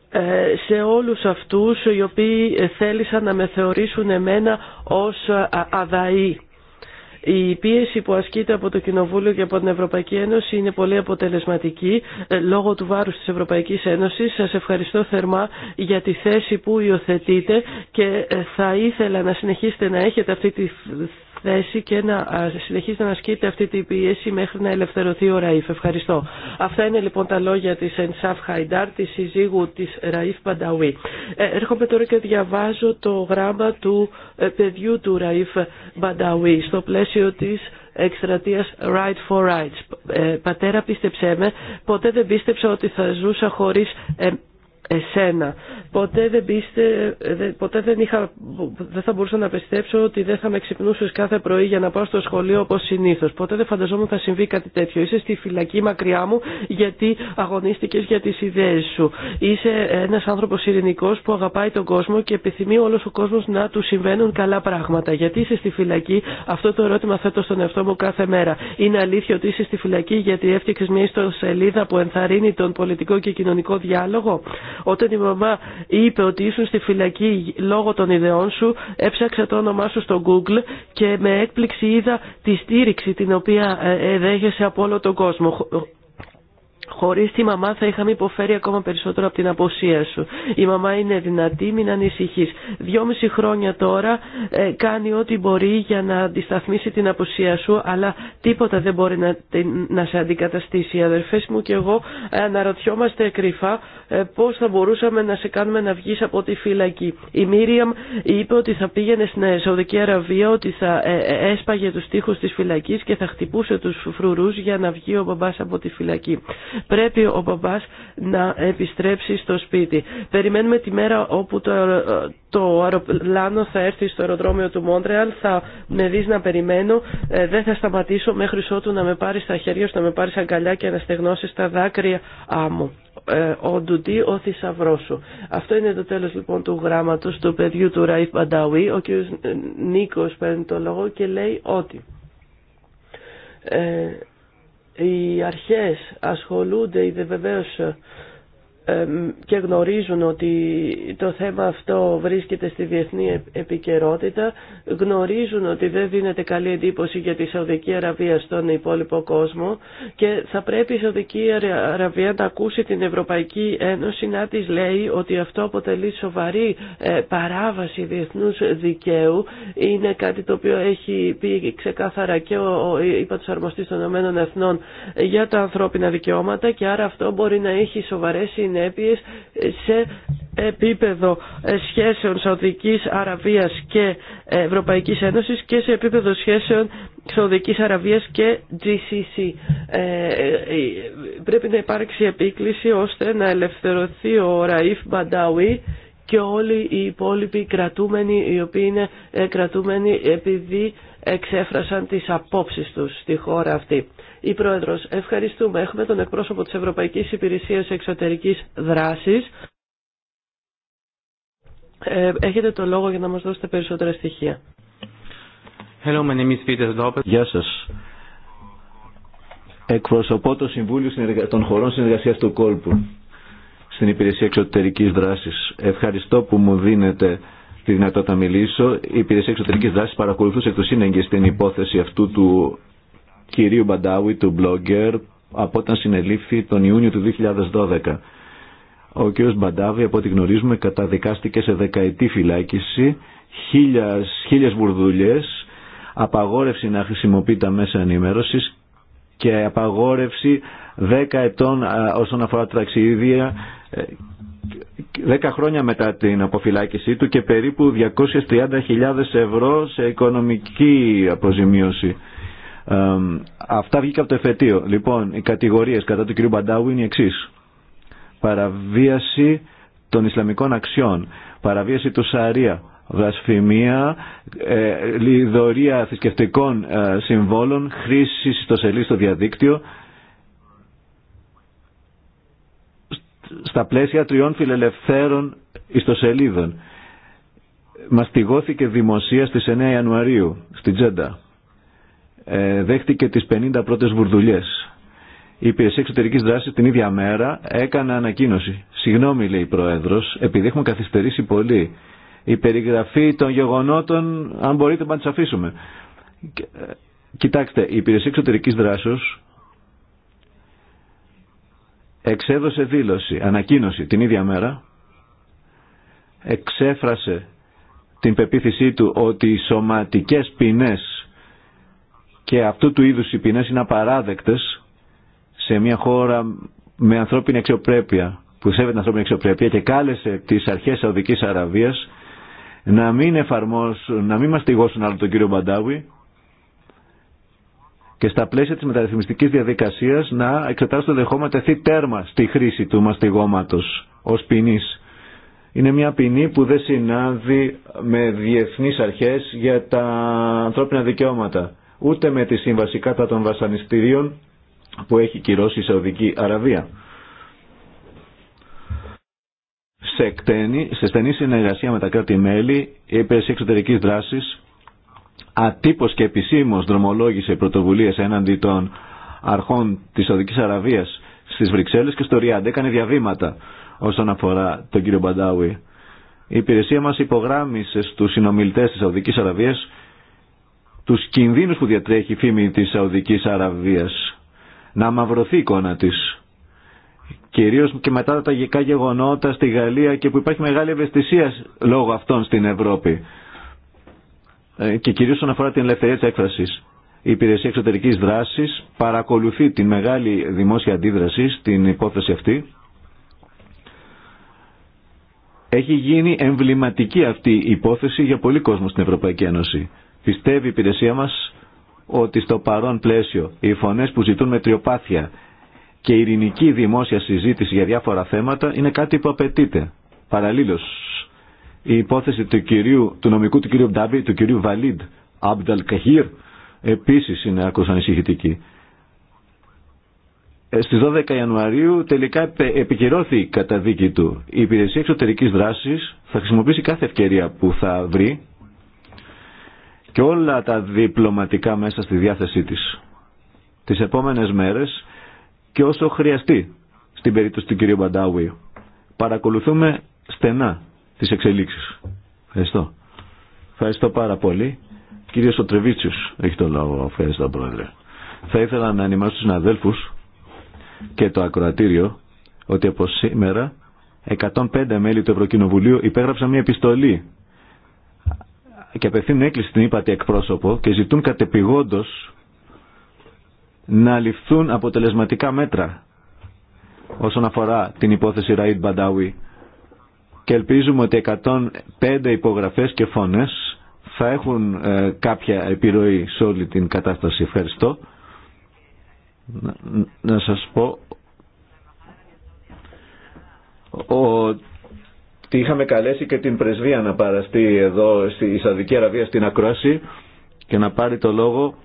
ε, σε όλους αυτούς οι οποίοι θέλησαν να με θεωρήσουν εμένα ως ε, αδαή η πίεση που ασκείται από το Κοινοβούλιο και από την Ευρωπαϊκή Ένωση είναι πολύ αποτελεσματική ε, λόγω του βάρους της Ευρωπαϊκής Ένωσης. Σας ευχαριστώ θερμά για τη θέση που υιοθετείτε και ε, θα ήθελα να συνεχίσετε να έχετε αυτή τη θέση και να συνεχίσετε να ασκείτε αυτή την πίεση μέχρι να ελευθερωθεί ο Ραΐφ. Ευχαριστώ. Αυτά είναι λοιπόν τα λόγια της Ενσάφ Χαϊντάρ, της συζύγου της Ραΐφ Πανταουή. Ε, έρχομαι τώρα και διαβάζω το γράμμα του παιδιού του Ραΐφ Πανταουή πλαίσιο της εκστρατείας Right for Rights. Ε, πατέρα πίστεψέ με, ποτέ δεν πίστεψα ότι θα ζούσα χωρίς ε, εσένα. Ποτέ δεν, ποτέ δεν, είχα, δεν θα μπορούσα να πιστέψω ότι δεν θα με ξυπνούσε κάθε πρωί για να πάω στο σχολείο όπω συνήθω. Ποτέ δεν φανταζόμουν θα συμβεί κάτι τέτοιο. Είσαι στη φυλακή μακριά μου γιατί αγωνίστηκε για τι ιδέε σου. Είσαι ένα άνθρωπο ειρηνικό που αγαπάει τον κόσμο και επιθυμεί όλο ο κόσμο να του συμβαίνουν καλά πράγματα. Γιατί είσαι στη φυλακή, αυτό το ερώτημα θέτω στον εαυτό μου κάθε μέρα. Είναι αλήθεια ότι είσαι στη φυλακή γιατί έφτιαξε μια ιστοσελίδα που ενθαρρύνει τον πολιτικό και κοινωνικό διάλογο. Όταν η μαμά είπε ότι ήσουν στη φυλακή λόγω των ιδεών σου, έψαξα το όνομά σου στο Google και με έκπληξη είδα τη στήριξη την οποία ε, ε, δέχεσαι από όλο τον κόσμο. Χωρί τη μαμά θα είχαμε υποφέρει ακόμα περισσότερο από την αποσία σου. Η μαμά είναι δυνατή, μην ανησυχεί. Δυόμιση χρόνια τώρα ε, κάνει ό,τι μπορεί για να αντισταθμίσει την αποσία σου, αλλά τίποτα δεν μπορεί να, να σε αντικαταστήσει. Οι αδερφέ μου και εγώ ε, αναρωτιόμαστε κρυφά ε, πώς θα μπορούσαμε να σε κάνουμε να βγει από τη φυλακή. Η Μίριαμ είπε ότι θα πήγαινε στην Σαουδική Αραβία, ότι θα ε, ε έσπαγε τους τοίχους της φυλακής και θα χτυπούσε του φρουρού για να βγει ο μπαμπά από τη φυλακή πρέπει ο μπαμπάς να επιστρέψει στο σπίτι. Περιμένουμε τη μέρα όπου το, το αεροπλάνο θα έρθει στο αεροδρόμιο του Μόντρεαλ, θα με δεις να περιμένω, ε, δεν θα σταματήσω μέχρι ότου να με πάρει στα χέρια σου, να με πάρει αγκαλιά και να στεγνώσει τα δάκρυα άμμου. Ε, ο Ντουντή ο θησαυρό σου. Αυτό είναι το τέλος λοιπόν του γράμματο του παιδιού του Ραϊφ Μπανταουή. Ο κ. Νίκος παίρνει το λόγο και λέει ότι... Ε, οι αρχές ασχολούνται ήδη βεβαίως και γνωρίζουν ότι το θέμα αυτό βρίσκεται στη διεθνή επικαιρότητα, γνωρίζουν ότι δεν δίνεται καλή εντύπωση για τη Σαουδική Αραβία στον υπόλοιπο κόσμο και θα πρέπει η Σαουδική Αραβία να ακούσει την Ευρωπαϊκή Ένωση να της λέει ότι αυτό αποτελεί σοβαρή ε, παράβαση διεθνούς δικαίου. Είναι κάτι το οποίο έχει πει ξεκάθαρα και ο υπατσαρμοστής των ΗΕ για τα ανθρώπινα δικαιώματα και άρα αυτό μπορεί να έχει σοβαρές σε επίπεδο ε, σχέσεων Σαουδικής Αραβίας και Ευρωπαϊκής Ένωσης και σε επίπεδο σχέσεων Σαουδικής Αραβίας και GCC. Ε, ε, πρέπει να υπάρξει επίκληση ώστε να ελευθερωθεί ο Ραΐφ Μπαντάουι και όλοι οι υπόλοιποι κρατούμενοι οι οποίοι είναι κρατούμενοι επειδή εξέφρασαν τις απόψεις τους στη χώρα αυτή. Η πρόεδρο, ευχαριστούμε. Έχουμε τον εκπρόσωπο της Ευρωπαϊκής Υπηρεσίας Εξωτερικής Δράσης. Ε, έχετε το λόγο για να μα δώσετε περισσότερα στοιχεία. Hello, my name is Peter Γεια σα. Εκπροσωπώ το Συμβούλιο των Χωρών συνεργασία του Κόλπου στην Υπηρεσία Εξωτερική δράση. Ευχαριστώ που μου δίνετε τη δυνατότητα να μιλήσω. Η Υπηρεσία Εξωτερική δράση παρακολουθούσε το του στην υπόθεση αυτού του κυρίου Μπαντάουι, του blogger, από όταν συνελήφθη τον Ιούνιο του 2012. Ο κ. Μπαντάουι, από ό,τι γνωρίζουμε, καταδικάστηκε σε δεκαετή φυλάκιση, χίλιες, χίλιες απαγόρευση να χρησιμοποιεί τα μέσα ενημέρωσης και απαγόρευση 10 ετών όσον αφορά τραξίδια, 10 ε, χρόνια μετά την αποφυλάκησή του και περίπου 230.000 ευρώ σε οικονομική αποζημίωση αυτά βγήκε από το εφετείο. Λοιπόν, οι κατηγορίες κατά του κ. Μπαντάου είναι οι εξή. Παραβίαση των Ισλαμικών αξιών, παραβίαση του Σαρία, βλασφημία, ε, λιδωρία θρησκευτικών ε, συμβόλων, χρήση στο στο διαδίκτυο, στα πλαίσια τριών φιλελευθέρων ιστοσελίδων. Μαστιγώθηκε δημοσία στις 9 Ιανουαρίου, στην Τζέντα. Ε, δέχτηκε τις 50 πρώτες βουρδουλιές. Η Υπηρεσία Εξωτερική Δράση την ίδια μέρα έκανε ανακοίνωση. Συγγνώμη, λέει η Πρόεδρο, επειδή έχουμε καθυστερήσει πολύ. Η περιγραφή των γεγονότων, αν μπορείτε, να τι αφήσουμε. Ε, κοιτάξτε, η Υπηρεσία Εξωτερική δράση εξέδωσε δήλωση, ανακοίνωση την ίδια μέρα. Εξέφρασε την πεποίθησή του ότι οι σωματικές ποινές και αυτού του είδους οι ποινές είναι απαράδεκτες σε μια χώρα με ανθρώπινη αξιοπρέπεια, που σέβεται την ανθρώπινη αξιοπρέπεια και κάλεσε τις αρχές Σαουδικής Αραβίας να μην εφαρμόσουν, να μην μας άλλο τον κύριο Μπαντάουι και στα πλαίσια της μεταρρυθμιστικής διαδικασίας να εξετάσουν το δεχόμα τεθεί τέρμα στη χρήση του μαστιγώματος ως ποινή. Είναι μια ποινή που δεν συνάδει με διεθνείς αρχές για τα ανθρώπινα δικαιώματα ούτε με τη σύμβαση κατά των βασανιστήριων που έχει κυρώσει η Σαουδική Αραβία. Σε, εκτένη, σε στενή συνεργασία με τα κράτη-μέλη, η υπηρεσία εξωτερικής δράσης ατύπως και επισήμως δρομολόγησε πρωτοβουλίες έναντι των αρχών της Σαουδικής Αραβίας στις Βρυξέλλες και στο Ριάντ. Έκανε διαβήματα όσον αφορά τον κύριο Μπαντάουι. Η υπηρεσία μας υπογράμμισε στους συνομιλητές της Σαουδικής Αραβίας τους κινδύνους που διατρέχει η φήμη της Σαουδικής Αραβίας. Να μαυρωθεί η εικόνα της. Κυρίως και μετά τα ταγικά γεγονότα στη Γαλλία και που υπάρχει μεγάλη ευαισθησία λόγω αυτών στην Ευρώπη. Ε, και κυρίως όσον αφορά την ελευθερία της έκφρασης. Η Υπηρεσία Εξωτερικής Δράσης παρακολουθεί την μεγάλη δημόσια αντίδραση στην υπόθεση αυτή. Έχει γίνει εμβληματική αυτή η υπόθεση για πολύ κόσμο στην Ευρωπαϊκή Ένωση. Πιστεύει η υπηρεσία μας ότι στο παρόν πλαίσιο οι φωνές που ζητούν μετριοπάθεια και ειρηνική δημόσια συζήτηση για διάφορα θέματα είναι κάτι που απαιτείται. Παραλλήλως, η υπόθεση του, κυρίου, του νομικού του κυρίου Μπτάμπη, του κυρίου Βαλίντ Αμπνταλ Καχύρ, επίσης είναι άκουσα ανησυχητική. Ε, στις 12 Ιανουαρίου τελικά επικυρώθη η καταδίκη του. Η Υπηρεσία Εξωτερικής Δράσης θα χρησιμοποιήσει κάθε ευκαιρία που θα βρει και όλα τα διπλωματικά μέσα στη διάθεσή της τις επόμενες μέρες και όσο χρειαστεί στην περίπτωση του κυρίου Μπαντάουι. Παρακολουθούμε στενά τις εξελίξεις. Ευχαριστώ. Ευχαριστώ πάρα πολύ. Κύριος Σοτρεβίτσιος έχει το λόγο. Ευχαριστώ πρόεδρε. Θα ήθελα να ενημερώσω τους συναδέλφους και το ακροατήριο ότι από σήμερα 105 μέλη του Ευρωκοινοβουλίου υπέγραψαν μια επιστολή και απευθύνουν έκκληση στην ύπατη εκπρόσωπο και ζητούν κατεπηγόντως να ληφθούν αποτελεσματικά μέτρα όσον αφορά την υπόθεση Ραΐτ Μπαντάουι και ελπίζουμε ότι 105 υπογραφές και φωνές θα έχουν ε, κάποια επιρροή σε όλη την κατάσταση. Ευχαριστώ. Να, να σας πω Τη Είχαμε καλέσει και την πρεσβεία να παραστεί εδώ στη Σαδική Αραβία στην Ακρόαση και να πάρει το λόγο.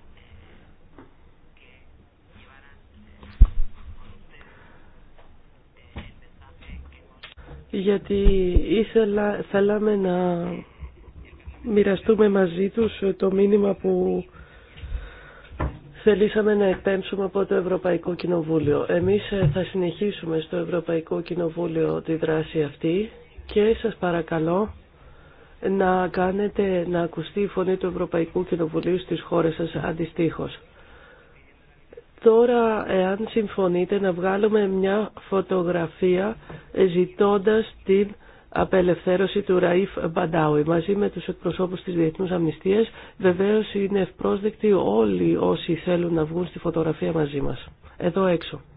Γιατί ήθελα, θέλαμε να μοιραστούμε μαζί τους το μήνυμα που θελήσαμε να εκπέμψουμε από το Ευρωπαϊκό Κοινοβούλιο. Εμείς θα συνεχίσουμε στο Ευρωπαϊκό Κοινοβούλιο τη δράση αυτή και σας παρακαλώ να κάνετε να ακουστεί η φωνή του Ευρωπαϊκού Κοινοβουλίου στις χώρες σας αντιστοίχως. Τώρα, εάν συμφωνείτε, να βγάλουμε μια φωτογραφία ζητώντας την απελευθέρωση του Ραΐφ Μπαντάουι μαζί με τους εκπροσώπους της Διεθνούς Αμνηστίας. Βεβαίως είναι ευπρόσδεκτοι όλοι όσοι θέλουν να βγουν στη φωτογραφία μαζί μας. Εδώ έξω.